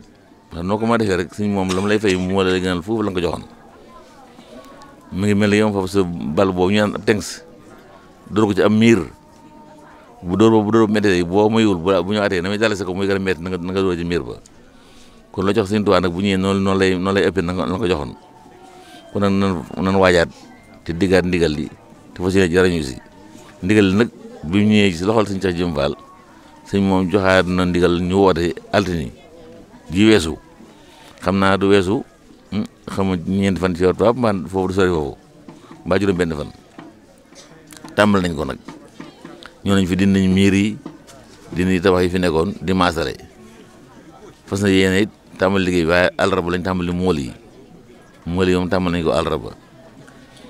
ndax noo ko maa defee rek suñ moom la mu lay fay moo la gënal foofu la nga ko joxoon mu ngi mel ni yow foofu sa bal boobu ñu naan ab tengs ko ci am miir bu dóor boobu bu na muy miir ba kon la jox Sëñ Tuubaa nag bu ñëwee noo noonu lay noonu lay ëppee na ko joxoon kon nan waajaat te diggaat ndigal li te fas yéene jarañu si ndigal li nag bi mu ñëwee si loxol Sëñ Cheikh Jëm moom joxaat na ndigal ñu woote altini ji weesu xam naa du weesu hmm, xam ñeenti fan ci waxtu mbaa foofu du sori foofu mbaa juróom benn fan tàmbal nañ ko nag ñoo nañ fi dindi nañ miir yi dindi tabax yi fi nekkoon di maasale fas na yéene it tàmbali liggéey bi waaye àllarba lañ tàmbali mool yi mool yi moom tàmbali nañ ko àllarba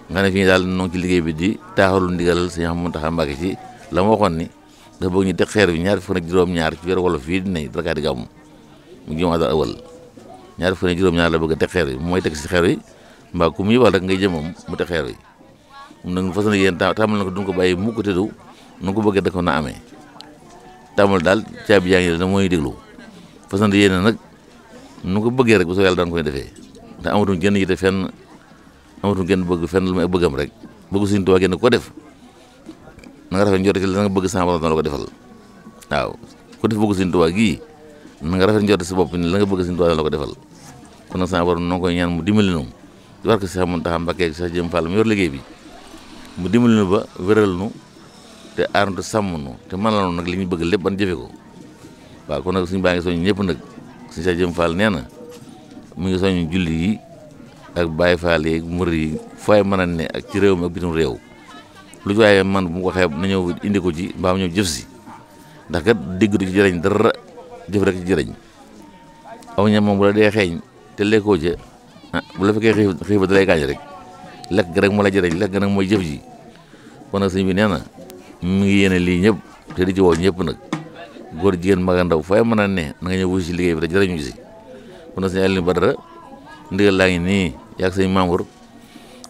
nga ne fii daal noo ci liggéey bi di taaxalu ndigalal si xam Muntaxa Mbàkke ci la ma waxoon ni dafa bëgg ñu teg xeer bi ñaari fukk ak juróom-ñaar ci weeru wolof fii dinañ rakaati gàmmu mu jumaa daal awal ñaari fukk ak juróom-ñaar la bëgg a teg xeer bi mooy teg si xeer yi mbaa ku mu yëbal rek ngay jëmam mu teg xeer yi moom nag fas na yéen tàmbali na ko duñ ko bàyyi mukk tëddu nu ko bëggee da ko na amee tàmbali daal caabi yaa ngi da mooy déglu fas na yéen nag nu ko bëggee rek bu soo yàlla daan koy defee te amatuñ genn yite fenn amatuñ genn bëgg fenn lu may bëggam rek bëgg suñu tubaab genn ko def na nga rafet njort ci la nga bëgg sama borom dana la ko defal waaw ku def bëgg suñu tubaab gii na nga rafet njort sa bopp ni la nga bëgg suñu tubaab dana la ko defal kon nag sama borom noo koy ñaan mu dimbali nu di war ko Cheikh Mountakha Mbacké Cheikh Jëm Fall mu yor liggéey bi mu dimbali nu ba wéral nu te aar nu te sàmm nu te mënal nu nag li ñu bëgg lépp ban jëfe ko waaw kon nag suñu baa ngi soññ ñëpp nag sëñ Cheikh Jëm Fall nee na mu ngi soñu julli yi ak Baye Fall yi murid yi fooy mën a ne ak ci réew ma ak bitim réew lu ci waaye man bu ko xeeb na ñëw indi ko ci mbaa mu ñëw jëf si ndax kat dégg du ci jëriñ dara jëf rek ci jëriñ aw ñam moom dee xeeñ te lekkoo ca ah bu la fekkee xiif xiif rek lekk ga rek moo la jëriñ lekk ga nag mooy jëf ji kon nag sëñ bi nee na mu ngi yéene lii ñëpp te di nag góor jigéen mag a ndaw fooy mën a ne na nga ñëw wuyu si liggéey bi te jërëjëf ñu si kon nag sëñ Alioune Badara ndigal laa ngi nii yàgg sëñ Mamour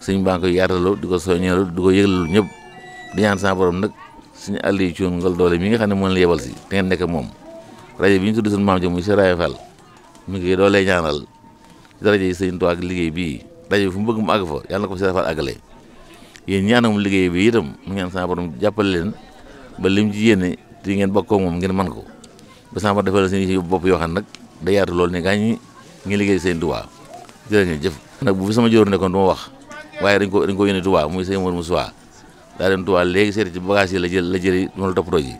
sëñ baa di ko soññeelu di ko yëglalu ñëpp di ñaan sama borom nag suñu àll yi ci ngal doole mi nga xam ne moom la yebal si te ngeen nekk moom rajo bi ñu tudd suñu maam ji muy Cheikh Raye Fall mi ngi doolee ñaanal ci rajo yi sëñ Tuubaa ak liggéey bi fu mu bëgg mu àgg fa yàlla na ko Cheikh Raye bi itam mu ñaan sama borom jàppale leen ba lim ci yéene di ngeen bokkoo moom ngeen man ko ba sama defal la seen bopp yoo xam nag da yaatu loolu ne gaa ñi ngi liggéey seen Tuubaa jërëjëf jëf nag bu fi sama jóor nekkoon du ma wax waaye dañ ko dañ ko yónni Tuubaa muy sëñ Mourou Moussa daa dem Tuubaa léegi seeti ci yi la jël la jël moom la toppatoo ji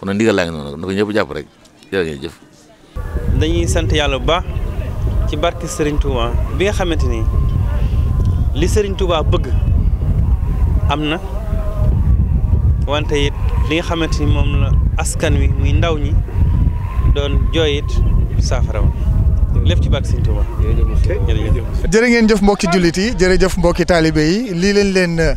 kon a ndigal laa ngi noonu na ko ñëpp jàpp rek jërëjëf jëf dañuy sant yàlla bu baax ci barke Serigne Touba bi nga xamante ni li Serigne Touba bëgg am na wante it li nga xamante ni moom la askan wi muy ndaw ñi doon jooy it saafara woon lépp ci bàkk Sëñ Tuuba jërë ngeen jëf mbokki jullit yi jërëjëf mbokki taalibe yi lii leen leen euh,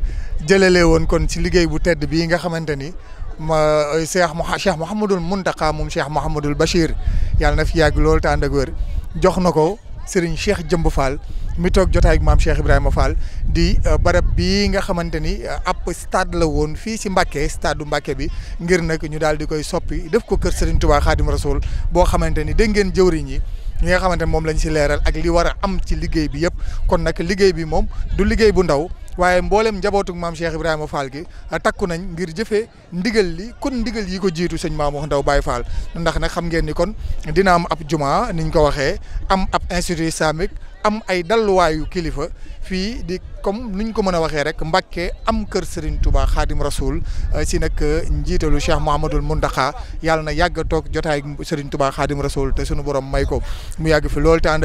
jëlale woon kon ci liggéey bu tedd bi nga xamante ni ma euh, Cheikh Mouha Cheikh Mouhamadul Muntaqa moom Cheikh Mouhamadul Bachir yàlla na fi yàgg lool te ànd ak wér jox na ko. Serigne Cheikh Jëmb Fall mi toog jotaay ak maam Cheikh Ibrahima Fall di euh, barab bii nga xamante ni euh, ab stade la woon fii si Mbacke stade du Mbacke bi ngir nag ñu daal di koy soppi def ko kër Serigne Touba Khadim Rasoul boo xamante ni dégg ngeen jëwriñ yi ñi nga xamante ni moom lañ si leeral ak li war a am ci liggéey bi yëpp kon nag liggéey bi moom du liggéey bu ndaw. waaye mboolem njabootuk maam Cheikh Ibrahima Fall gi takku nañ ngir jëfe ndigal li kon ndigal yi ko jiitu sëñ Mamour Ndao Baye Fall ndax nag xam ngeen ni kon dina am ab juma niñ ko waxee am ab institut islamique am ay dalluwaayu kilifa fii di comme nuñ ko mën a waxee rek Mbàkke am kër Serigne Touba Khadim Rasoul si nag njiitalu Cheikh Mouhamadul Mountakha yàlla na yàgg toog jotaay Serigne Touba Khadim Rasoul te sunu borom may ko mu yàgg fi loolu te ànd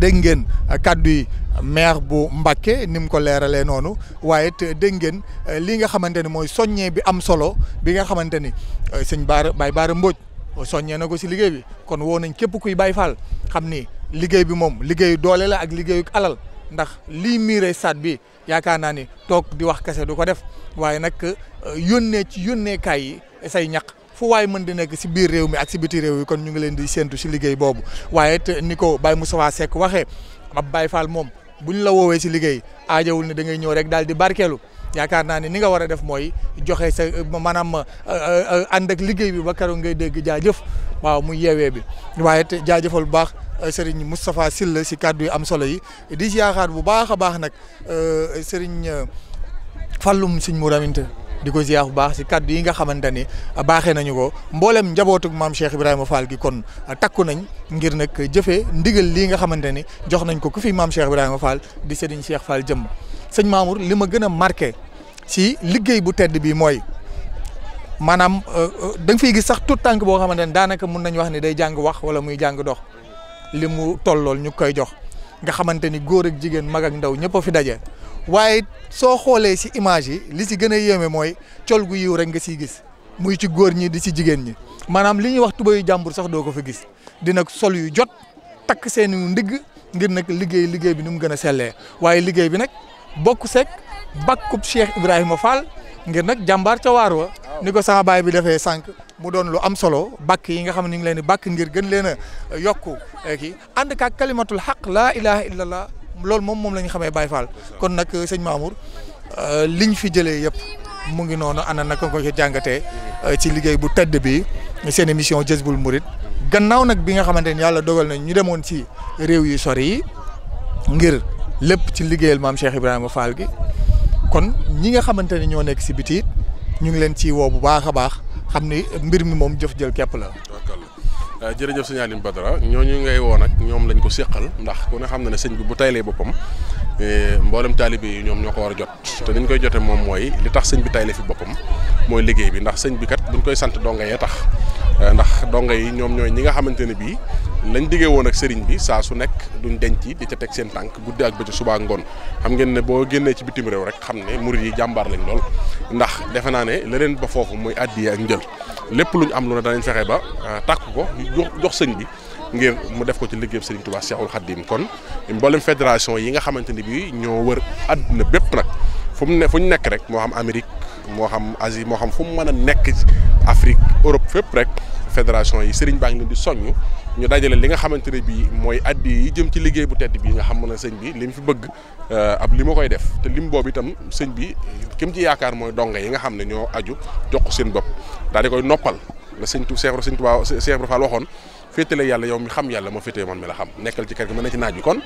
dégg ngeen kàddu yi maire bu Mbacké ni mu ko leeralee noonu waaye it dégg ngeen euh, li nga xamante ni mooy soññee bi am solo bi nga xamante ni euh, sëñ Baara Baye Baara Mbodj soññee na ko si liggéey bi kon woo nañ képp kuy Baye Fall xam ni liggéey bi moom liggéeyu doole la ak liggéeyu alal ndax lii miiree stade bi yaakaar naa ni toog di wax kese du ko def waaye nag euh, yónnee ci yónneekaay yi say ñaq fu waay mën di nekk si biir réew mi ak si biti réew yi kon ñu ngi leen di séntu si liggéey boobu waaye it ni ko Baye Moustapha Seck waxee ab Baye Fall moom bu ñu la woowee si liggéey aajawul ne da ngay ñëw rek daal di barkeelu yaakaar naa ne ni nga war a def mooy joxe sa maanaam uh, uh, ànd ak liggéey bi ba keroog ngay dégg jaajëf waaw mu yeewee bi waaye te jaajëfal bu baax uh, Serigne Moustapha silla si kaddu yi am solo yi di si yaakaar bu baax a baax nag Serigne Falloum Sëñ Mourou Aminta di ko ziar bu baax si kaddu yi nga xamante ni baaxee nañu ko mboolem njabootug maam Cheikh Ibrahima Fall gi kon takku nañ ngir nag jëfe ndigal lii nga xamante ni jox nañ ko ku fi maam Cheikh Ibrahima Fall di Serigne Cheikh Fall jëm sëñ Mamour li ma gën a marke si liggéey bu tedd bi mooy maanaam euh, euh, da nga fiy gis sax tout tànk boo xamante ni daanaka mun nañu wax ni day jàng wax wala muy jàng dox li mu tollool ñu koy jox nga xamante ni góor ak jigéen mag ak ndaw ñëpp fi daje. waaye soo xoolee si image yi li si gën a yéeme mooy col gu yiw rek nga siy gis muy ci góor ñi di si jigéen ñi maanaam li ñuy wax tubayu jàmbur sax doo ko fa gis dina sol yu jot takk seen ndigg ngir nag liggéey liggéey bi nu mu gën a sellee waaye liggéey bi nag bokk sek bakkub Cheikh Ibrahima Fall ngir nag jàmbaar ca waar wa ni ko sama baay bi defee sànq mu doon lu am solo bakk yi nga xam ne ñu ngi leen di bakk ngir gën leen yokku eh, kii ànd kaak kalimatul xaq laa ilaha illallah loolu moom moom lañu ñu xamee Baye Fall kon nag euh, sëñ Mamour euh, liñ fi jëlee yëpp mu ngi noonu ana naka nga ko jàngatee euh, ci liggéey bu tedd bi seen émission Jazboul Mouride gannaaw nag bi nga xamante ni yàlla dogal na ñu demoon ci réew yu sori yi ngir lépp ci liggéeyal maam Cheikh Ibrahima Fall gi kon ñi nga xamante ne ñoo nekk si biti ñu ngi leen ci wow bu baax a baax xam ni mbir mi moom jëf jël képp la Euh, jërëjëf sëñ Aline ñoo ñu ngay woo nag ñoom lañ ko séqal ndax ku ne xam na ne sëñ bi bu taylee boppam eh, mboolem taalibe yi ñoom ñoo ko war a jot te niñ koy jotee moom mooy li tax sëñ bi tayle fi boppam mooy liggéey bi ndax sëñ bi kat buñ koy sant donga yee tax eh, ndax donga yi ñoom ñooy ñi nga xamante ne bii lañ diggee woon ak sëriñ bi saa su nekk duñ denc di ca teg seen tànk guddi ak bëccëg suba ngoon xam ngeen ne boo génnee ci bitim réew rek xam ne murid yi jàmbaar lañ lool ndax defe naa ne leneen ba foofu muy àddiye ak njël lépp lu ñu am lu ne danañ fexe ba euh, tàkk ko jox sëñ bi ngir mu def ko ci liggéeyam sëriñ Tuubaa Seexul Xaddiim kon mboolem fédération yi nga xamante ni bi ñoo wër àdduna bépp nag fu mu ne fu ñu nekk rek moo xam Amérique moo xam Asie moo xam fu mu mën a nekk Afrique Europe fépp rek fédération yi sëriñ baa ngi leen di ñu dajale li nga xamante ne bii mooy addi yi jëm ci liggéey bu tedd bii nga xam ne sëñ bi li mu fi bëgg euh, ab li ma koy def te lim boob itam sëñ bi kim ci yaakaar mooy donga yi nga xam ne ñoo aju jox ko seen bopp daal di koy noppal la sëñ tu Cheikh sëñ Tuubaa Cheikh Ibra Fall waxoon féetale yàlla yow mi xam yàlla ma féetee man mi la xam nekkal ci kër gi ma ne ci naaj bi kon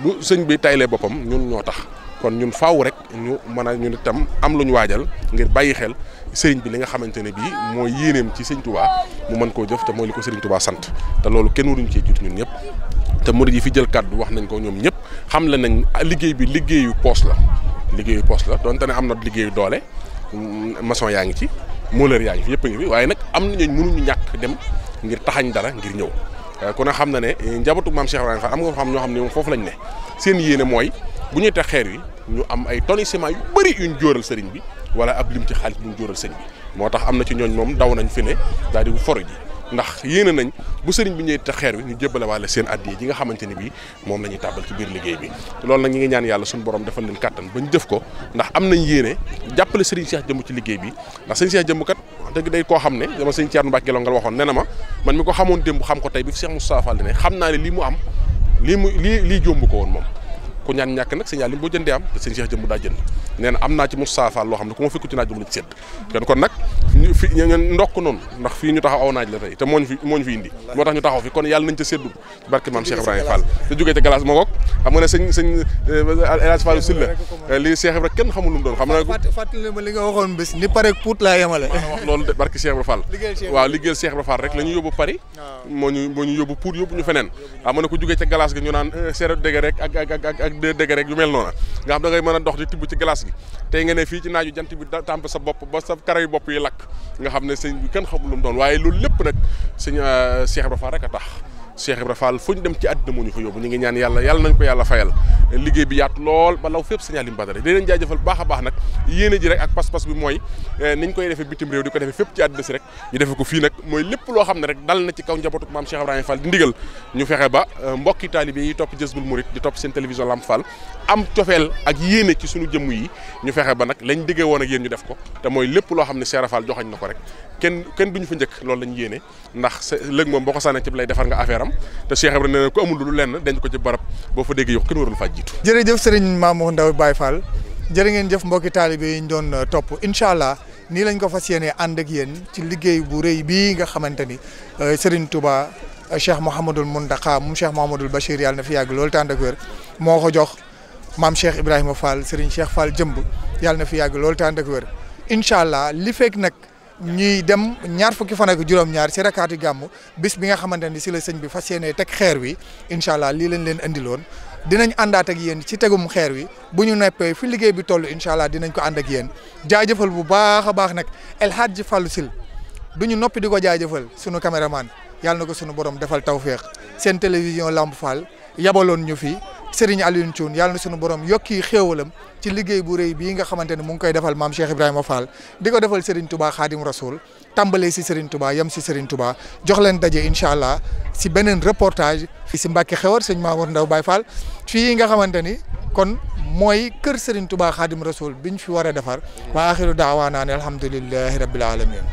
bu sëñ bi taylee boppam ñun ñoo tax kon ñun faaw rek ñu mën a ñun itam am lu ñu waajal ngir bàyyi xel sëriñ bi li nga xamante ne bii mooy yéeneem ci sëñ Touba mu mën koo jëf te moo li ko sëriñ Touba sant te loolu kenn waruñ cee jut ñun ñëpp te murid yi fi jël kàddu wax nañ ko ñoom ñëpp xam la nañ liggéey bi liggéeyu poos la liggéeyu poos la donte ne am na liggéeyu doole maçon yaa ngi ci mooleur yaa ngi fi yëpp a ngi fi waaye nag am na ñooñu mënuñu ñàkk dem ngir taxañ dara ngir ñëw Euh, kon ne xam na ne eh, njabootu maam Cheikh Ibrahima Fall am nga xam ñoo xam ne moom foofu lañ ne seen yéene mooy bu ñuy tax xeer wi ñu am ay tonni ciment yu bëri yuñ jóoral sëriñ bi wala ab lim ci xaalis buñ jóoral sëriñ bi moo tax am na ci ñooñ moom daw nañ fi ne daal foro ji ndax yéene nañ bu sëriñ bi ñuy tax xeer wi ñu jébbale wàlla seen addiye ji nga xamante ni bii moom la ñuy tàbbal ci biir liggéey bi loolu nag ñi ngi ñaan yàlla suñu borom defal leen kattan bañ jëf ko ndax am nañ yéene jàppale sëriñ Cheikh jëmb ci liggéey bi ndax sëriñ Cheikh jëmb kat wax dëgg day koo xam ne dama sëñ ba Mbacke Longal waxoon ne na ma man mi ko xamoon démb xam ko tey bi fi Cheikh Moustapha Fall ne xam naa ne lii mu am lii mu lii lii jumbu ko woon moom ku ñaan ñàkk nag signal yi boo jëndee am te sëñ Cheikh jëmbu daa jënd nee am naa ci Moustapha Fall loo xam ne ku ma fekku ci naaj moo tax ñu taxaw fi euh, rek la yóbbu Paris moo ñu yóbbu puut yóbbu ñu feneen waaw ma ne ko ca glace ga ñu naan seere euh, dégg rek ak deux degré rek yu mel noona nga xam da ngay mën a dox di tibb ci glace gi tey nga ne fii ci naaju jant bi tàmp sa bopp ba sa karaw yi bopp yi lakk nga xam ne sëñ bi kenn xamul lu mu doon waaye loolu lépp nag sëñ euh, Cheikh Ibra Fall rek a tax Cheikh Ibra Fall fu ñu dem ci àddina moo ñu fa yóbbu ñu ngi ñaan yàlla yàlla nañ ko yàlla fayal liggéey bi yaatu lool ba law fépp sëñ Aliou Badara di leen jaajëfal a baax nag yéene ji rek ak pas-pas bi mooy eh, niñ koy defee bitim réew di ko defee fépp ci àddina si rek ñu loo xam ne rek dal na ci kaw njabootu maam Cheikh Ibrahima Fall di ndigal ñu fexe ba eh, mbokki taalibe yi topp Jazboul Mouride di topp seen télévision Lamp Fall am cofeel ak yéene ci suñu jëmm yi ñu fexe ba nag lañ diggee woon ak yéen ñu def ko te mooy lépp loo xam ne Cheikh Ibra Fall joxañ na ko rek kenn kenn duñu fa njëkk loolu lañ yéene ndax lëg moom boo ko sànnee ci lay defar yaram te Cheikh Ibrahima nee na ku lenn denc ko ci barab boo fa déggee yox kenn warul faa jiitu jërëjëf sëriñ Mamour Ndaw Baye Fall jërë ngeen jëf mbokki taalibe yi doon uh, topp incha allah nii lañ ko fas yéenee ànd ak yéen ci liggéey bu rëy bii nga xamante ni uh, Serigne Touba uh, Cheikh Mouhamadul Mountakha moom Cheikh Mouhamadul Bachir yàlla na fi yàgg loolu tànd ak wér moo ko jox maam Cheikh Ibrahima Fall Serigne Cheikh Fall jëmb yàlla na fi yàgg loolu tànd ak wér ñuy dem ñaar fukki fan ak juróom-ñaar si rakaatu gàmm bis bi nga xamante ni si la sëñ bi fas yéenee teg xeer wi incha allah lii lañ leen indiloon dinañ àndaat ak yéen ci tegum xeer wi bu ñu neppee fi liggéey bi toll incha allah dinañ ko ànd ak yéen jaajëfal bu baax a baax nag El Hadj Fallou Sil du ñu noppi di ko jaajëfal sunu caméraman yàlla na ko sunu borom defal tawféex seen télévision Lamp fal yabaloon ñu fi. Serigne Alioune Thioune yàlla na sunu borom yokki xéewalam ci liggéey bu rëy bi nga xamante ne mu ngi koy defal maam Cheikh Ibrahima Fall di ko defal Serigne Touba Khadim Rasoul tàmbalee si Serigne Touba yem si Serigne Touba jox leen daje incha allah si beneen reportage fii si Mbacke Xewar sëñ Mamour Ndaw Baye Fall fii nga xamante ni kon mooy kër Serigne Touba Khadim Rasoul biñ fi war a defar wa axiru daawaanaa ne alhamdulilahi rabbil alamin